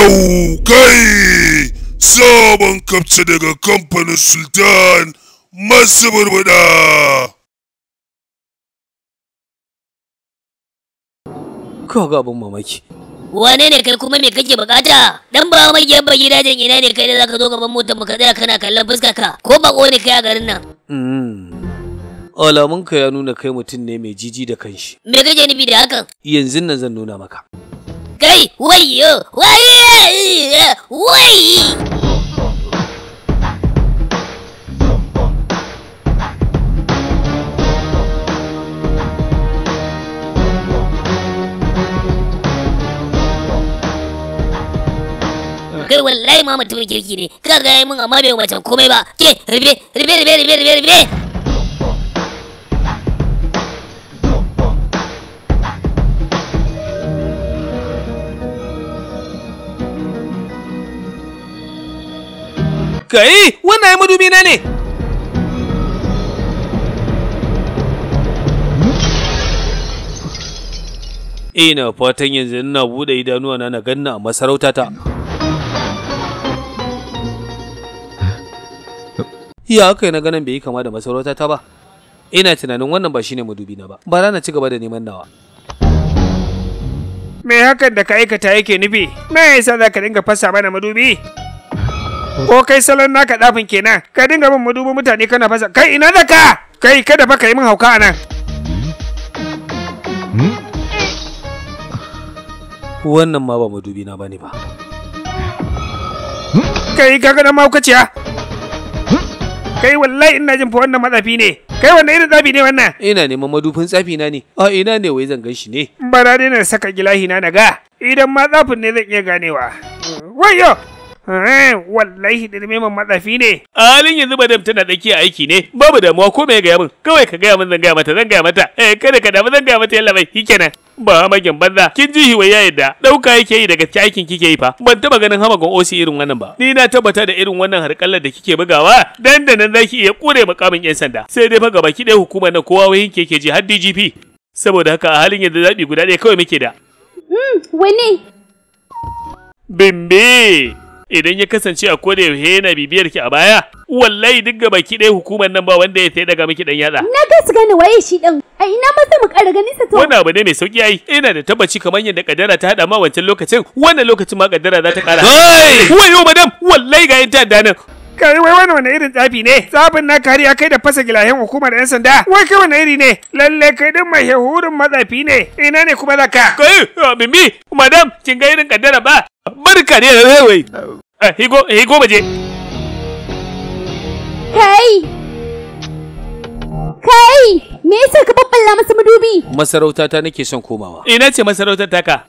yau kai sabon kafce daga kamfanin sultan masu burbuda kaga abin mamaki wane ne kai kuma me kake bukata dan ba mai yan bagi dajin ina ne kai da zaka zo gaban motar mu ka tsaya kana kallon fuskar ka ko bako ne kai a garin nan hmm. alamun ka ya nuna kai mutum ne mai jiji da kanshi me kake nufi da hakan yanzu nan zan nuna maka cây Ui Ui Ui kai wallahi ma mutumin kirki ne kaga yayi mun amma bai wata komai ba ke ribe ribe ribe ribe ribe ribe Kai, wannan ya madubi na ne. Ina fatan yanzu ina buɗe idanuwa na na ganna a masarautata. Ya haka na ganin bai yi kama da masarautata ba. Ina tunanin wannan ba shine madubi na ba. Bara na ci gaba da neman nawa. Me hakan da ka aikata yake nufi? Me yasa za ka dinga fasa mana madubi? ko kai salon naka dafin kenan ka dinga bin madubin mutane kana fasa kai ina da ka kai kada fa kai min hauka anan hmm? hmm? wannan ma ba madubi na bane ba hmm? kai kaga na ciya kai wallahi ina jin fa wannan matsafi ne kai wannan irin tsafi ne wannan ina neman madufin tsafi na ne a ina ne wai zan ganshi ne bara dai na saka gilahi na naga idan ma tsafin ne zan iya ganewa wayo Eh, wallahi da mai man matsafi ne halin yanzu madam tana tsakiya aiki ne babu damuwa ko mai gaya min kawai ka gaya min zan gaya mata zan gaya mata eh kada ka damu zan gaya mata yalla bai kenan. ba hamagen banza kin ji hiwa yadda ɗauka yake yi daga cikin aikin kike yi fa ban taɓa ganin hamagon osi irin wannan ba ni na tabbata da irin wannan harkallar da kike bugawa dan da nan zaki iya kure makamin yan sanda sai dai fa gaba ki ɗaya hukumar na kowa wayin keke ji har DGP saboda haka a halin yanzu zaɓi guda ɗaya kawai muke da hmm, Wani. bimbe idan ya kasance a koda yaushe yana bibiyar ki a baya wallahi duk gaba ki dai hukumar nan ba wanda ya sai daga miki dan yada na ga su gane waye shi din a ina ma sai mu ƙara sa to wannan abu ne mai sauki ai ina da tabbaci kamar yadda kaddara ta hada ma wancan lokacin wannan lokacin ma kaddara za ta ƙara wayo madam wallahi ga yanta da danan kai wai wani wani irin tsafi ne tsafin na kariya kai da fasa gilahin hukumar yan sanda wai kai wani iri ne lalle kai din mai hurin matsafi ne ina ne kuma zaka kai ah, mimi madam kin ga irin kaddara ba barka ne da zai wai eh, higo baje kai kai me yasa ka babballa masa madubi masarauta ta nake son komawa ina ce masarautar taka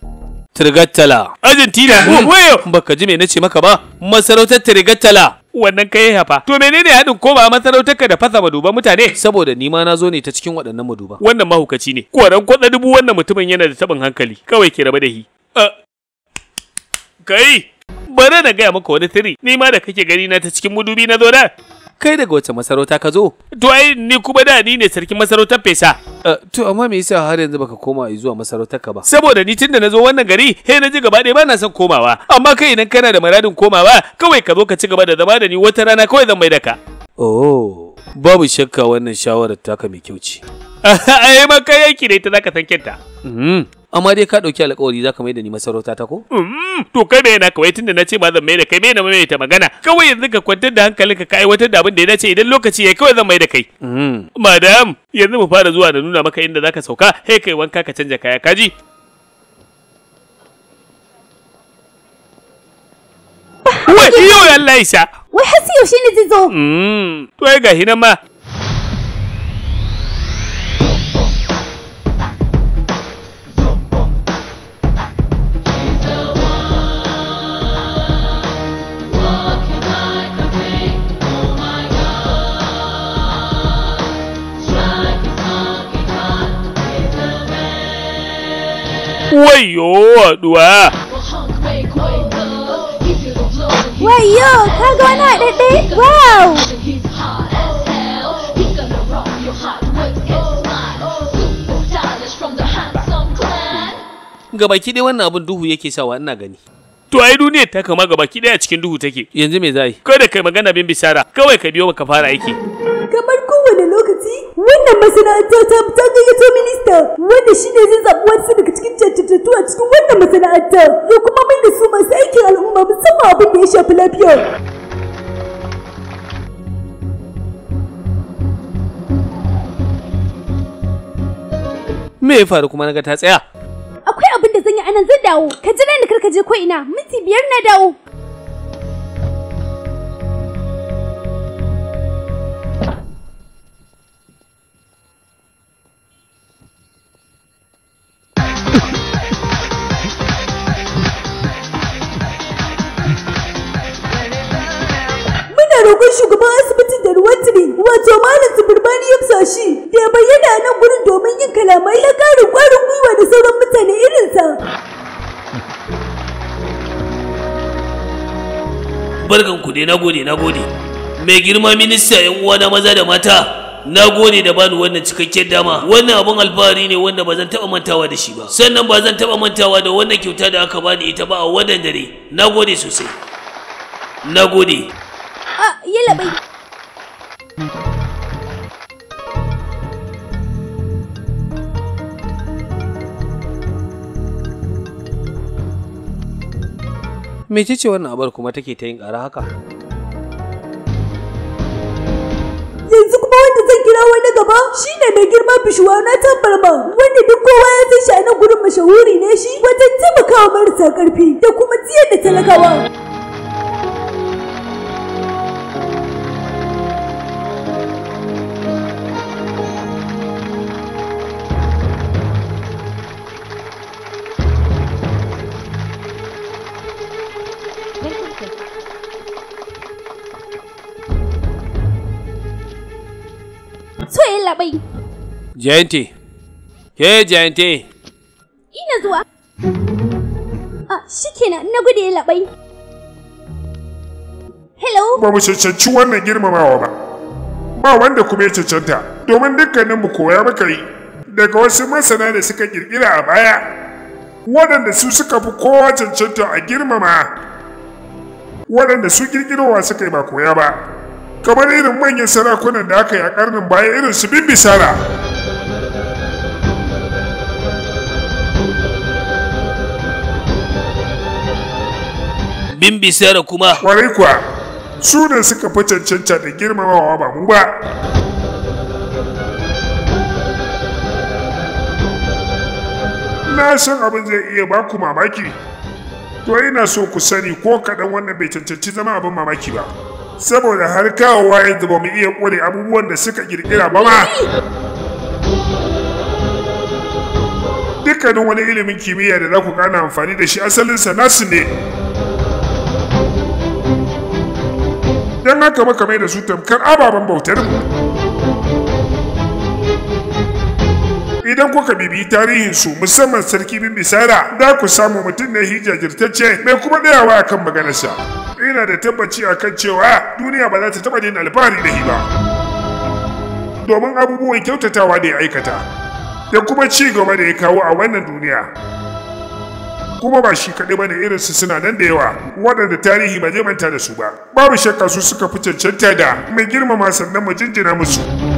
Trigatala. Argentina. Hmm. Wayo. Baka ji me nace maka ba? Masarautar Trigatala. Wannan kai hafa. To menene haɗin koma masarautar ka da fasa maduba mutane? Saboda ni ma na zo ne ta cikin waɗannan maduba. Wannan mahukaci ne. Koran kwatsa dubu wannan mutumin yana da taɓin hankali. Kawai ki raba da hi. Eh, Kai, bari na gaya maka wani tiri, ni ma da kake gani na ta cikin mudubi na zo da. Kai daga wace masarauta ka zo? To ai ni kuma da ni ne sarkin masarautar Fesa. Eh, to amma me yasa har yanzu baka koma zuwa masarautar ka ba? Saboda ni tunda na zo wannan gari, he na ji gaba ɗaya ba na son komawa. Amma kai idan kana da muradin komawa, kawai ka zo ka ci gaba da zama da ni wata rana kawai zan mai da ka. Oh, babu shakka wannan shawarar taka mai kyau ce. [laughs] Ai ma kai yanki da ita zaka san kenta. Mm-hmm. amma dai ka ɗauki alƙawari za ka mai da ni masarauta ta ko. Mm, to kai yana kawai tun da na ce ba zan mai da kai mai na mai ta magana kawai yanzu ka kwantar da hankalin ka aiwatar da abin da ya dace idan lokaci ya kawai zan mai da kai. Mm. madam yanzu mu fara zuwa da nuna maka inda za ka sauka he kai wanka ka canja kaya kaji. Wai yau ya laisa. Wai har yaushe ne zai zo? Mm, to ai gahi nan ma wayo waduwa wayo ka wani adade wow gabaki ɗaya wannan abin duhu yake sawa ina gani to ai duniyar ta kama gabaki ɗaya a cikin duhu take yanzu me za yi kada kai magana bin bisara kawai ka biyo ka fara aiki wannan masana'anta ta ta gayyato minista wanda shi ne zai zaɓi wasu daga cikin cancantattu a cikin wannan masana'antar ya kuma mai da su masu aikin al'umma musamman abin da ya shafi lafiya. Me ya faru kuma naga ta tsaya? Akwai abin da zan yi anan zan dawo, ka ji nan da je ko ina, minti biyar na dawo. shi da bayyana nan gurin domin yin kalamai ya ƙara ƙwarin gwiwa da sauran mutane irinsa. Barkan ku dai nagode nagode. Mai girma minista yan na maza da mata na gode da bani wannan cikakken dama wannan abun alfahari ne wanda ba zan taɓa mantawa da shi ba sannan ba zan taɓa mantawa da wannan kyauta da aka bani ita ba a wannan dare na gode sosai na gode a yi labai mece ce wannan abar kuma take ta yin ƙara haka yanzu kuma wanda zan kira wani gaba shi ne mai girma bishuwa na tabarman wanda duk kowa ya san shi a nan gurin mashahuri ne shi wajen taimakawa marasa ƙarfi da kuma jiya da talakawa. yalla bai jayante ke Jayanti. ina zuwa a ah, shikenan na gode ya labai. hello ba mu cancanci wannan girmamawa ba ba wanda kuma ya cancanta domin dukkanin mu koya muka yi daga wasu masana da suka kirkira a baya waɗanda su suka fi kowa cancanta a girmama waɗanda su kirkirowa suka yi ba koya ba kamar irin manyan sarakunan da aka yi a karnin baya irin su bimbisara bimbisara kuma kwarai kuwa su suka fi cancanta da girmamawa ba mu ba na san abin zai iya ba ku mamaki to ina so ku sani ko kaɗan wannan bai cancanci zama abin mamaki ba saboda har kawowa yadda ba mu iya kone abubuwan da suka kirkira ba ma dukkanin wani ilimin kimiyya da za ku kana amfani da shi asalinsa nasu ne don haka makamai da su tamkar ababen bautar mu idan kuka bibi tarihin su musamman sarki bin bisara da ku samu mutum ne hijajirtacce mai kuma dayawa akan maganarsa ina da tabbaci akan cewa duniya ba za ta taba jin alfahari da shi ba domin abubuwan kyautatawa da ya aikata da kuma ci gaba da ya kawo a wannan duniya kuma ba shi kaɗai bane irin su suna nan da yawa waɗanda tarihi ba zai manta da su ba babu shakka su suka fi cancanta da mai girmama sannan mu jinjina musu.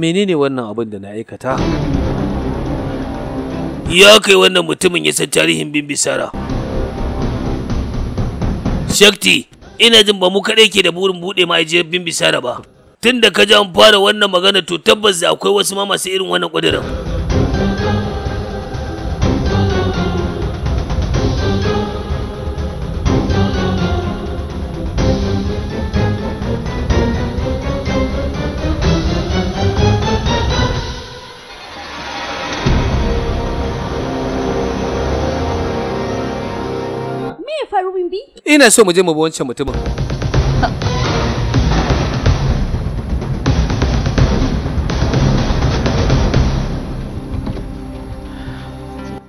menene wannan abin da na aikata ya kai wannan mutumin ya san tarihin bimbisara shakti ina jin ba mu kaɗai ke da burin buɗe ma'ajiyar bimbisara ba Tunda da ka ji an fara wannan magana to tabbas akwai wasu ma masu irin wannan ƙudurin bi? Ina so mu je mu bi wancan mutumin.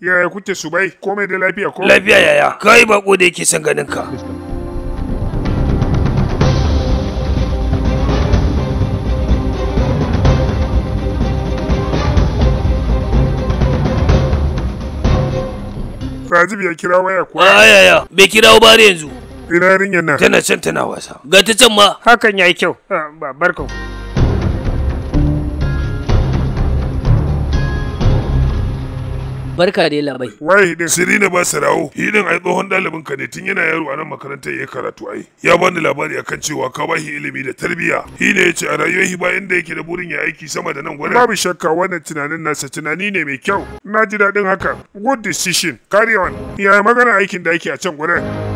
Yaya kuke bai? Komai da lafiya ko? Lafiya yaya, kai bako da yake son ganin ka. yanzu ya kira waya kuwa. Ayaya, bai kirawo ba yanzu. Ina yarinyar nan. Tana can tana wasa. Ga ta can ma. Hakan ya yi kyau. Ah, ba barkan. Barka dai labai. Wai din Sirina ba Sarawo. Hi din ai tsohon ɗalibin ka ne tun yana yaro a nan makarantar ya karatu ai. Ya bani labari akan cewa ka bashi ilimi da tarbiyya. Hi ne yace a rayuwar ba inda yake da burin ya aiki sama da nan gwada. Babu shakka wannan tunanin nasa tunani ne mai kyau. Na ji daɗin haka. Good decision. Carry on. Yaya magana aikin da yake a can gwada?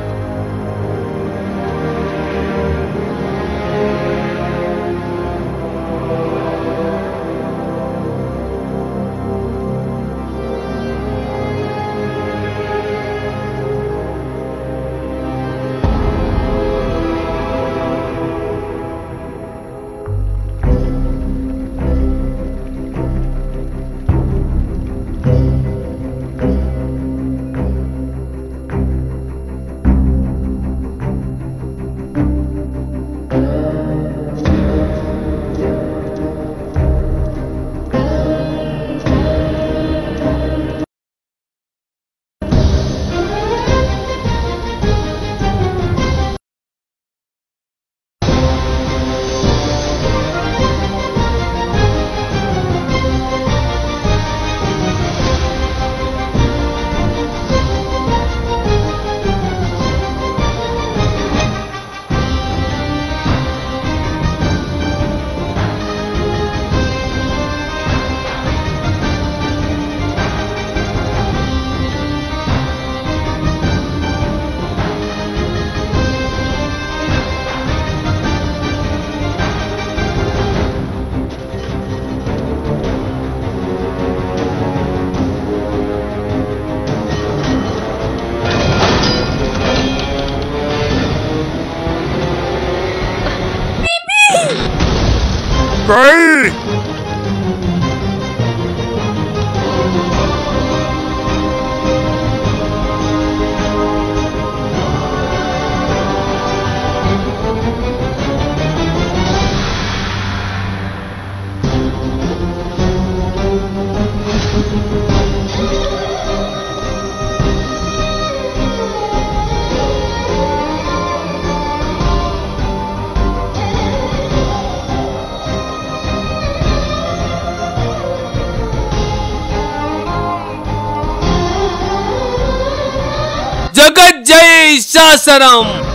लज्जा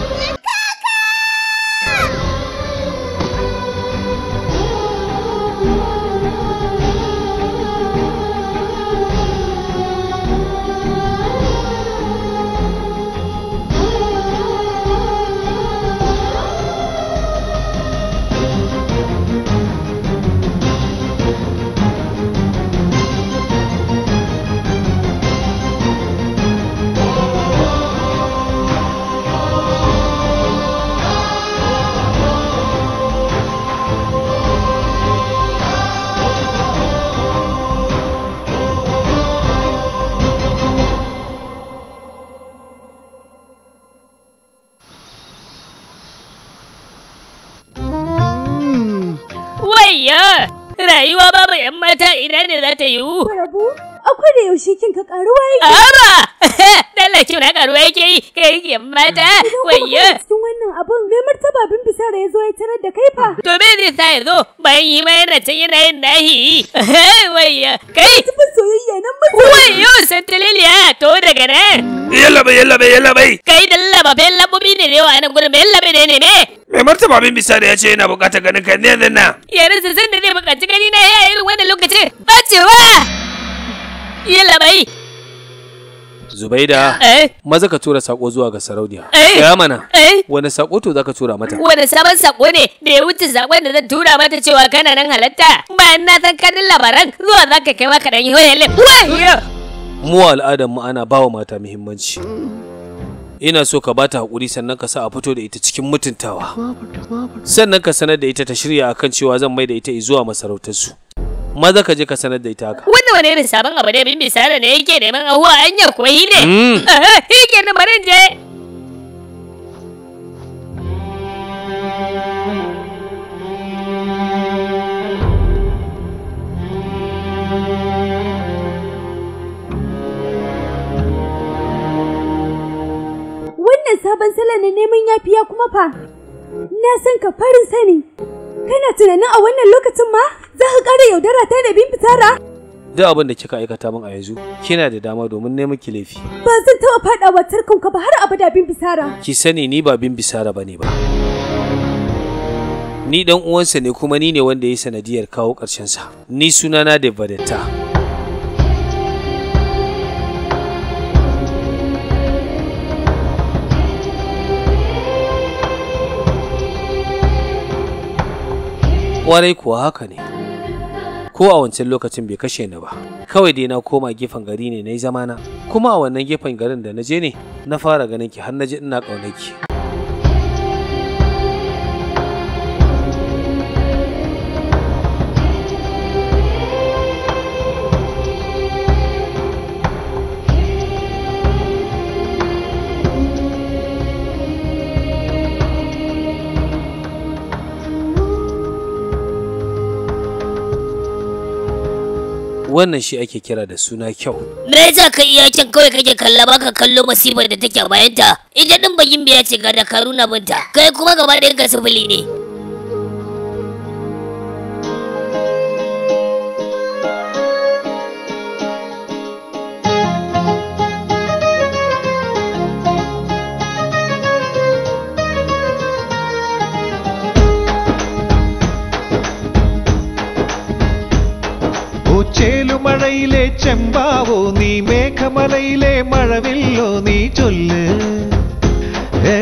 ina ne za ta yiwu? Rabu, akwai da yaushe kinka ka ƙaruwa yake. Ara! yasa kiwo na ruwa yake yi kai ke mata wayyo cikin wannan abun me martaba bin bisara ya zo ya tarar da kai fa to me zai sa ya zo bayan yi ma yana can yana yin nahi wayyo kai tufin soyayya nan mutum wayyo santaliliya to daga nan yalla bai yalla bai yalla bai kai da ba bai labobi ne rewa wa nan gurin bai yalla bai ne ne mai martaba bin bisa da ya ce yana bukatar ganin ka ne nan na sanda sun da zai bukaci gani na yayin wannan lokacin bacewa yalla bai Zubaida. Eh. Maza ka tura sako zuwa ga sarauniya. Eh. Ya mana. Eh. Wani sako to zaka tura mata? Wani sabon sako ne da ya wuce sakon da zan tura mata cewa kana nan halatta. Bayan na san kanin labaran zuwa zaka kai maka dan yi Mu al'adar mu ana bawa mata muhimmanci. ina so ka bata hakuri sannan ka sa a fito da ita cikin mutuntawa sannan ka sanar da ita ta shirya akan cewa zan mai da ita zuwa masarautarsu maza ka je ka sanar da ita haka wannan wani irin sabon abu ne bin misali ne yake neman ahuwa hanyar kuwa hile yake mm. [laughs] na barin je Wannan sabon salon na neman yafiya kuma fa, na san ka farin sani. Kana tunanin a wannan lokacin ma za ka ƙara yaudara ta da bin fitara? Duk abin da kika aikata min a yanzu kina da dama domin neman ki laifi. Ba zan taɓa faɗawa tarkonka ba har abada bin bisara. Ki sani ni ba bin bisara bane ba. Ni dan uwansa ne kuma ni ne wanda ya yi sanadiyar kawo ƙarshen sa. Ni sunana da badatta Kwarai kuwa haka ne. Ko a wancan lokacin bai kashe ni ba. Kawai dai na koma gefen gari ne na yi zamana. Kuma a wannan gefen garin da na je ne na fara ganin ki har na ji ina ƙaunar ki. wannan shi ake kira da suna kyau me yasa ka iya kyan kawai kake kalla ba ka kallo masibar da take bayanta ita din bayin biya ce ga karuna binta kai kuma gaba ɗayan ka sifili ne മലയിലെ ചെമ്പാവോ നീ മേഘമലയിലെ മഴവില്ലോ നീ ചൊല്ല് ഏ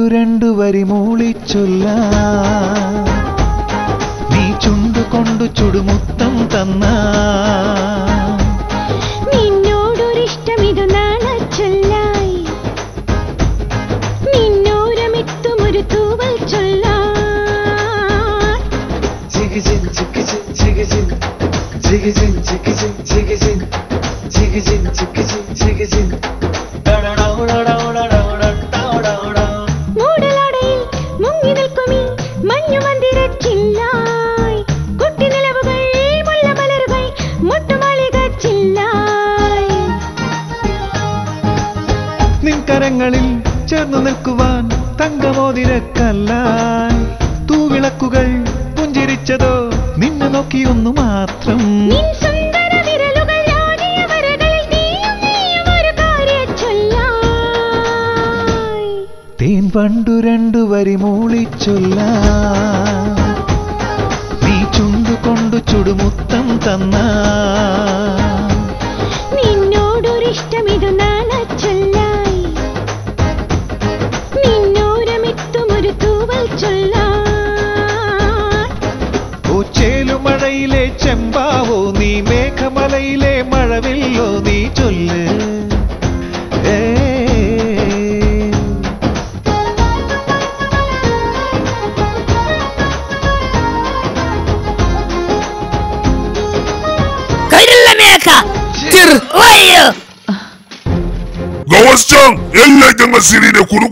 രണ്ടു രണ്ടു വരി മൂളിച്ചൊല്ല നീ ചുണ്ടുകൊണ്ടു ചുടുമുത്തം തന്നാ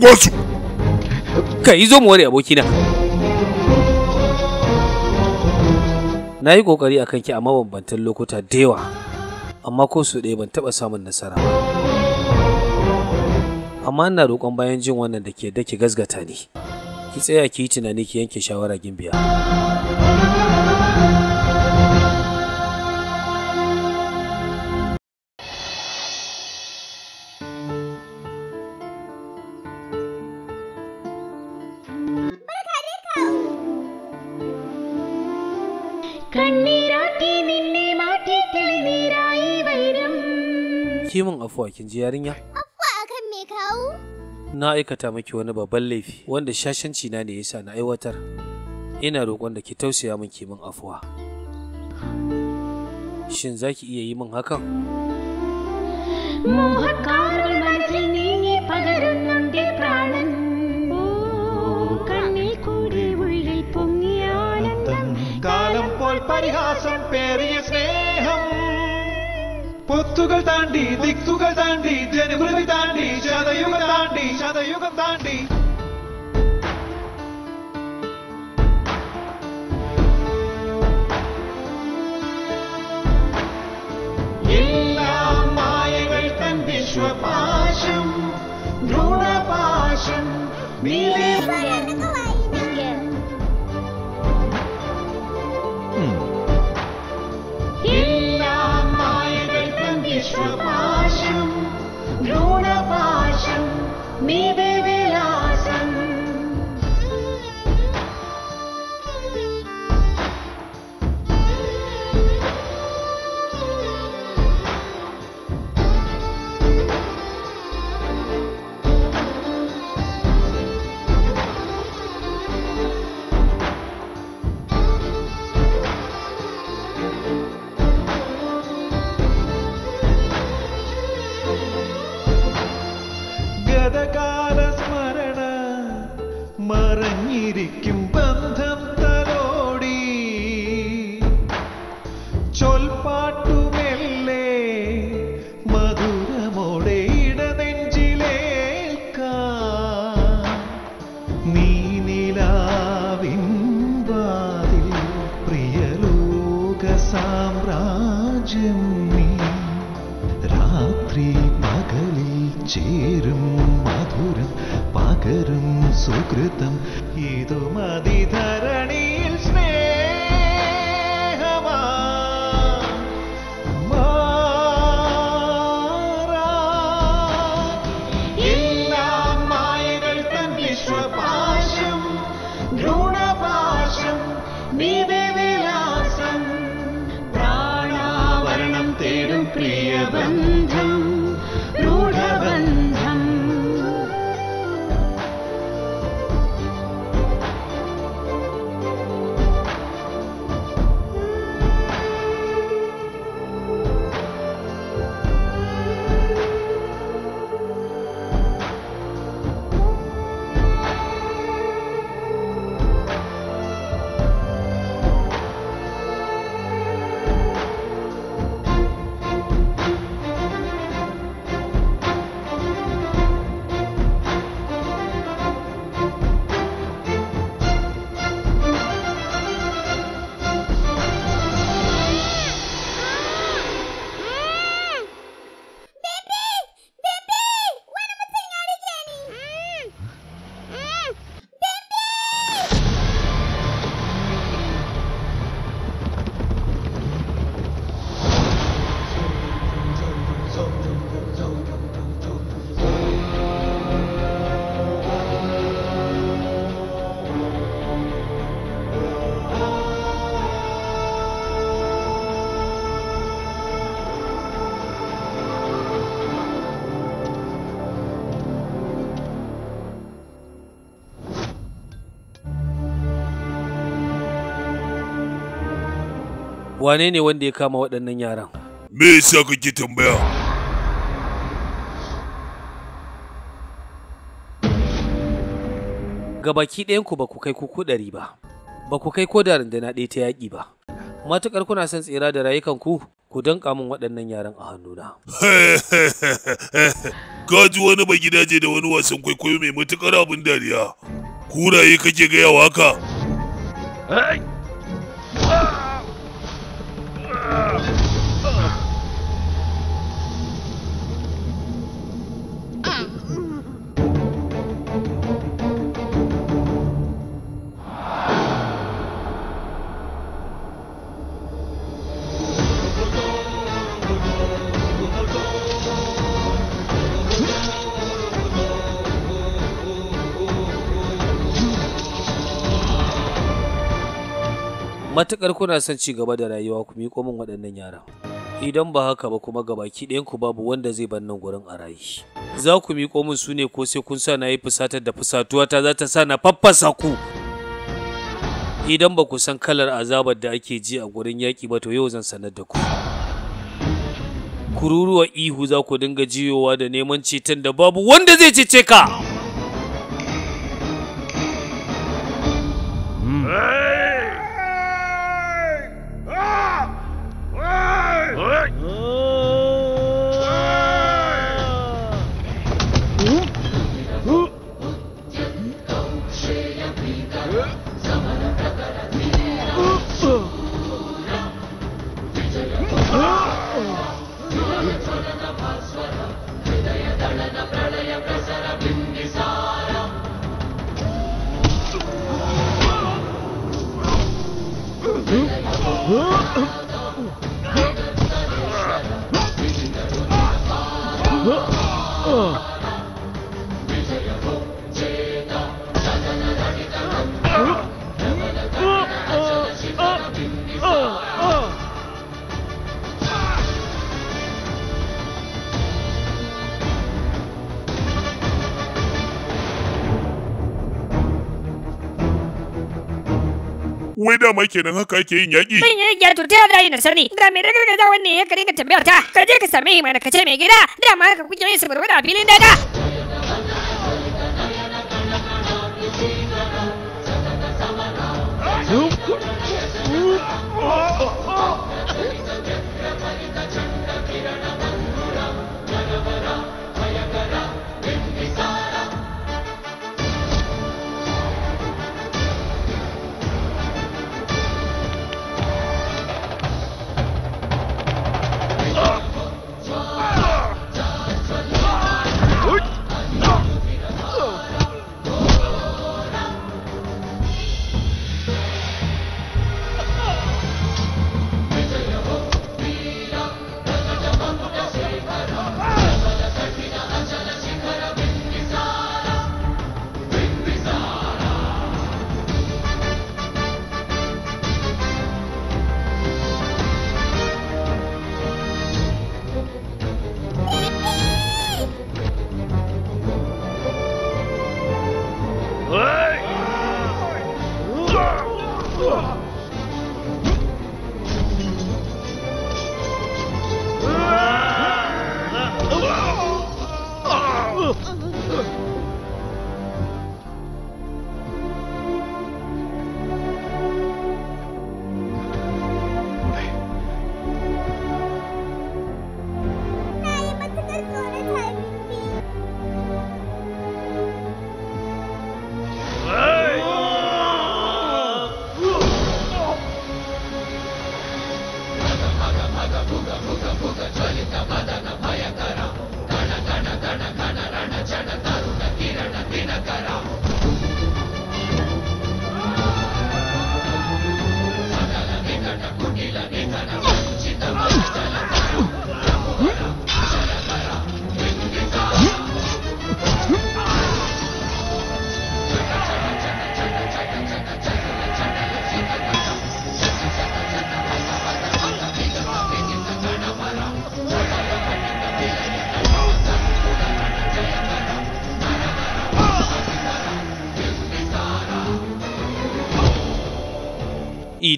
rugo su kai zo mu ware abokina na yi kokari a kanki a mabambantan lokuta da yawa amma ko su ɗaya ban taɓa samun nasara ba amma ina roƙon bayan jin wannan da ke da ki gasgata ne, ki tsaya ki yi tunani ki yanke shawara gimbiya afuwa kin ji yarinya? Afuwa akan me kawo? Na aikata miki wani babban laifi wanda shashanci na ne yasa na aiwatar. Ina roƙon da ki tausaya min ki min afuwa. Shin zaki iya yi min hakan? காலம் போல் பரிகாசம் பெரிய பொத்துகள் தாண்டி திக்குகள் தாண்டி ஜனகுலவை தாண்டி சதயுகம் தாண்டி சதயுகம் தாண்டி wane ne wanda ya kama waɗannan yaran me yasa kake tambaya Ga ɗayan ɗayanku ba ku kai kuku ɗari ba ba ku kai ko da rundana ɗaya ta yaƙi ba matuƙar kuna son tsira da rayukanku ku danƙa min waɗannan yaran a hannuna. [laughs] Ka ji wani ba je da wani wasan kwaikwayo mai matuƙar abin dariya. Kuraye kake gaya waka? Ah! Oh. Matuƙar kuna son ci gaba da rayuwa ku miƙo min waɗannan yara. Idan ba haka ba kuma gabaki ku babu wanda zai bar nan gurin a rayu. Za ku miƙo min su ne ko sai kun sa na yi fusatar da fusatuwata za ta sa na faffasa ku. Idan ba ku san kalar azabar da ake ji a gurin yaƙi ba to yau zan sanar da ku. Kururuwa ihu za ku dinga jiyowa da neman ceton da babu wanda zai cece ka. Hmm. Hey! Huh? dama kenan haka yake yin yaƙi. Zan yi yaƙi to ta da yin sarni. Da me da gargaza wannan ya kare ka tambayar ta. Ka je ka same mai na kace mai gida. Da ma ka kuke yin su a filin daga. oh.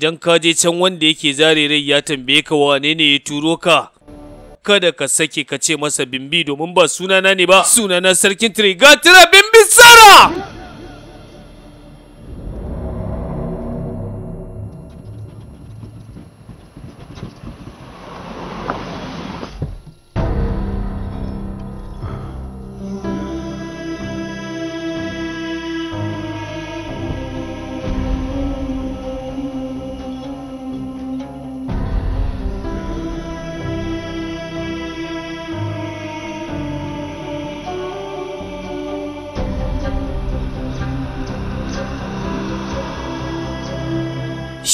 idan ka je can wanda yake zare rai ya tambaye ka wane ne ya turo ka kada ka sake ka ce masa bimbi domin ba sunana ne ba sunana sarkin trigatra bimbi sara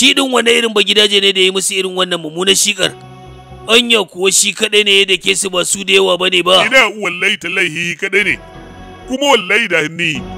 shi din wani irin ba gidaje ne da ya musu irin wannan mummunan shikar anya kuwa shi kadai ne da ke su ba su da yawa bane ba ina wallahi talahi kadai ne kuma wallahi da ni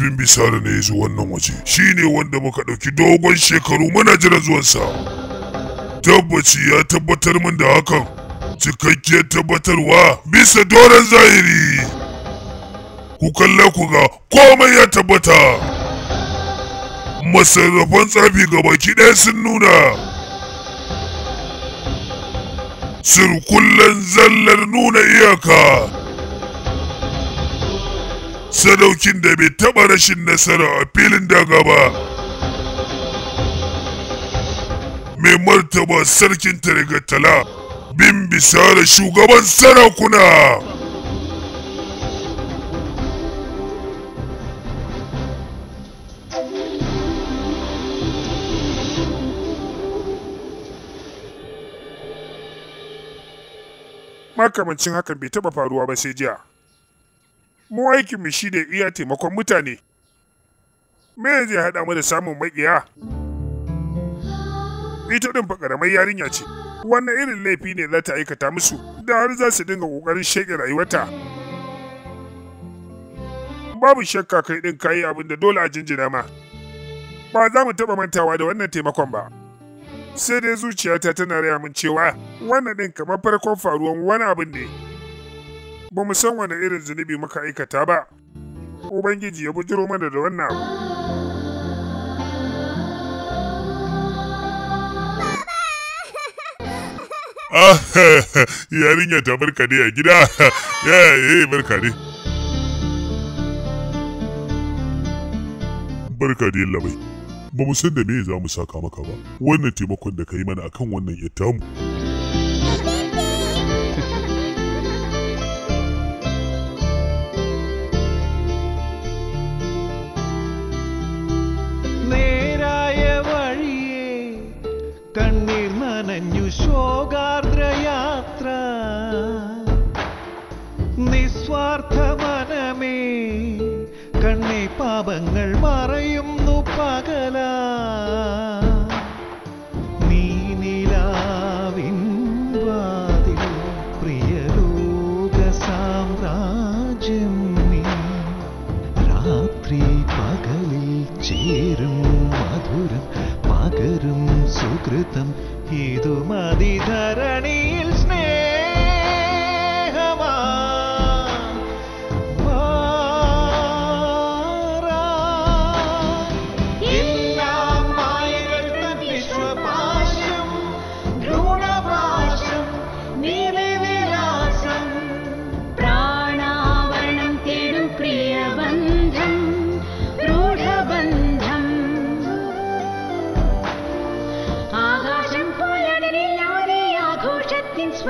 Muslim Bisara ne ya zo wannan waje. Shi wanda muka ɗauki dogon shekaru muna jiran zuwansa. Tabbaci ya tabbatar min da hakan. Cikakkiyar tabbatarwa bisa doron zahiri. Ku kalla ku ga komai ya tabbata. Masarrafan tsafi baki ɗaya sun nuna. Sirkullen zallar nuna iyaka. sadaukin da bai taba rashin nasara a filin daga ba mai martaba sarkin tarigatala bin bisa da shugaban sarakuna makamancin hakan bai taɓa faruwa ba sai jiya mu aikinmu shi ne iya taimakon mutane. Me zai haɗa mu da samun maƙiya? Ita ɗin fa ƙaramar yarinya ce, wannan irin laifi ne za ta aikata musu da har za su dinga ƙoƙarin sheƙe rayuwarta. Babu shakka kai ɗin kayi abin da dole a jinjina ma. Ba za mu taɓa mantawa da wannan taimakon ba. Sai dai zuciyata tana raya min cewa wannan ɗin kamar farkon faruwan wani abin ne. ba mu san wani irin zunubi muka aikata ba ubangiji ya bujiro mana da wannan abu [laughs] yarinya ta barka a gida [laughs] ya yi barka ne. barka dai labai ba mu san da me za mu saka maka ba wannan taimakon da ka yi mana akan wannan yattamu. mu നിസ്വാർത്ഥ മനമേ കണ്ണേ പാപങ്ങൾ മറയുന്നു പകല ും സുകൃതം വാതിൽ പ്രിയ ധരണിയിൽ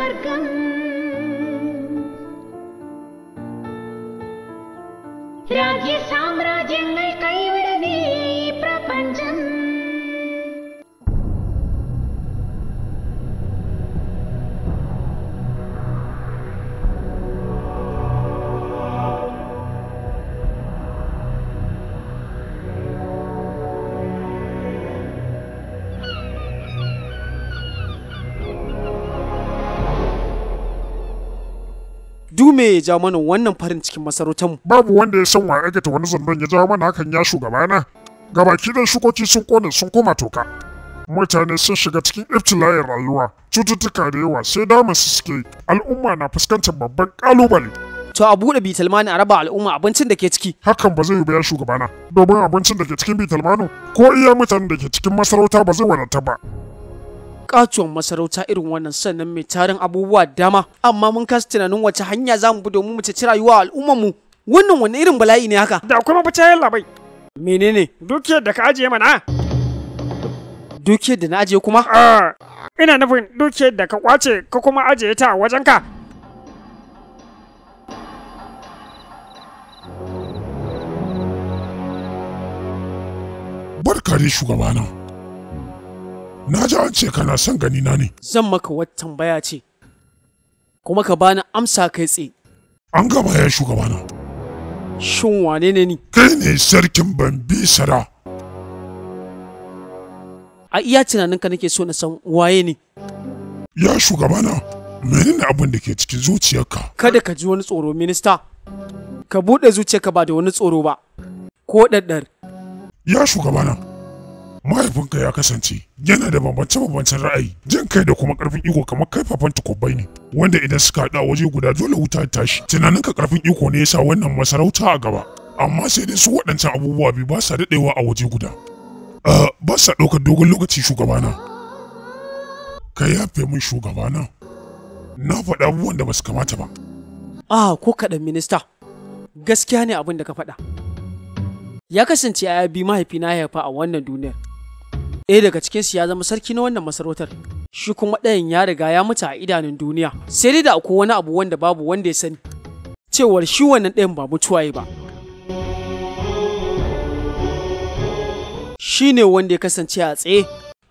राज्य राज्यसाम्राज्यं कई dume ya ja mana wannan farin cikin masarautar mu babu wanda ya san wa aikata wani zandon ya jawo mana hakan ya shugaba na? gabaki dan shukoki sun kone sun koma toka mutane sun shiga cikin iftilayen rayuwa cututtuka da yawa sai dama su suke al'umma na fuskantar babban kalubale to a buɗe bitalmani a raba al'umma abincin da ke ciki hakan ba zai yi shugaba shugabana domin abincin da ke cikin bitalmano ko iya mutanen da ke cikin masarauta ba zai wadata ba katuwan masarauta irin wannan sannan mai tarin abubuwa dama amma mun kasa tunanin wace hanya za mu bi domin mu ci rayuwa al'ummar mu wannan wani irin bala'i ne haka da kuma bata yalla bai menene dukiyar da ka ajiye mana dukiyar da na ajiye kuma ah, ina nufin dukiyar da ka kwace ka kuma ajiye ta a wajenka barka ne shugabana Na ji an ce kana son gani na ne. Zan maka wata tambaya ce, kuma ka bani amsa kai tse. An gaba ya shugabana. Shin wane ne ni? Kai ne sarkin bi Sara. A iya tunaninka nake so na san waye ne. Ya shugabana, menene abin da ke cikin zuciyarka? Kada ka ji wani tsoro, minista. Ka buɗe zuciyarka ba da wani tsoro ba, ko ɗaɗɗar. Ya shugabana, mahaifinka ya kasance yana da bambance-bambancen ra'ayi jan kai da kuma karfin iko kamar kaifafan tukubbai ne wanda idan suka haɗu a waje guda dole wuta ta tashi tunaninka karfin iko ne yasa wannan masarauta a gaba amma sai dai su waɗancan abubuwa biyu ba sa daɗewa a waje guda ba sa ɗaukar dogon lokaci shugabana ka yafe min shugabana na faɗa abubuwan da ba su kamata ba ah ko kaɗan minista gaskiya ne abin da ka faɗa ya kasance a bi mahaifina ya haifa a wannan duniyar ɗaya daga cikinsu ya zama sarki na wannan masarautar shi kuma ɗayan ya riga ya mutu a idanun duniya sai dai da akwai wani abu wanda babu wanda ya sani cewar shi wannan ɗayan ba mutuwaye ba shi ne wanda ya kasance a tsaye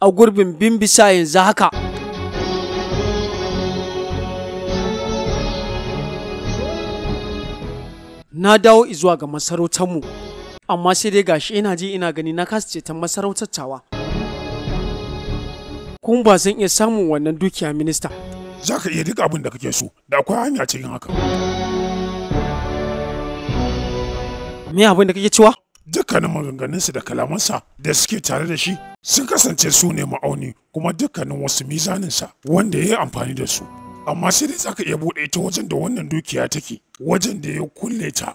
a gurbin bimbisa yanzu haka na dawo izuwa ga mu amma sai dai gashi ina ji ina gani na kasa ta masarautar tawa kuma ba zan iya samun wannan dukiya minista za ka iya duk abin da kake so da akwai hanya yin haka me abin da kake cewa dukkanin maganganunsa da kalamansa da suke tare da shi sun kasance su ne ma'auni kuma dukkanin wasu mizaninsa wanda ya yi amfani da su amma sai dai za ka iya buɗe ta wajen da wannan dukiya take wajen da ya kulle ta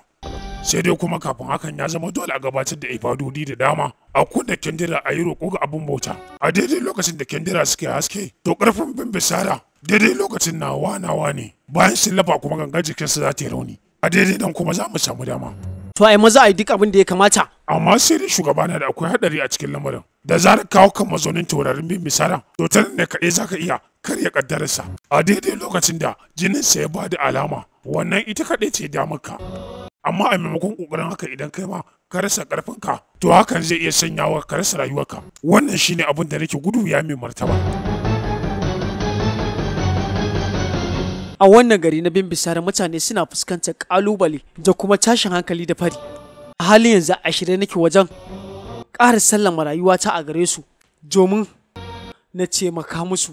sai dai kuma kafin hakan ya zama dole a gabatar da ibadodi da dama a kunna kendira a yi roƙo ga abin bauta a daidai lokacin da kendira suke haske to ƙarfin bimbisara daidai lokacin nawa nawa ne bayan sun lafa kuma gangar jikinsu za ta yi rauni a daidai nan kuma za mu samu dama. to ai maza a yi duk abin da ya kamata. amma sai dai shugaba na da akwai haɗari a cikin lamarin da zarar kawo kan mazaunin taurarin bimbisara to ta ne kaɗai za ka iya karya ƙaddararsa a daidai lokacin da jininsa ya ba da alama wannan ita kaɗai ce ka amma a maimakon kokarin haka idan kai ma ka rasa karfinka to hakan zai iya sanyawa ka rasa rayuwarka wannan shine abin da nake gudu ya mai martaba a wannan gari na bimbisara mutane suna fuskantar kalubale da kuma tashin hankali da fari a halin yanzu a shirye nake wajen ƙara sallama ta a gare su domin na taimaka musu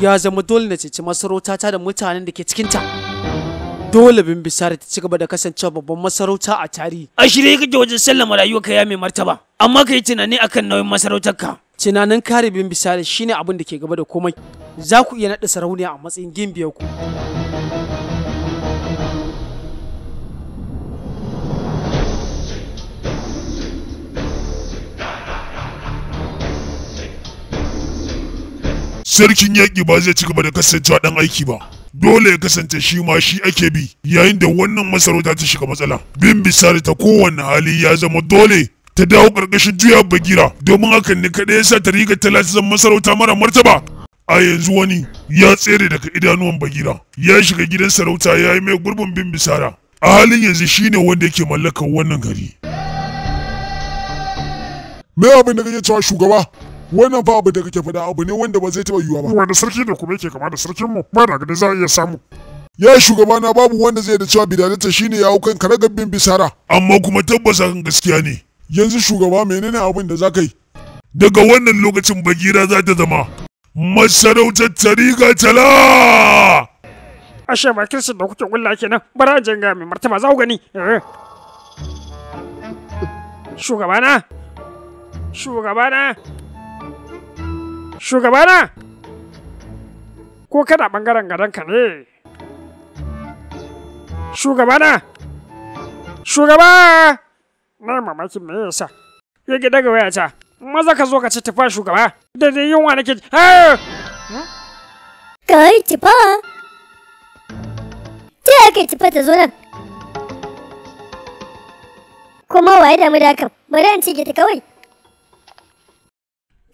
ya zama dole na ceci masarautata da mutanen da ke cikinta. dole bin bimbisar ta ci gaba da kasancewa babban masarauta a tarihi a shirye kake wajen sallama ka ya mai martaba amma ka yi tunani akan nauyin masarautar ka. tunanin kare bin bimbisar shine abin da ke gaba da komai za ku iya naɗa sarauniya a matsayin gimbiyar ku sarkin yaki ba zai ci gaba da kasancewa ɗan aiki ba dole ya kasance shi ma shi ake bi yayin da wannan masarauta ta shiga matsala bin bisari ta kowanne hali ya zama dole ta dawo ƙarƙashin juya bagira domin hakan ne kaɗai ya sa ta riga talatin masarauta mara martaba a yanzu wani ya tsere daga idanuwan bagira ya shiga gidan sarauta ya yi mai gurbin bin bisara a halin yanzu shi ne wanda yake mallakar wannan gari me abin da kake cewa shugaba wannan fa abu da kake faɗa abu ne wanda ba zai taɓa yiwuwa ba wanda sarki ne kuma yake kama da sarkin mu ba da ganin za a iya samu ya shugaba na babu wanda zai da cewa shi ne ya hau kan gabbin bisara amma kuma tabbas hakan gaskiya ne yanzu shugaba menene abin da za ka yi daga wannan lokacin bagira za ta zama masarautar tariga tala ashe ba su da kuke kulla kenan bara janga mai martaba za ku gani eh. shugabana shugabana Shugabana! Ko kana ɓangaren gadonka ne? Shugabana! Shugaba! Na yi mamakin me yasa. Ya ga waya ta. Maza ka zo ka ci tufa shugaba. Da dai yunwa nake. Kai tufa! Ta yaya kai tufa ta zo nan? Kuma waye damu da hakan? Bari an cike ta kawai.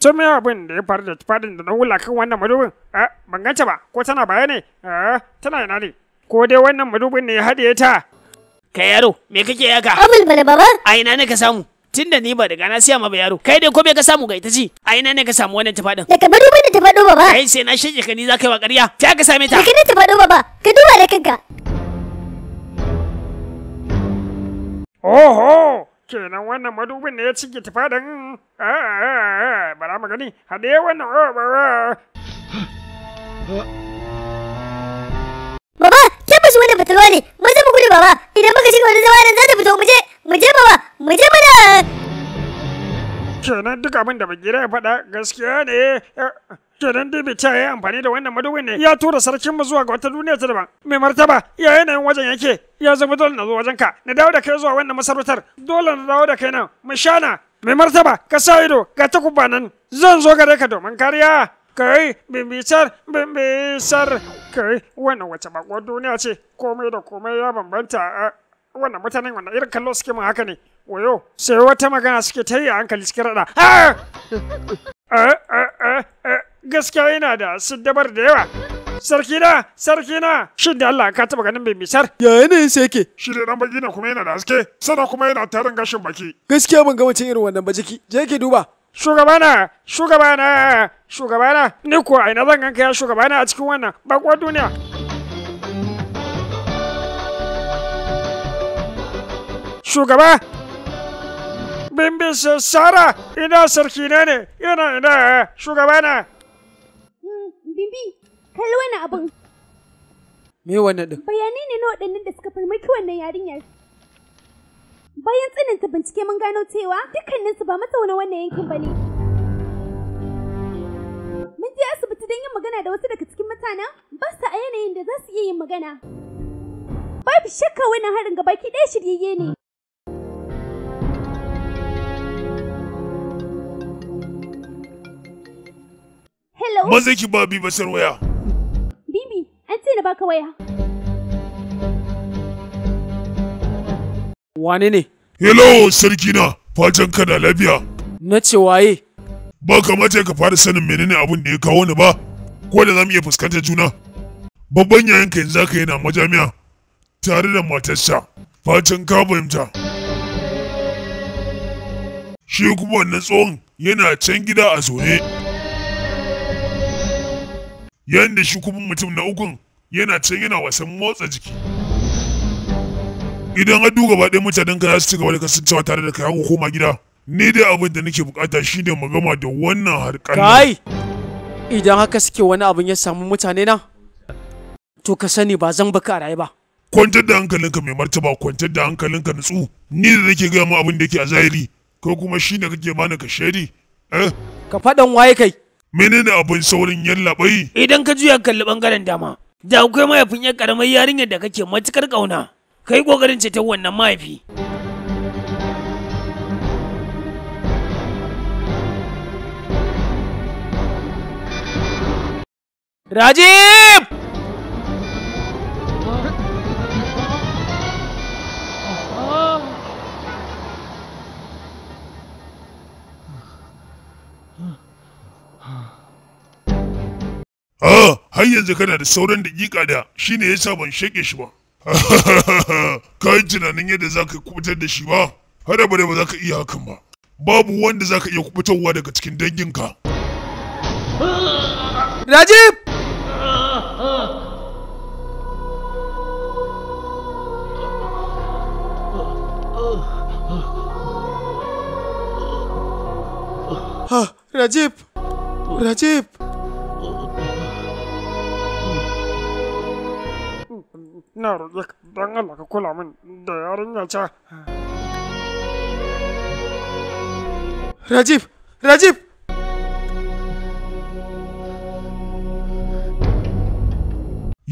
To me abin da ya faru da tufafin da na wula kan wannan madubin? Eh, ban ganta ba ko tana baya ne? Eh, tana ina ne? Ko dai wannan madubin ne ya haɗiye ta? Ka yaro me kake yaka? Abin bane baba. A ina ne ka samu? Tun da ni ba daga na siya ma ba yaro. Kai dai ko me ka samu ga ita ci? A ina ne ka samu wannan tufafin? Daga madubin da tufafin baba. Kai sai na shige ka ni za ka yi wa ƙarya. Ta ka same ta. Daga na tufafin baba. Ka duba da kanka. Oho! kenan wannan madubin ne ya cike tufa din ah, ah, ah, bara mu gani haɗe wannan oh, Baba, shi wannan fitilwa ne, mun zama gudu baba, idan muka shiga wani zama za ta fito mu je, mu je baba, mu je mana. Kenan duk abin da bagire ya faɗa gaskiya ne. Eh, kenan dai bai ya amfani da wannan madubin ne ya tura sarkin mu zuwa ga wata duniya ta daban mai martaba ya yanayin wajen yake ya zama dole na zo wajen ka na dawo da kai zuwa wannan masarautar dole na dawo da kai nan mu shana mai martaba ka sa ido ga takuba nan zan zo gare ka domin kariya kai bimbisar bimbisar kai wannan wace bakwar duniya ce komai da komai ya bambanta a wannan mutanen wannan irin kallo suke mun haka ne wayo sai wata magana suke ta yi a hankali cikin rada ah! [laughs] eh, eh, eh, gaskiya yana da siddabar da yawa sarki na sarki na shin da Allah ka taba ganin bai misar ya yanayin sa yake shi da dan baki kuma yana da haske sana kuma yana tarin gashin baki gaskiya ban ga wancan irin wannan ba jiki je ke duba shugabana shugabana shugabana ni ko aina zan ganka ya shugabana a cikin wannan bakwar duniya shugaba bimbin sara ina sarki ne ina ina shugabana Bimbi, kalli wani abin. Me wani din? Bayanai ne na waɗannan da suka farmaki wannan yarinyar. Bayan tsananta bincike mun gano cewa dukkaninsu ba mazauna wannan yankin ba ne. Mun je asibiti don yin magana da wasu daga cikin mutanen ba su a yanayin da za su iya yin magana. Babu shakka wannan harin gabaki ɗaya shiryayye ne. hello. zai ki ba ba Basir waya. Bibi, an ce na baka waya. Wane ne? Hello, sarki na. Fatan da lafiya. Na ce waye? Ba kamata ka fara sanin menene abin da ya kawo ni ba, ko da za mu iya fuskantar juna. Babban ka yanzu haka yana majami'a tare da matarsa. Fatan ka fahimta. Shi kuma wannan tsohon yana can gida a zaune. yanda shi kuma mutum na ukun yana can yana wasan motsa jiki idan har duka ɗaya mutanen ka za su ci gaba da kasancewa tare da kai koma gida ni dai abin da nake bukata shine mu da wannan harkar kai idan haka suke wani abin ya samu mutane na to ka sani ba zan baka a rayuwa ba kwantar da hankalinka mai martaba kwantar da hankalinka nutsu ni da nake gaya ma abin da yake a zahiri ko kuma shi kake bani ka shaidi eh ka faɗan waye kai menene abin saurin yallaɓai idan ka juya kalli ɓangaren dama da akwai mahaifin 'yan ƙaramar yarinyar da kake matukar ƙauna kai kokarin ce ta wannan mahaifi Rajib! Ah, har yanzu kana da sauran daƙiƙa da shine yasa ban shake shi ba. [laughs] Ka yi tunanin yadda za ka kubutar da shi ba, har abada ba za ka iya hakan ba. Babu wanda za ka iya kubutarwa daga cikin danginka. Rajib! Rajib! Rajib! ina roƙe don Allah ka kula min da yarinya ce. Rajib! Rajib!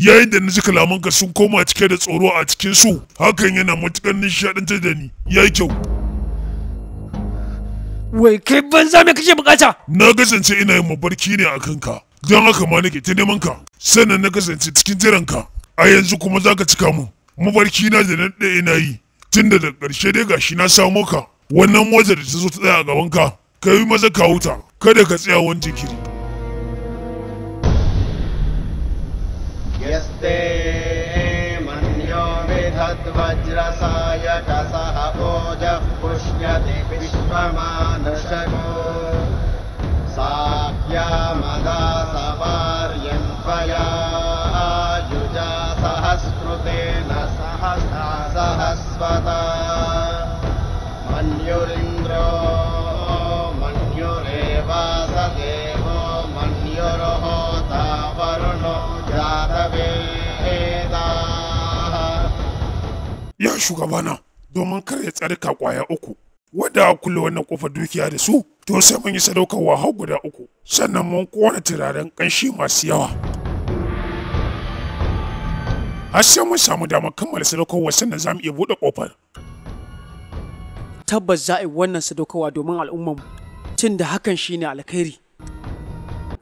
yayin da na ji kalamanka sun koma cike da tsoro a cikin su hakan yana matuƙar nishaɗantar da ni ya yi kyau wai kai banza me kake bukata na kasance ina yin mabarki ne a kanka don haka ma nake ta neman ka sannan na kasance cikin ka. a yanzu kuma za ka cika mu mafarki na da naɗe ina yi tun da ƙarshe dai gashi na samo ka wannan motar da ta zo ta tsaya a gaban ka ka yi maza ka huta kada ka tsaya wani jinkiri. वज्रसायकसः ओजः shugaba shugabana domin kar ya tsarka kwaya uku wadda a kulle wannan kofar dukiya da su to sai mun yi sadaukarwa har guda uku sannan mun kona turaren kanshi masu yawa har sai mun samu damar kammala sadaukarwa sannan zamu mu iya buɗe kofar tabbas za a yi wannan sadaukarwa domin al'ummar tun da hakan shine alkhairi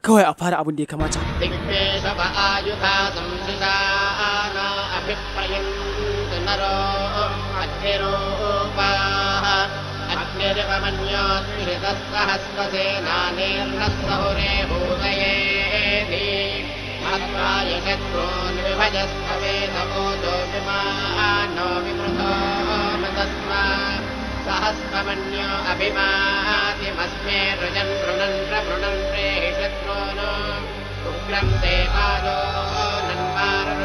kawai a fara abin da ya kamata Thank ृतस्सहस्वसेनानेन्द्रः हृरे विभजस्वेनमृतोमातिमस्मे रजन् मृणन् प्रणन् प्रेशत्रो नुभ्रम् ते कान्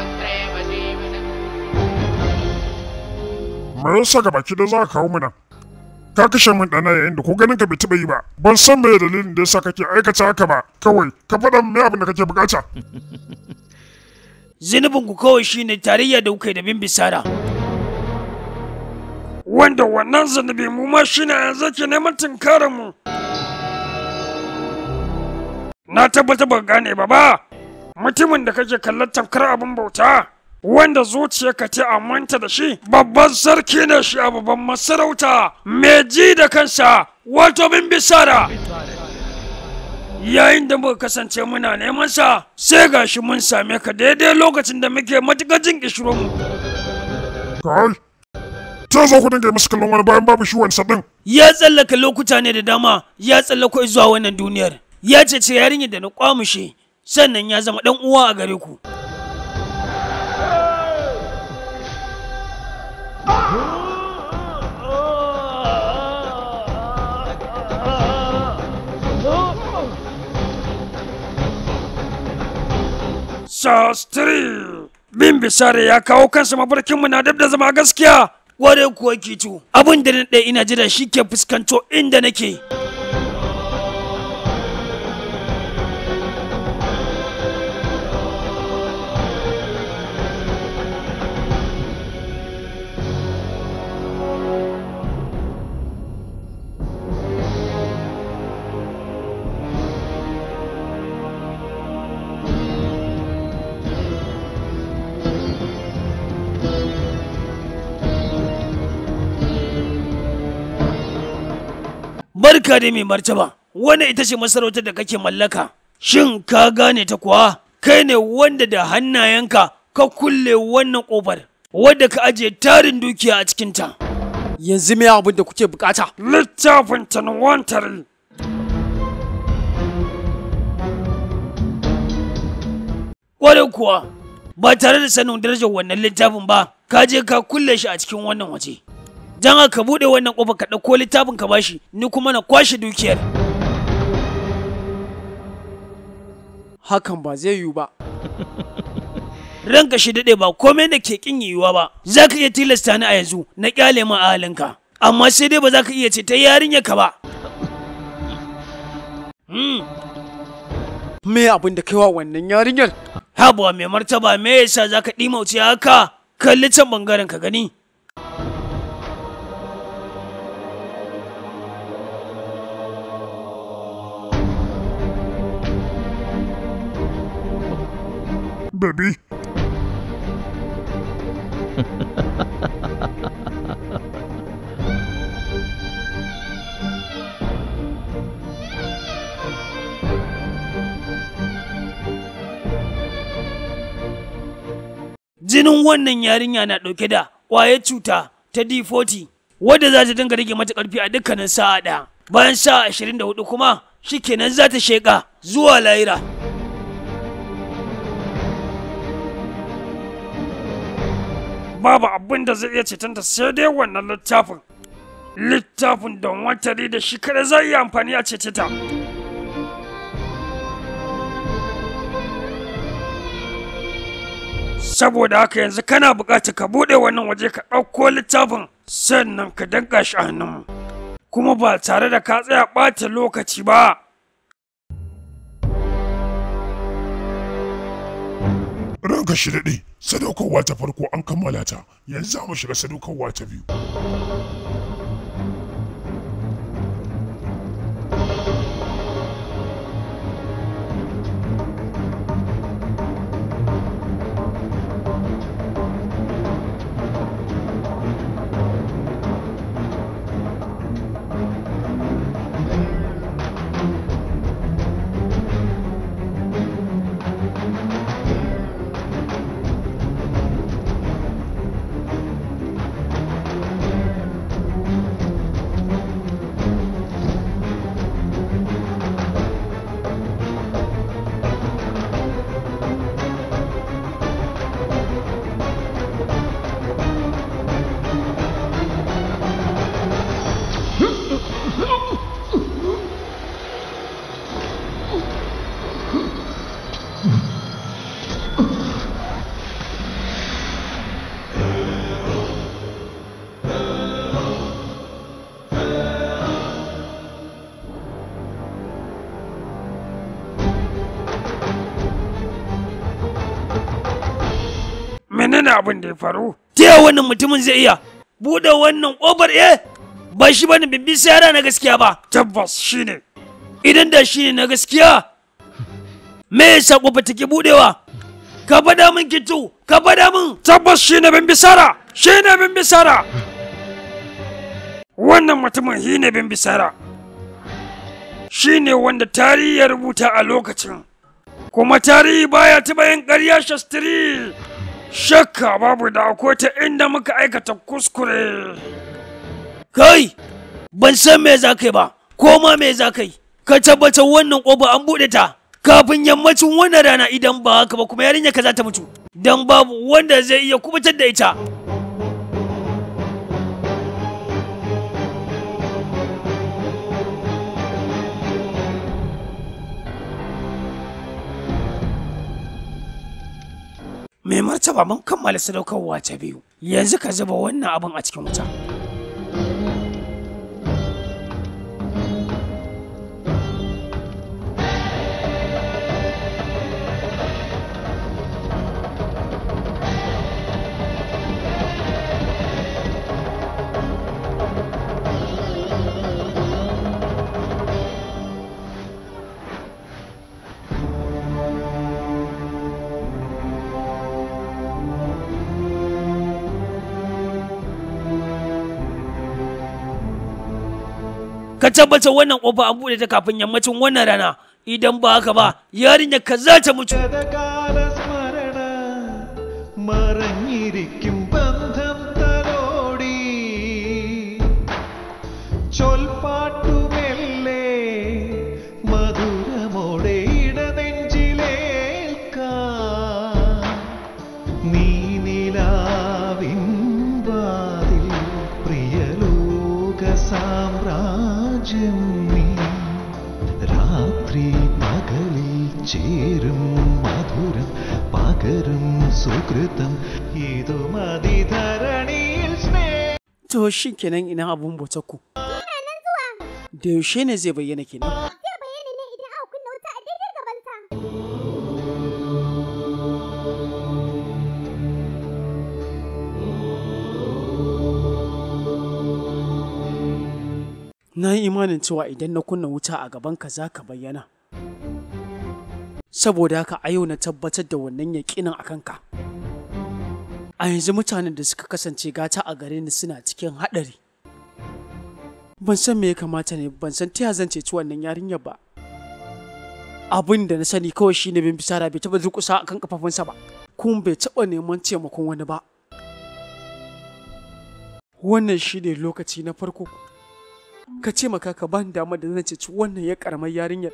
me yasa ga baki da za ka kawo mu nan ka kashe min dana yayin da ko ganin ka bai taɓa yi ba ban san me dalilin da yasa kake aikata haka ba kawai ka faɗa me abin da kake bukata [laughs] zunubin ku kawai shine tarayya da kuka da bin wanda wannan zunubi mu ma shine yanzu ke neman tunkarar mu na tabbata ban gane ba ba mutumin da kake kallon tamkar abin bauta wanda zuciyarka ta amanta da shi babban sarki ne shi a babban masarauta mai ji da kansa wato bin bisara yayin da muka kasance muna neman sa sai ga shi mun same ka daidai lokacin da muke matuƙar jin mu. kai ta za ku dinga masu kallon wani bayan babu shi wani din ya tsallaka lokuta ne da dama ya tsallako zuwa wannan duniyar ya ce ce yarinyar da na kwamushe sannan ya zama dan uwa a gare ku Sastri! Bin bisare ya kawo kansa mafarkinmu na dab da zama gaskiya! Ware kuwa kitu, abin da na ina jira shi ke fuskanto inda nake. ka da mai martaba wani ita ce masarautar da kake mallaka shin ka gane ta kuwa kai ne wanda da hannayenka ka kulle wannan kofar. wadda ka ajiye tarin dukiya a cikinta yanzu me abin da kuke bukata littafin tanwantari kwarai kuwa ba tare da sanin darajar wannan littafin ba ka je ka kulle shi a cikin wannan waje don ka buɗe wannan ƙofar ka ɗauko littafin ka bashi ni kuma na kwashe dukiyar hakan ba zai yiwu ba [laughs] ranka shi daɗe ba komai da ke ƙin yiwuwa ba za ka iya tilasta ni a yanzu na ƙyale ma a halinka amma sai dai ba za ka iya ce ta yarinya ka ba hmm. me abin da kaiwa wannan yarinyar? Habuwa mai martaba me yasa za ka wuce haka? Kalli can bangaren ka gani. baby. Jinin wannan yarinya na ɗauke da ƙwayar cuta ta D40 wadda za ta dinga rage mata ƙarfi a dukkanin sa'a ɗaya. Bayan sa'a 24 kuma shikenan za ta sheƙa zuwa layira. babu abin da zai iya ta sai dai wannan littafin littafin don watari da shi kada zai yi amfani a cece ta saboda haka yanzu kana bukatar ka buɗe wannan waje ka ɗauko littafin sannan ka danka shi a hannunmu kuma ba tare da ka tsaya ɓata lokaci ba ranka shi daɗe sadaukarwa ta farko an kammala ta yanzu za mu shiga sadaukarwa ta biyu abin da ya faru ta wannan mutumin zai iya buɗe wannan ƙofar eh ba shi bane bibbi yara na gaskiya ba tabbas shine idan da shine na gaskiya me yasa ƙofar take buɗewa ka faɗa min kitu ka faɗa min tabbas shine bibbi sara shine bibbi sara wannan mutumin shine bibbi sara shine wanda tarihi ya rubuta a lokacin kuma tarihi baya taɓa yin ƙarya shastiri Shakka babu da akwai ta inda muka aikata kuskure. Kai, ban san me za kai ba, ko ma me za kai. Ka tabbatar wannan ƙofa an buɗe ta kafin yammacin wannan rana idan ba haka ba kuma yarinya ka za ta mutu. Dan babu wanda zai iya kubutar da ita. mai martaba mun kammala sadaukarwa ta biyu yanzu ka zuba wannan abin a cikin wuta ka tabbata wannan kofa an buɗe ta kafin yammacin wannan rana idan ba haka ba yarinya ka za ta mutu ചേരും മധുരം പകരും സുഹൃതം ഇതുമതി ധരണിയിൽ To shi kenan ina abun bautar ku. Da yaushe ne zai bayyana kenan? Zai bayyana ne idan aka kunna wuta a daidai gabansa. Na yi imanin cewa idan na kunna wuta a gabanka za ka bayyana. saboda haka a yau na tabbatar da wannan yaƙinin a kanka a yanzu mutanen da suka kasance gata a gare ni suna cikin haɗari ban san me ya kamata ne ban san ta zan ceci wannan yarinyar ba abin da na sani kawai ne bin bisara bai taɓa durƙusa akan kafafunsa ba kuma bai taɓa neman taimakon wani ba wannan shi ne lokaci na farko ka ce maka ka ban dama da zan ceci wannan ya ƙaramar yarinyar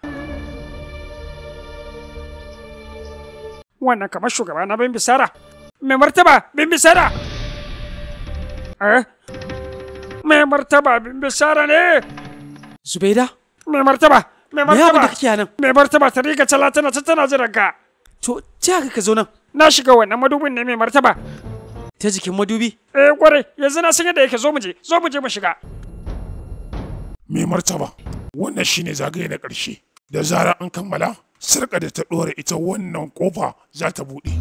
wannan kamar shugaba na bimbisara mai martaba bimbisara eh mai martaba bimbisara ne zubaida mai martaba mai martaba da kake nan mai martaba ta riga tana ta tana jiran ka to ta ka zo nan na shiga wannan madubin ne mai martaba ta jikin madubi eh kwarai yanzu na san yadda yake zo mu je zo mu je mu shiga mai martaba wannan shine zagaye na ƙarshe da zarar an kammala sirka da ta ɗora ita wannan ƙofa za ta buɗe.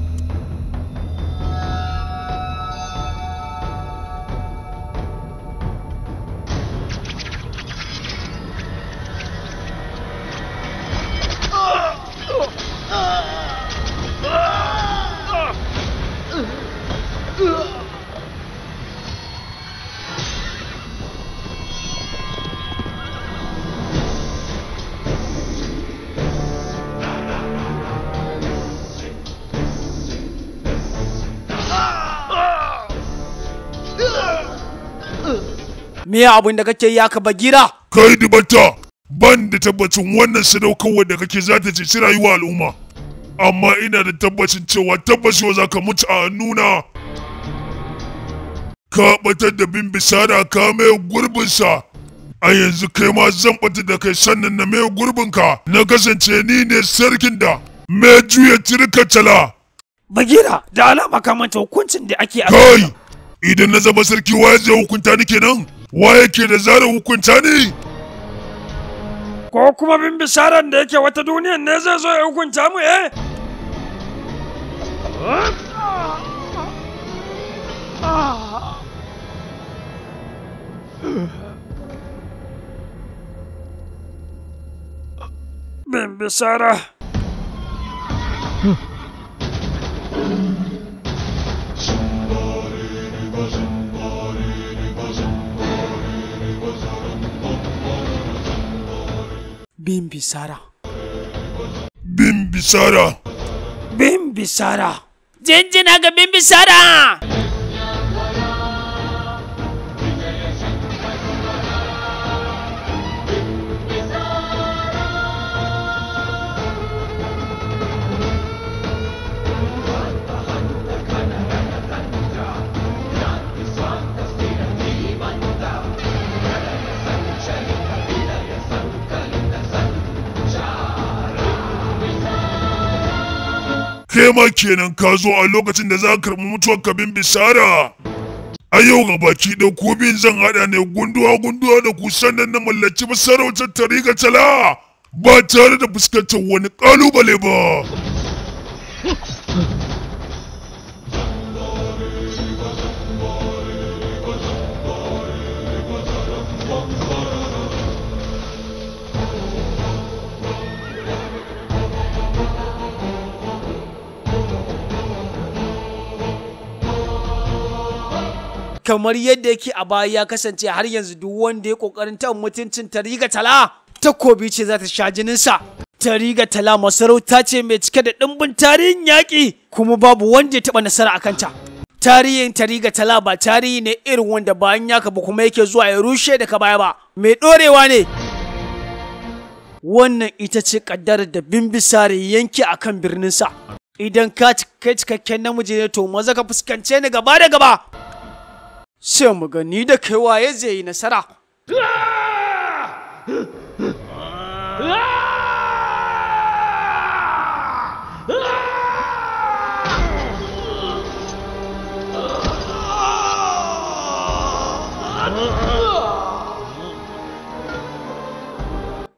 Ah! ah! ah! me abin da kake ya ka bagira kai dibata ban da tabbacin wannan sadaukarwa da kake za ta ceci rayuwa al'umma amma ina da tabbacin cewa wa za ka mutu a nuna ka batar da bin bisara ka mai gurbinsa a yanzu kai ma zan bata da kai sannan na mai gurbinka na kasance ni ne sarkin da mai juya cala. bagira da alama ka manta hukuncin da ake a kai idan na zama sarki waye zai hukunta ni kenan wa yake da zara hukunta ne ko kuma bin bisharan da yake wata duniyan ne zai zo ya hukunta mu eh Bin bisara. Hmm. Bimbisara. Bimbisara. Bimbisara. Jinjina ga Bimbisara. kai ma kenan ka zo a lokacin da za ka karɓi mutuwar kabin bisara a yau ga baki da ku biyun zan haɗa ne gunduwa gunduwa da ku sannan na mallaci masarautar tariga tala ba tare da fuskantar wani ƙalubale ba kamar yadda yake a baya ya kasance har yanzu duk wanda ya kokarin ta mutuncin tariga tala takobi ce za ta sha jininsa tariga tala masarauta ce mai cike da ɗimbin tarihin yaƙi kuma babu wanda ya taɓa nasara a kanta tarihin tariga tala ba tarihi ne irin wanda bayan ya ba kuma yake zuwa ya rushe daga baya ba mai ɗorewa ne wannan ita ce ƙaddarar da bimbisare yanke akan birninsa idan ka kai cikakken namiji ne to maza ka fuskance ni gaba da gaba sai mu gani da kai ya zai yi nasara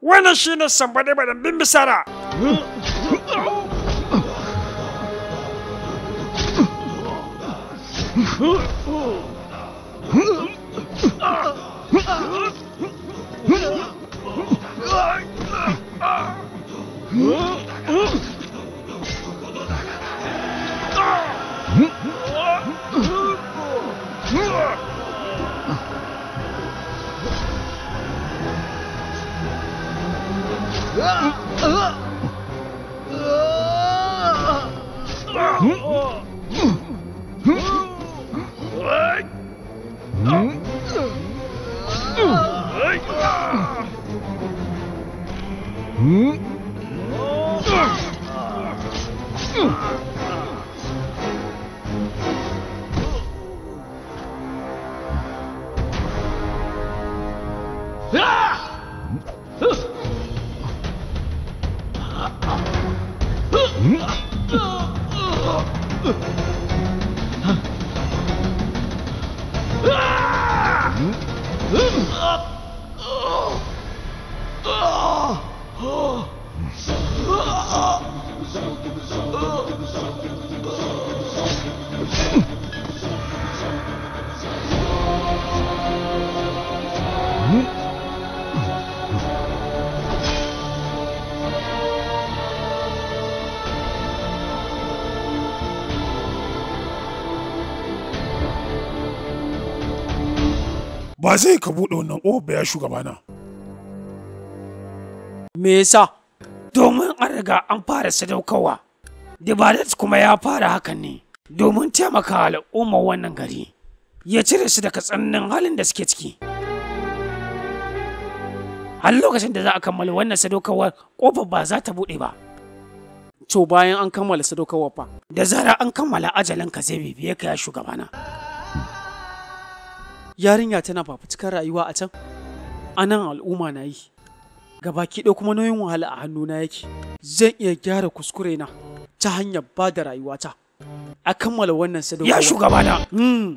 wannan shi ne sambaɗe baɗan bin Huh? Ugh! Oh! ba zai ka buɗe wannan ƙofar ba ya na? Me yasa? Domin an riga an fara sadaukarwa, Dibadat kuma ya fara hakan ne domin taimaka al'ummar wannan gari, ya cire su daga tsananin halin da suke ciki. Har lokacin da za a kammala wannan sadaukarwar ƙofar ba za ta buɗe ba. To bayan an kammala sadaukarwar fa. Da zara an kammala ajalin ka zai bibiye ka ya shugabana. yarinya tana fafutukar rayuwa a can a nan al'umma na yi gaba ɗaya kuma nauyin wahala a hannuna yake zan iya gyara kuskure na ta hanyar ba da rayuwata a kammala wannan sadaukarwa ya shugabana mm.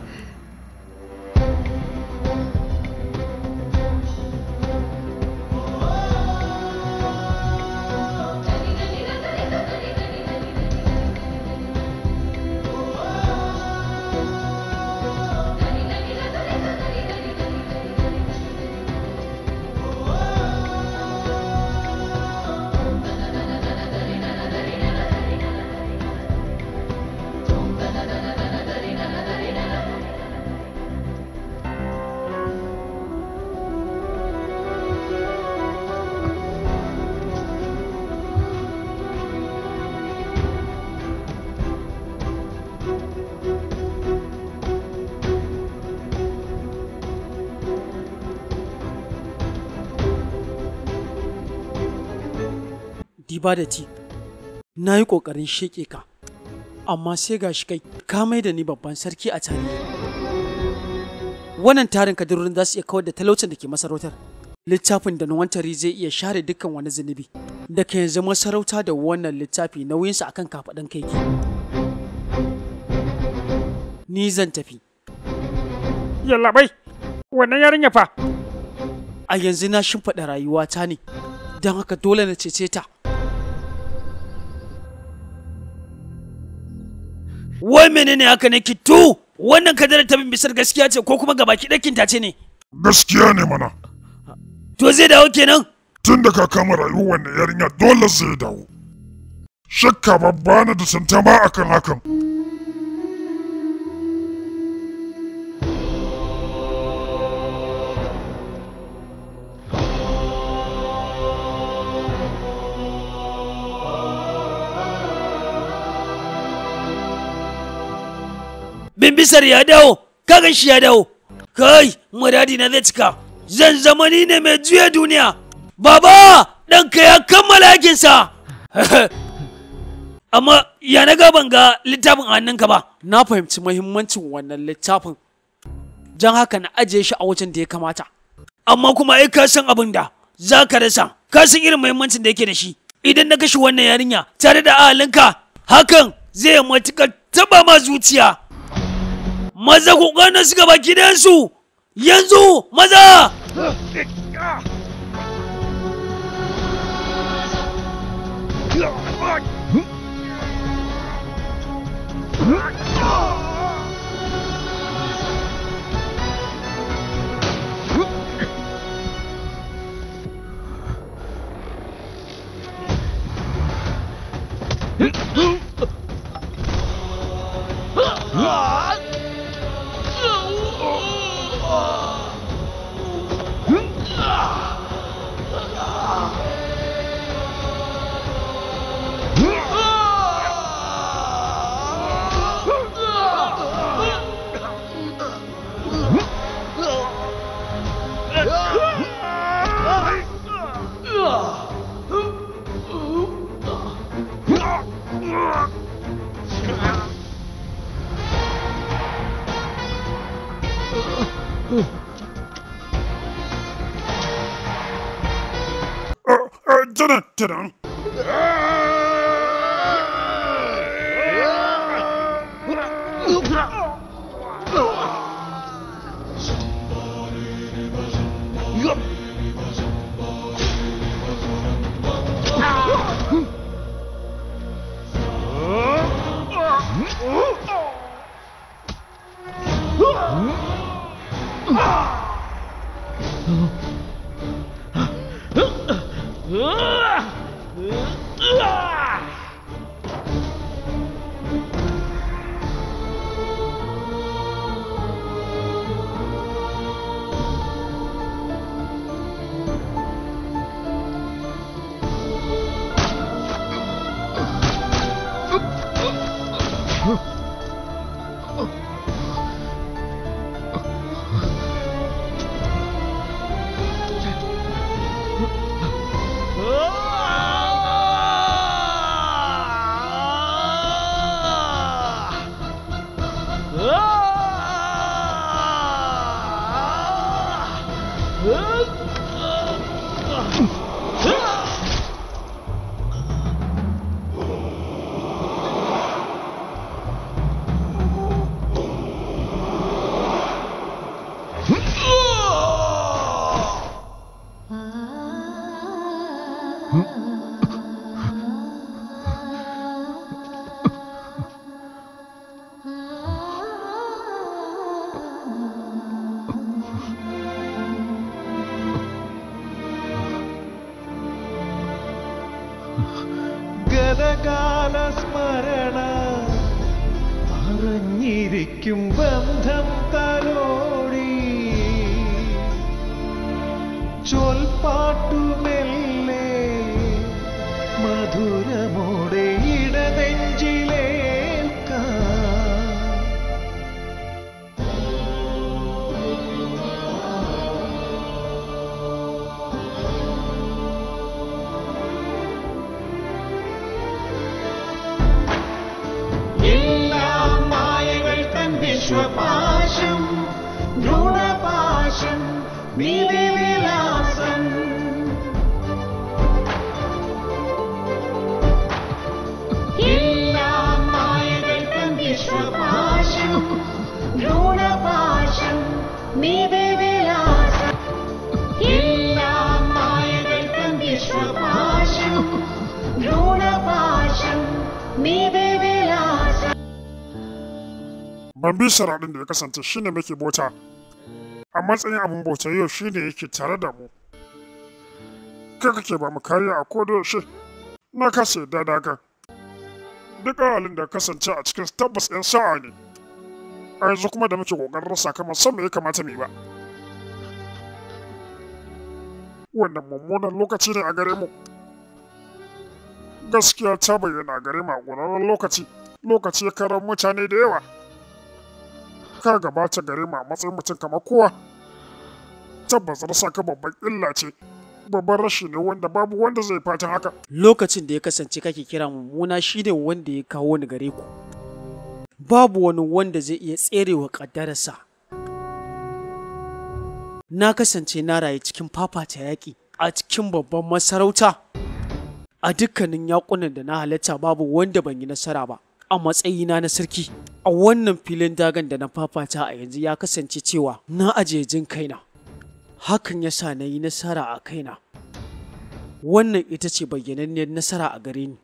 diba da ti na yi ƙoƙarin sheƙe ka amma sai ga shi kai ka mai da ni babban sarki a tarihi wannan tarin kadirorin za su iya kawar da talaucin da ke masarautar littafin da tari zai iya share dukkan wani zunubi da ke yanzu masarauta da wannan littafi nauyinsa akan kafaɗan kai ni zan tafi yalla bai wannan yarinya fa a yanzu na shimfiɗa rayuwata ne don haka dole na cece ta wai menene haka ne tu? wannan kadarar ta bisar gaskiya ce ko kuma gabaki ɗakin ta ce ne gaskiya ne mana to zai dawo kenan tun da ka kama rayuwar wannan yarinya dole zai dawo shakka babba na da ma akan hakan bimbisar ya dawo gan shi ya dawo kai muradi na zai cika zan zama ni ne mai juya duniya baba ɗanka ya kammala aikinsa [laughs] amma ya na gaban ga littafin a hannunka ba na fahimci muhimmancin wannan littafin don haka na ajiye shi a wajen da ya kamata amma kuma ai ka san abin da za ka rasa ka san irin muhimmancin da yake da shi idan na kashe wannan yarinya tare da ahalinka hakan zai matuƙar taba ma zuciya 马扎够干，那是个白金元素，元素马扎。 아... uh, uh, ta-da, ta-da. Ah! ¡Gracias! an bi sharaɗin da ya kasance shi ne muke bota. a matsayin abin bota yau shi ne yake tare da mu kai kake ba mu kariya a koda yaushe na kasa yadda da haka duk halin da kasance a cikin tabbas ɗin sa'a ne a yanzu kuma da muke ƙoƙarin rasa kamar san me ya kamata mu ba wannan mummunan lokaci ne a gare mu gaskiya ta bayyana a gare mu a lokaci lokaci ya karar mutane da yawa ka gabata gare mu a matsayin mutum kamar kowa tabbas rasa ka babban illa ce babban rashi ne wanda babu wanda zai fata haka lokacin da ya kasance kake kira mummuna ne wanda ya kawo ni gare ku babu wani wanda zai iya tserewa kaddararsa na kasance na rayu cikin fafata yaƙi a cikin babban masarauta a dukkanin yakunan da na halatta babu wanda ban yi nasara ba a matsayina na sarki a wannan filin dagan da na fafata a yanzu ya kasance cewa na ajiye jin kaina hakan ya sa na yi nasara a kaina wannan ita ce bayyananniyar nasara a gare ni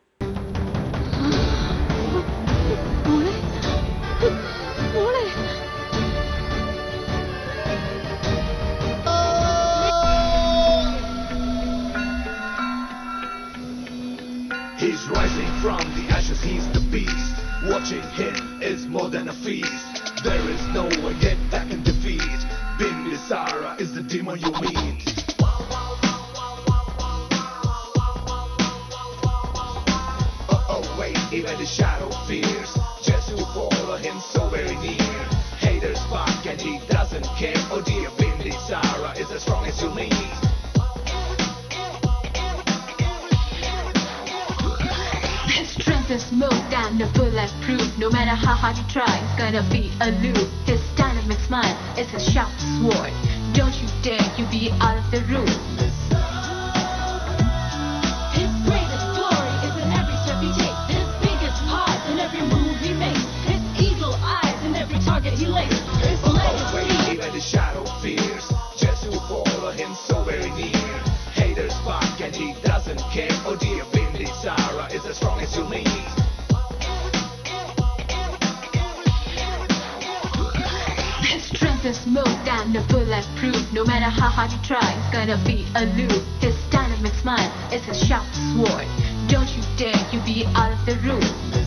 He's rising from the ashes, he's the beast. Watching him is more than a feast. There is no one yet that can defeat. Bin Desara is the demon you meet. even the shadow fears just to follow him so very near. Haters bark and he doesn't care. Oh dear, Bindi Sarah is as strong as you need. His strength is moved got no bulletproof No matter how hard you try, it's gonna be a loop His dynamic smile is a sharp sword Don't you dare, you be out of the room His greatest glory is in every step he takes His biggest part in every move he makes His eagle eyes in every target he lays His I've proved No matter how hard you try, it's gonna be a loop His dynamic smile is a sharp sword Don't you dare you be out of the room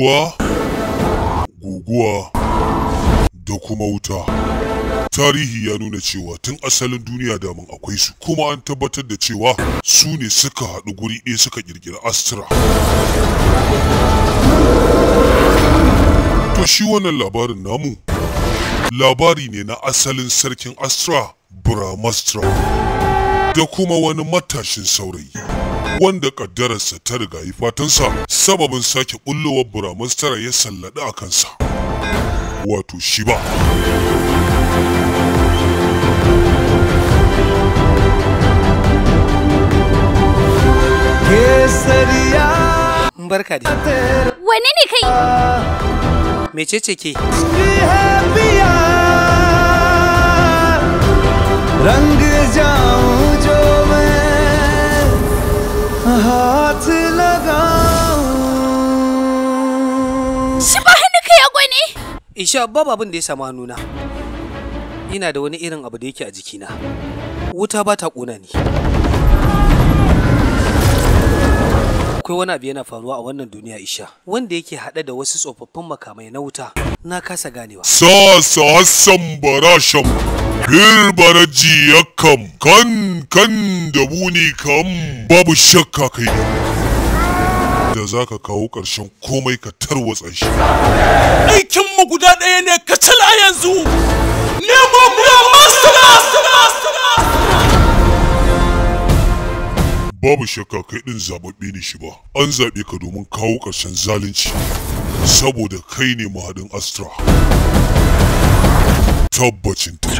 ruwa guguwa da kuma wuta. Tarihi ya nuna cewa tun asalin duniya damun akwai su, kuma an tabbatar da cewa su ne suka haɗu guri ɗaya suka ƙirƙiri Astra. To shi wannan labarin namu, labari ne na asalin sarkin Astra, Brahmastra, da kuma wani matashin saurayi. wanda kaddararsa ta riga rigayi fatansa sababin sake bullowar buramustara ya sallada a kansa wato shi ba barka da wani ne kai ce ke रंग जाऊं जो हाथ लगाऊं shi ba ya gwani isha babu abin da ya samu hannuna ina da wani irin abu da yake a jikina wuta ba ta ƙuna ni akwai wani abu yana faruwa a wannan duniya isha wanda yake haɗe da wasu tsofaffin makamai na wuta na kasa ganewa sa sa Hassan barashan birbara jiya kam kan kan da buni kam babu shakka kai da za ka kawo ƙarshen komai ka tarwatsa shi aikinmu guda ɗaya ne ka cila yanzu nemo masu Babu shakka kai ɗin zababbe ne shi ba. An zaɓe ka domin kawo ƙarshen zalunci. Saboda kai ne mahaɗin Astra. Tabbacin ta.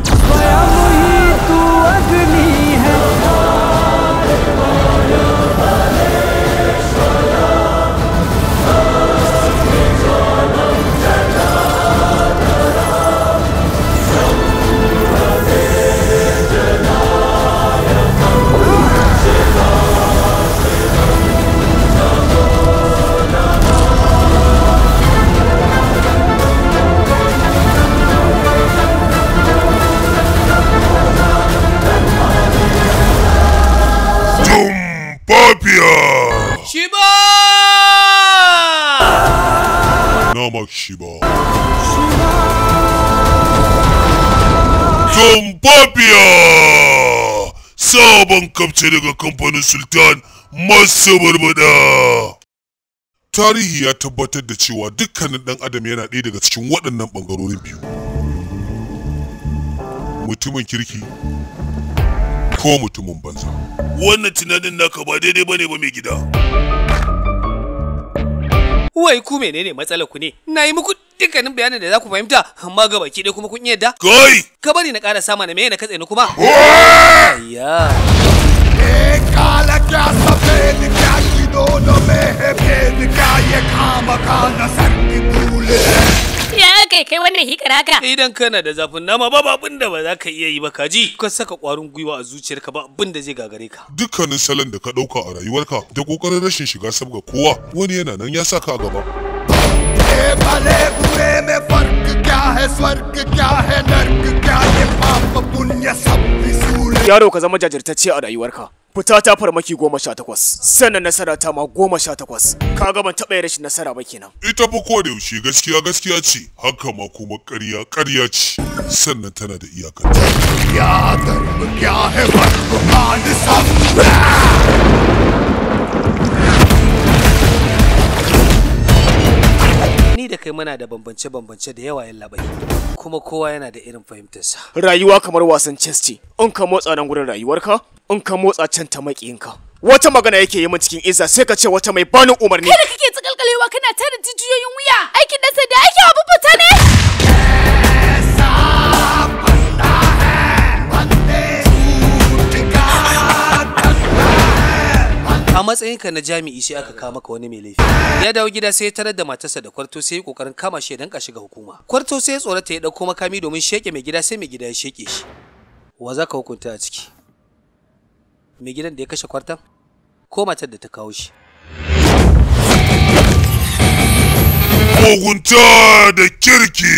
Shiba! Namak Shiba. Tumbabiya! Sabon kafce daga kamfanin Sultan masu barbada. Tarihi ya tabbatar da cewa dukkanin ɗan adam yana ɗaya daga cikin waɗannan ɓangarorin biyu. Mutumin kirki ko mutumin banza wannan tunanin naka ba daidai ba ne ba mai gida wai ku menene matsalar ku ne na yi muku dukkanin bayanin da za ku fahimta amma ga baki dai kuma kun yadda kai ka bari na ƙara sama na me na katse ni kuma ya e kala kya safed kya me he ye ka na sarki bule. aka kai wannan hikar haka idan kana da zafin nama ba abin da ba za ka iya yi ba ji ka saka kwarin gwiwa a zuciyarka ba abin da zai gagare ka dukkanin salon da ka dauka a rayuwarka da kokarin rashin shiga sabga kowa wani yana nan ya saka a gaba भले eh, ka zama jajirtacce a rayuwarka fita ta farmaki goma sha takwas sannan nasara ta ma goma sha takwas kaga ban taɓa rashin nasara ba kenan ita fa ko da yaushe gaskiya gaskiya ce haka ma kuma ƙarya ƙarya ce sannan tana da iyaka ya dharm sab ni da kai muna da bambance-bambance da yawa yalla bai kuma kowa yana da irin fahimtarsa rayuwa kamar wasan chess ce in ka motsa nan gurin rayuwarka in ka motsa can ta ka. wata magana yake yi min cikin iza sai ka ce wata mai bani umarni kada kake tsakalkalewa kana da jijiyoyin wuya aikin da sai da ake abubuta ne a matsayinka na jami'i sai aka kama ka wani mai laifi ya dawo gida sai ya tarar da matarsa da kwarto sai ya kokarin kama shi dan ka shiga hukuma kwarto sai ya tsorata ya dauko makami domin sheke mai gida sai mai gida ya sheke shi wa za ka hukunta a ciki mai gidan da ya kashe kwartan ko matar da ta kawo shi mugunta da kirki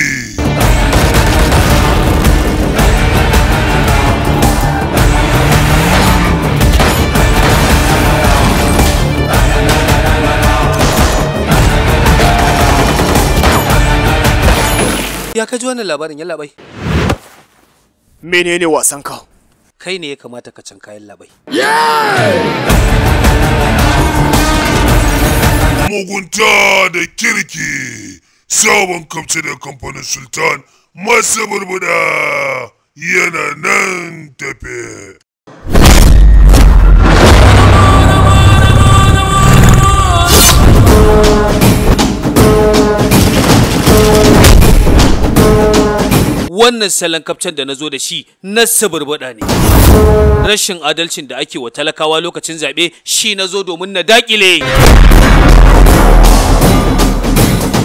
ya kaji wannan labarin ya labai menene wasan ka kai ne ya kamata ka can kayan labai. Mugunta da kirki sabon kamce da kamfanin Sultan masu burbuda yana nan tafe. wannan salon kafcan da na zo da shi na suburbuɗa ne rashin adalcin da ake wa talakawa lokacin zaɓe shi na zo domin na daƙile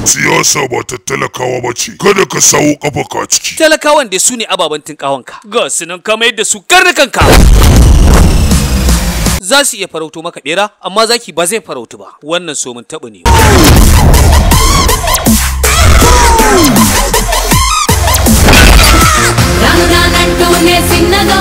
siyasa ba ta talakawa ba ce kada ka sawo ka ciki talakawan da su ne ababen ƙawanka. ga su nan ka mayar da su karnukanka za su iya farauto maka bera amma zaki ba zai farauto ba wannan so mun taɓa ne రాముడానంటూనే చిన్నదో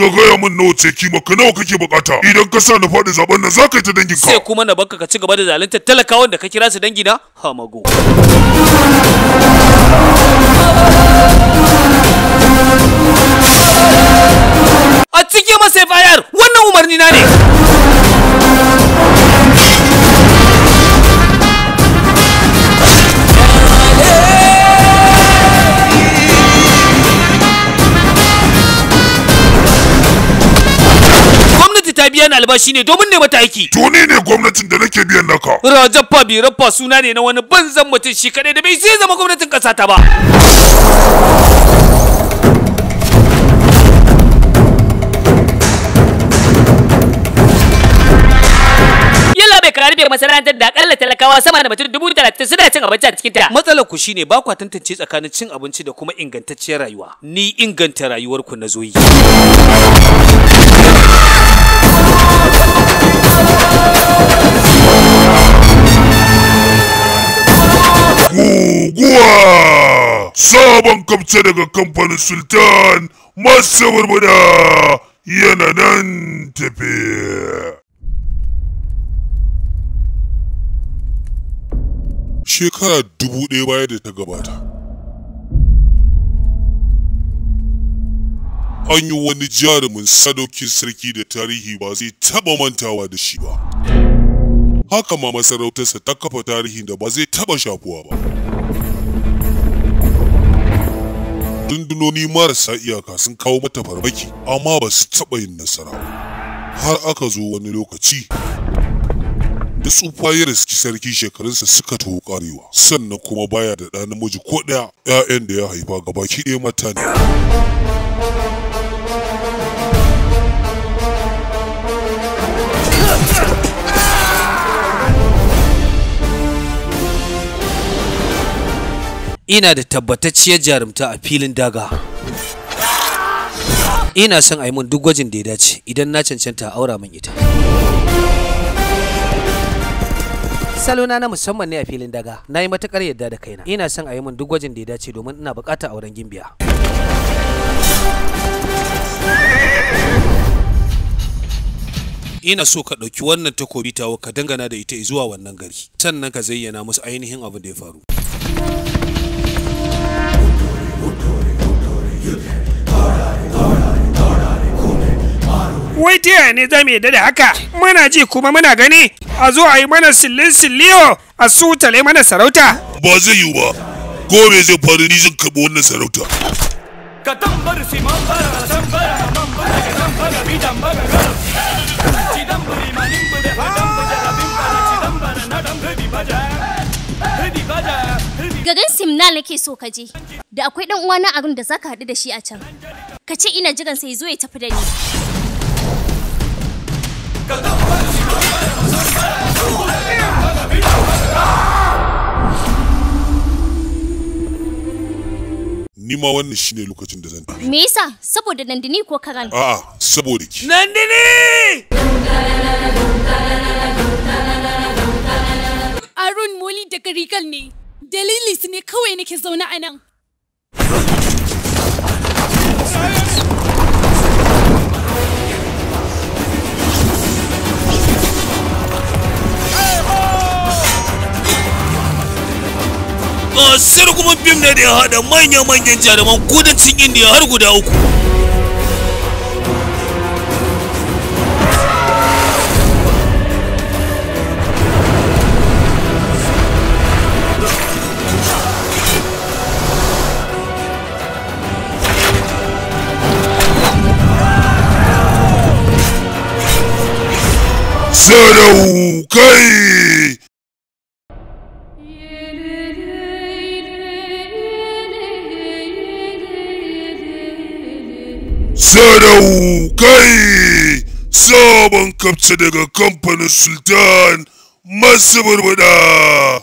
ka gaya min nawa ce kima ka nawa kake bukata idan ka sa na faɗi zaben nan za ka yi ta dangin ka sai kuma na banka ka ci gaba da zaluntar talakawan da ka kira su dangi na hamago a cike masa fayar wannan umarni na ne gwamnati ta biyan albashi ne domin ne mata aiki to ne ne gwamnatin da nake biyan naka rajab fabi rabba suna ne na wani banzan mutum shi kadai da bai zai zama gwamnatin kasa ta ba karfe rufe masana'antar da akalla talakawa sama da mutum dubu talatin suna cin abinci a cikin ta matsalar ku shine ba ku tantance tsakanin cin abinci da kuma ingantacciyar rayuwa ni inganta rayuwar ku na zoyi Guguwa! Sabon kamce daga kamfanin Sultan masu barbada yana nan tafiya. shekara dubu ɗaya baya da ta gabata an yi wani jarumin sadaukin sarki da tarihi ba zai taɓa mantawa da shi ba haka ma masarautarsa ta kafa tarihin da ba zai taɓa shafuwa ba dundunoni marasa iyaka sun kawo mata farmaki amma ba su taɓa yin nasara har aka zo wani lokaci da tsufa su sarki shekarunsa suka taho karewa sannan kuma baya da ɗa namiji ko ɗaya ƴaƴan da ya haifa gabaki ɗaya mata ne ina da tabbatacciyar jarumta a filin daga ina son a yi min duk gwajin da ya dace idan na cancanta aura min ita salona na musamman ne a filin daga na yi matukar yadda da kaina ina son a yi min duk gwajin da ya dace domin ina bukata auren gimbiya ina so ka ɗauki wannan takobi tawo ka dangana da ita zuwa wannan gari sannan ka zayyana musu ainihin abin da ya faru wai ta yaya ne za mu yadda da haka muna ji kuma muna gani a zo a yi mana sillin silliyo a sutale mana sarauta ba zai yiwu ba ko me zai faru ni zan karɓi wannan sarauta ka tambar si mambara tambara mambara ka tambara bi tambara ci dambari ma nimbu da ka dambara rabin bara ci dambara na dambara bi baja bi baja garin simnal nake so ka je da akwai dan uwana a da zaka haɗu da shi a can ka ce ina jiran sai zo ya tafi da ni Nima wannan shine lokacin da zan tafi. Me yasa? Saboda Nandini ko Karan? A'a, saboda ki. Nandini! Arun Moli daga Rigal ne. Dalili su ne kawai nake zaune a nan. gasar kuma fim ne da ya haɗa manya-manyan jaruman kudancin indiya har guda uku Sarau kai! kai sabon kafce daga kamfanin sultan masu burbuda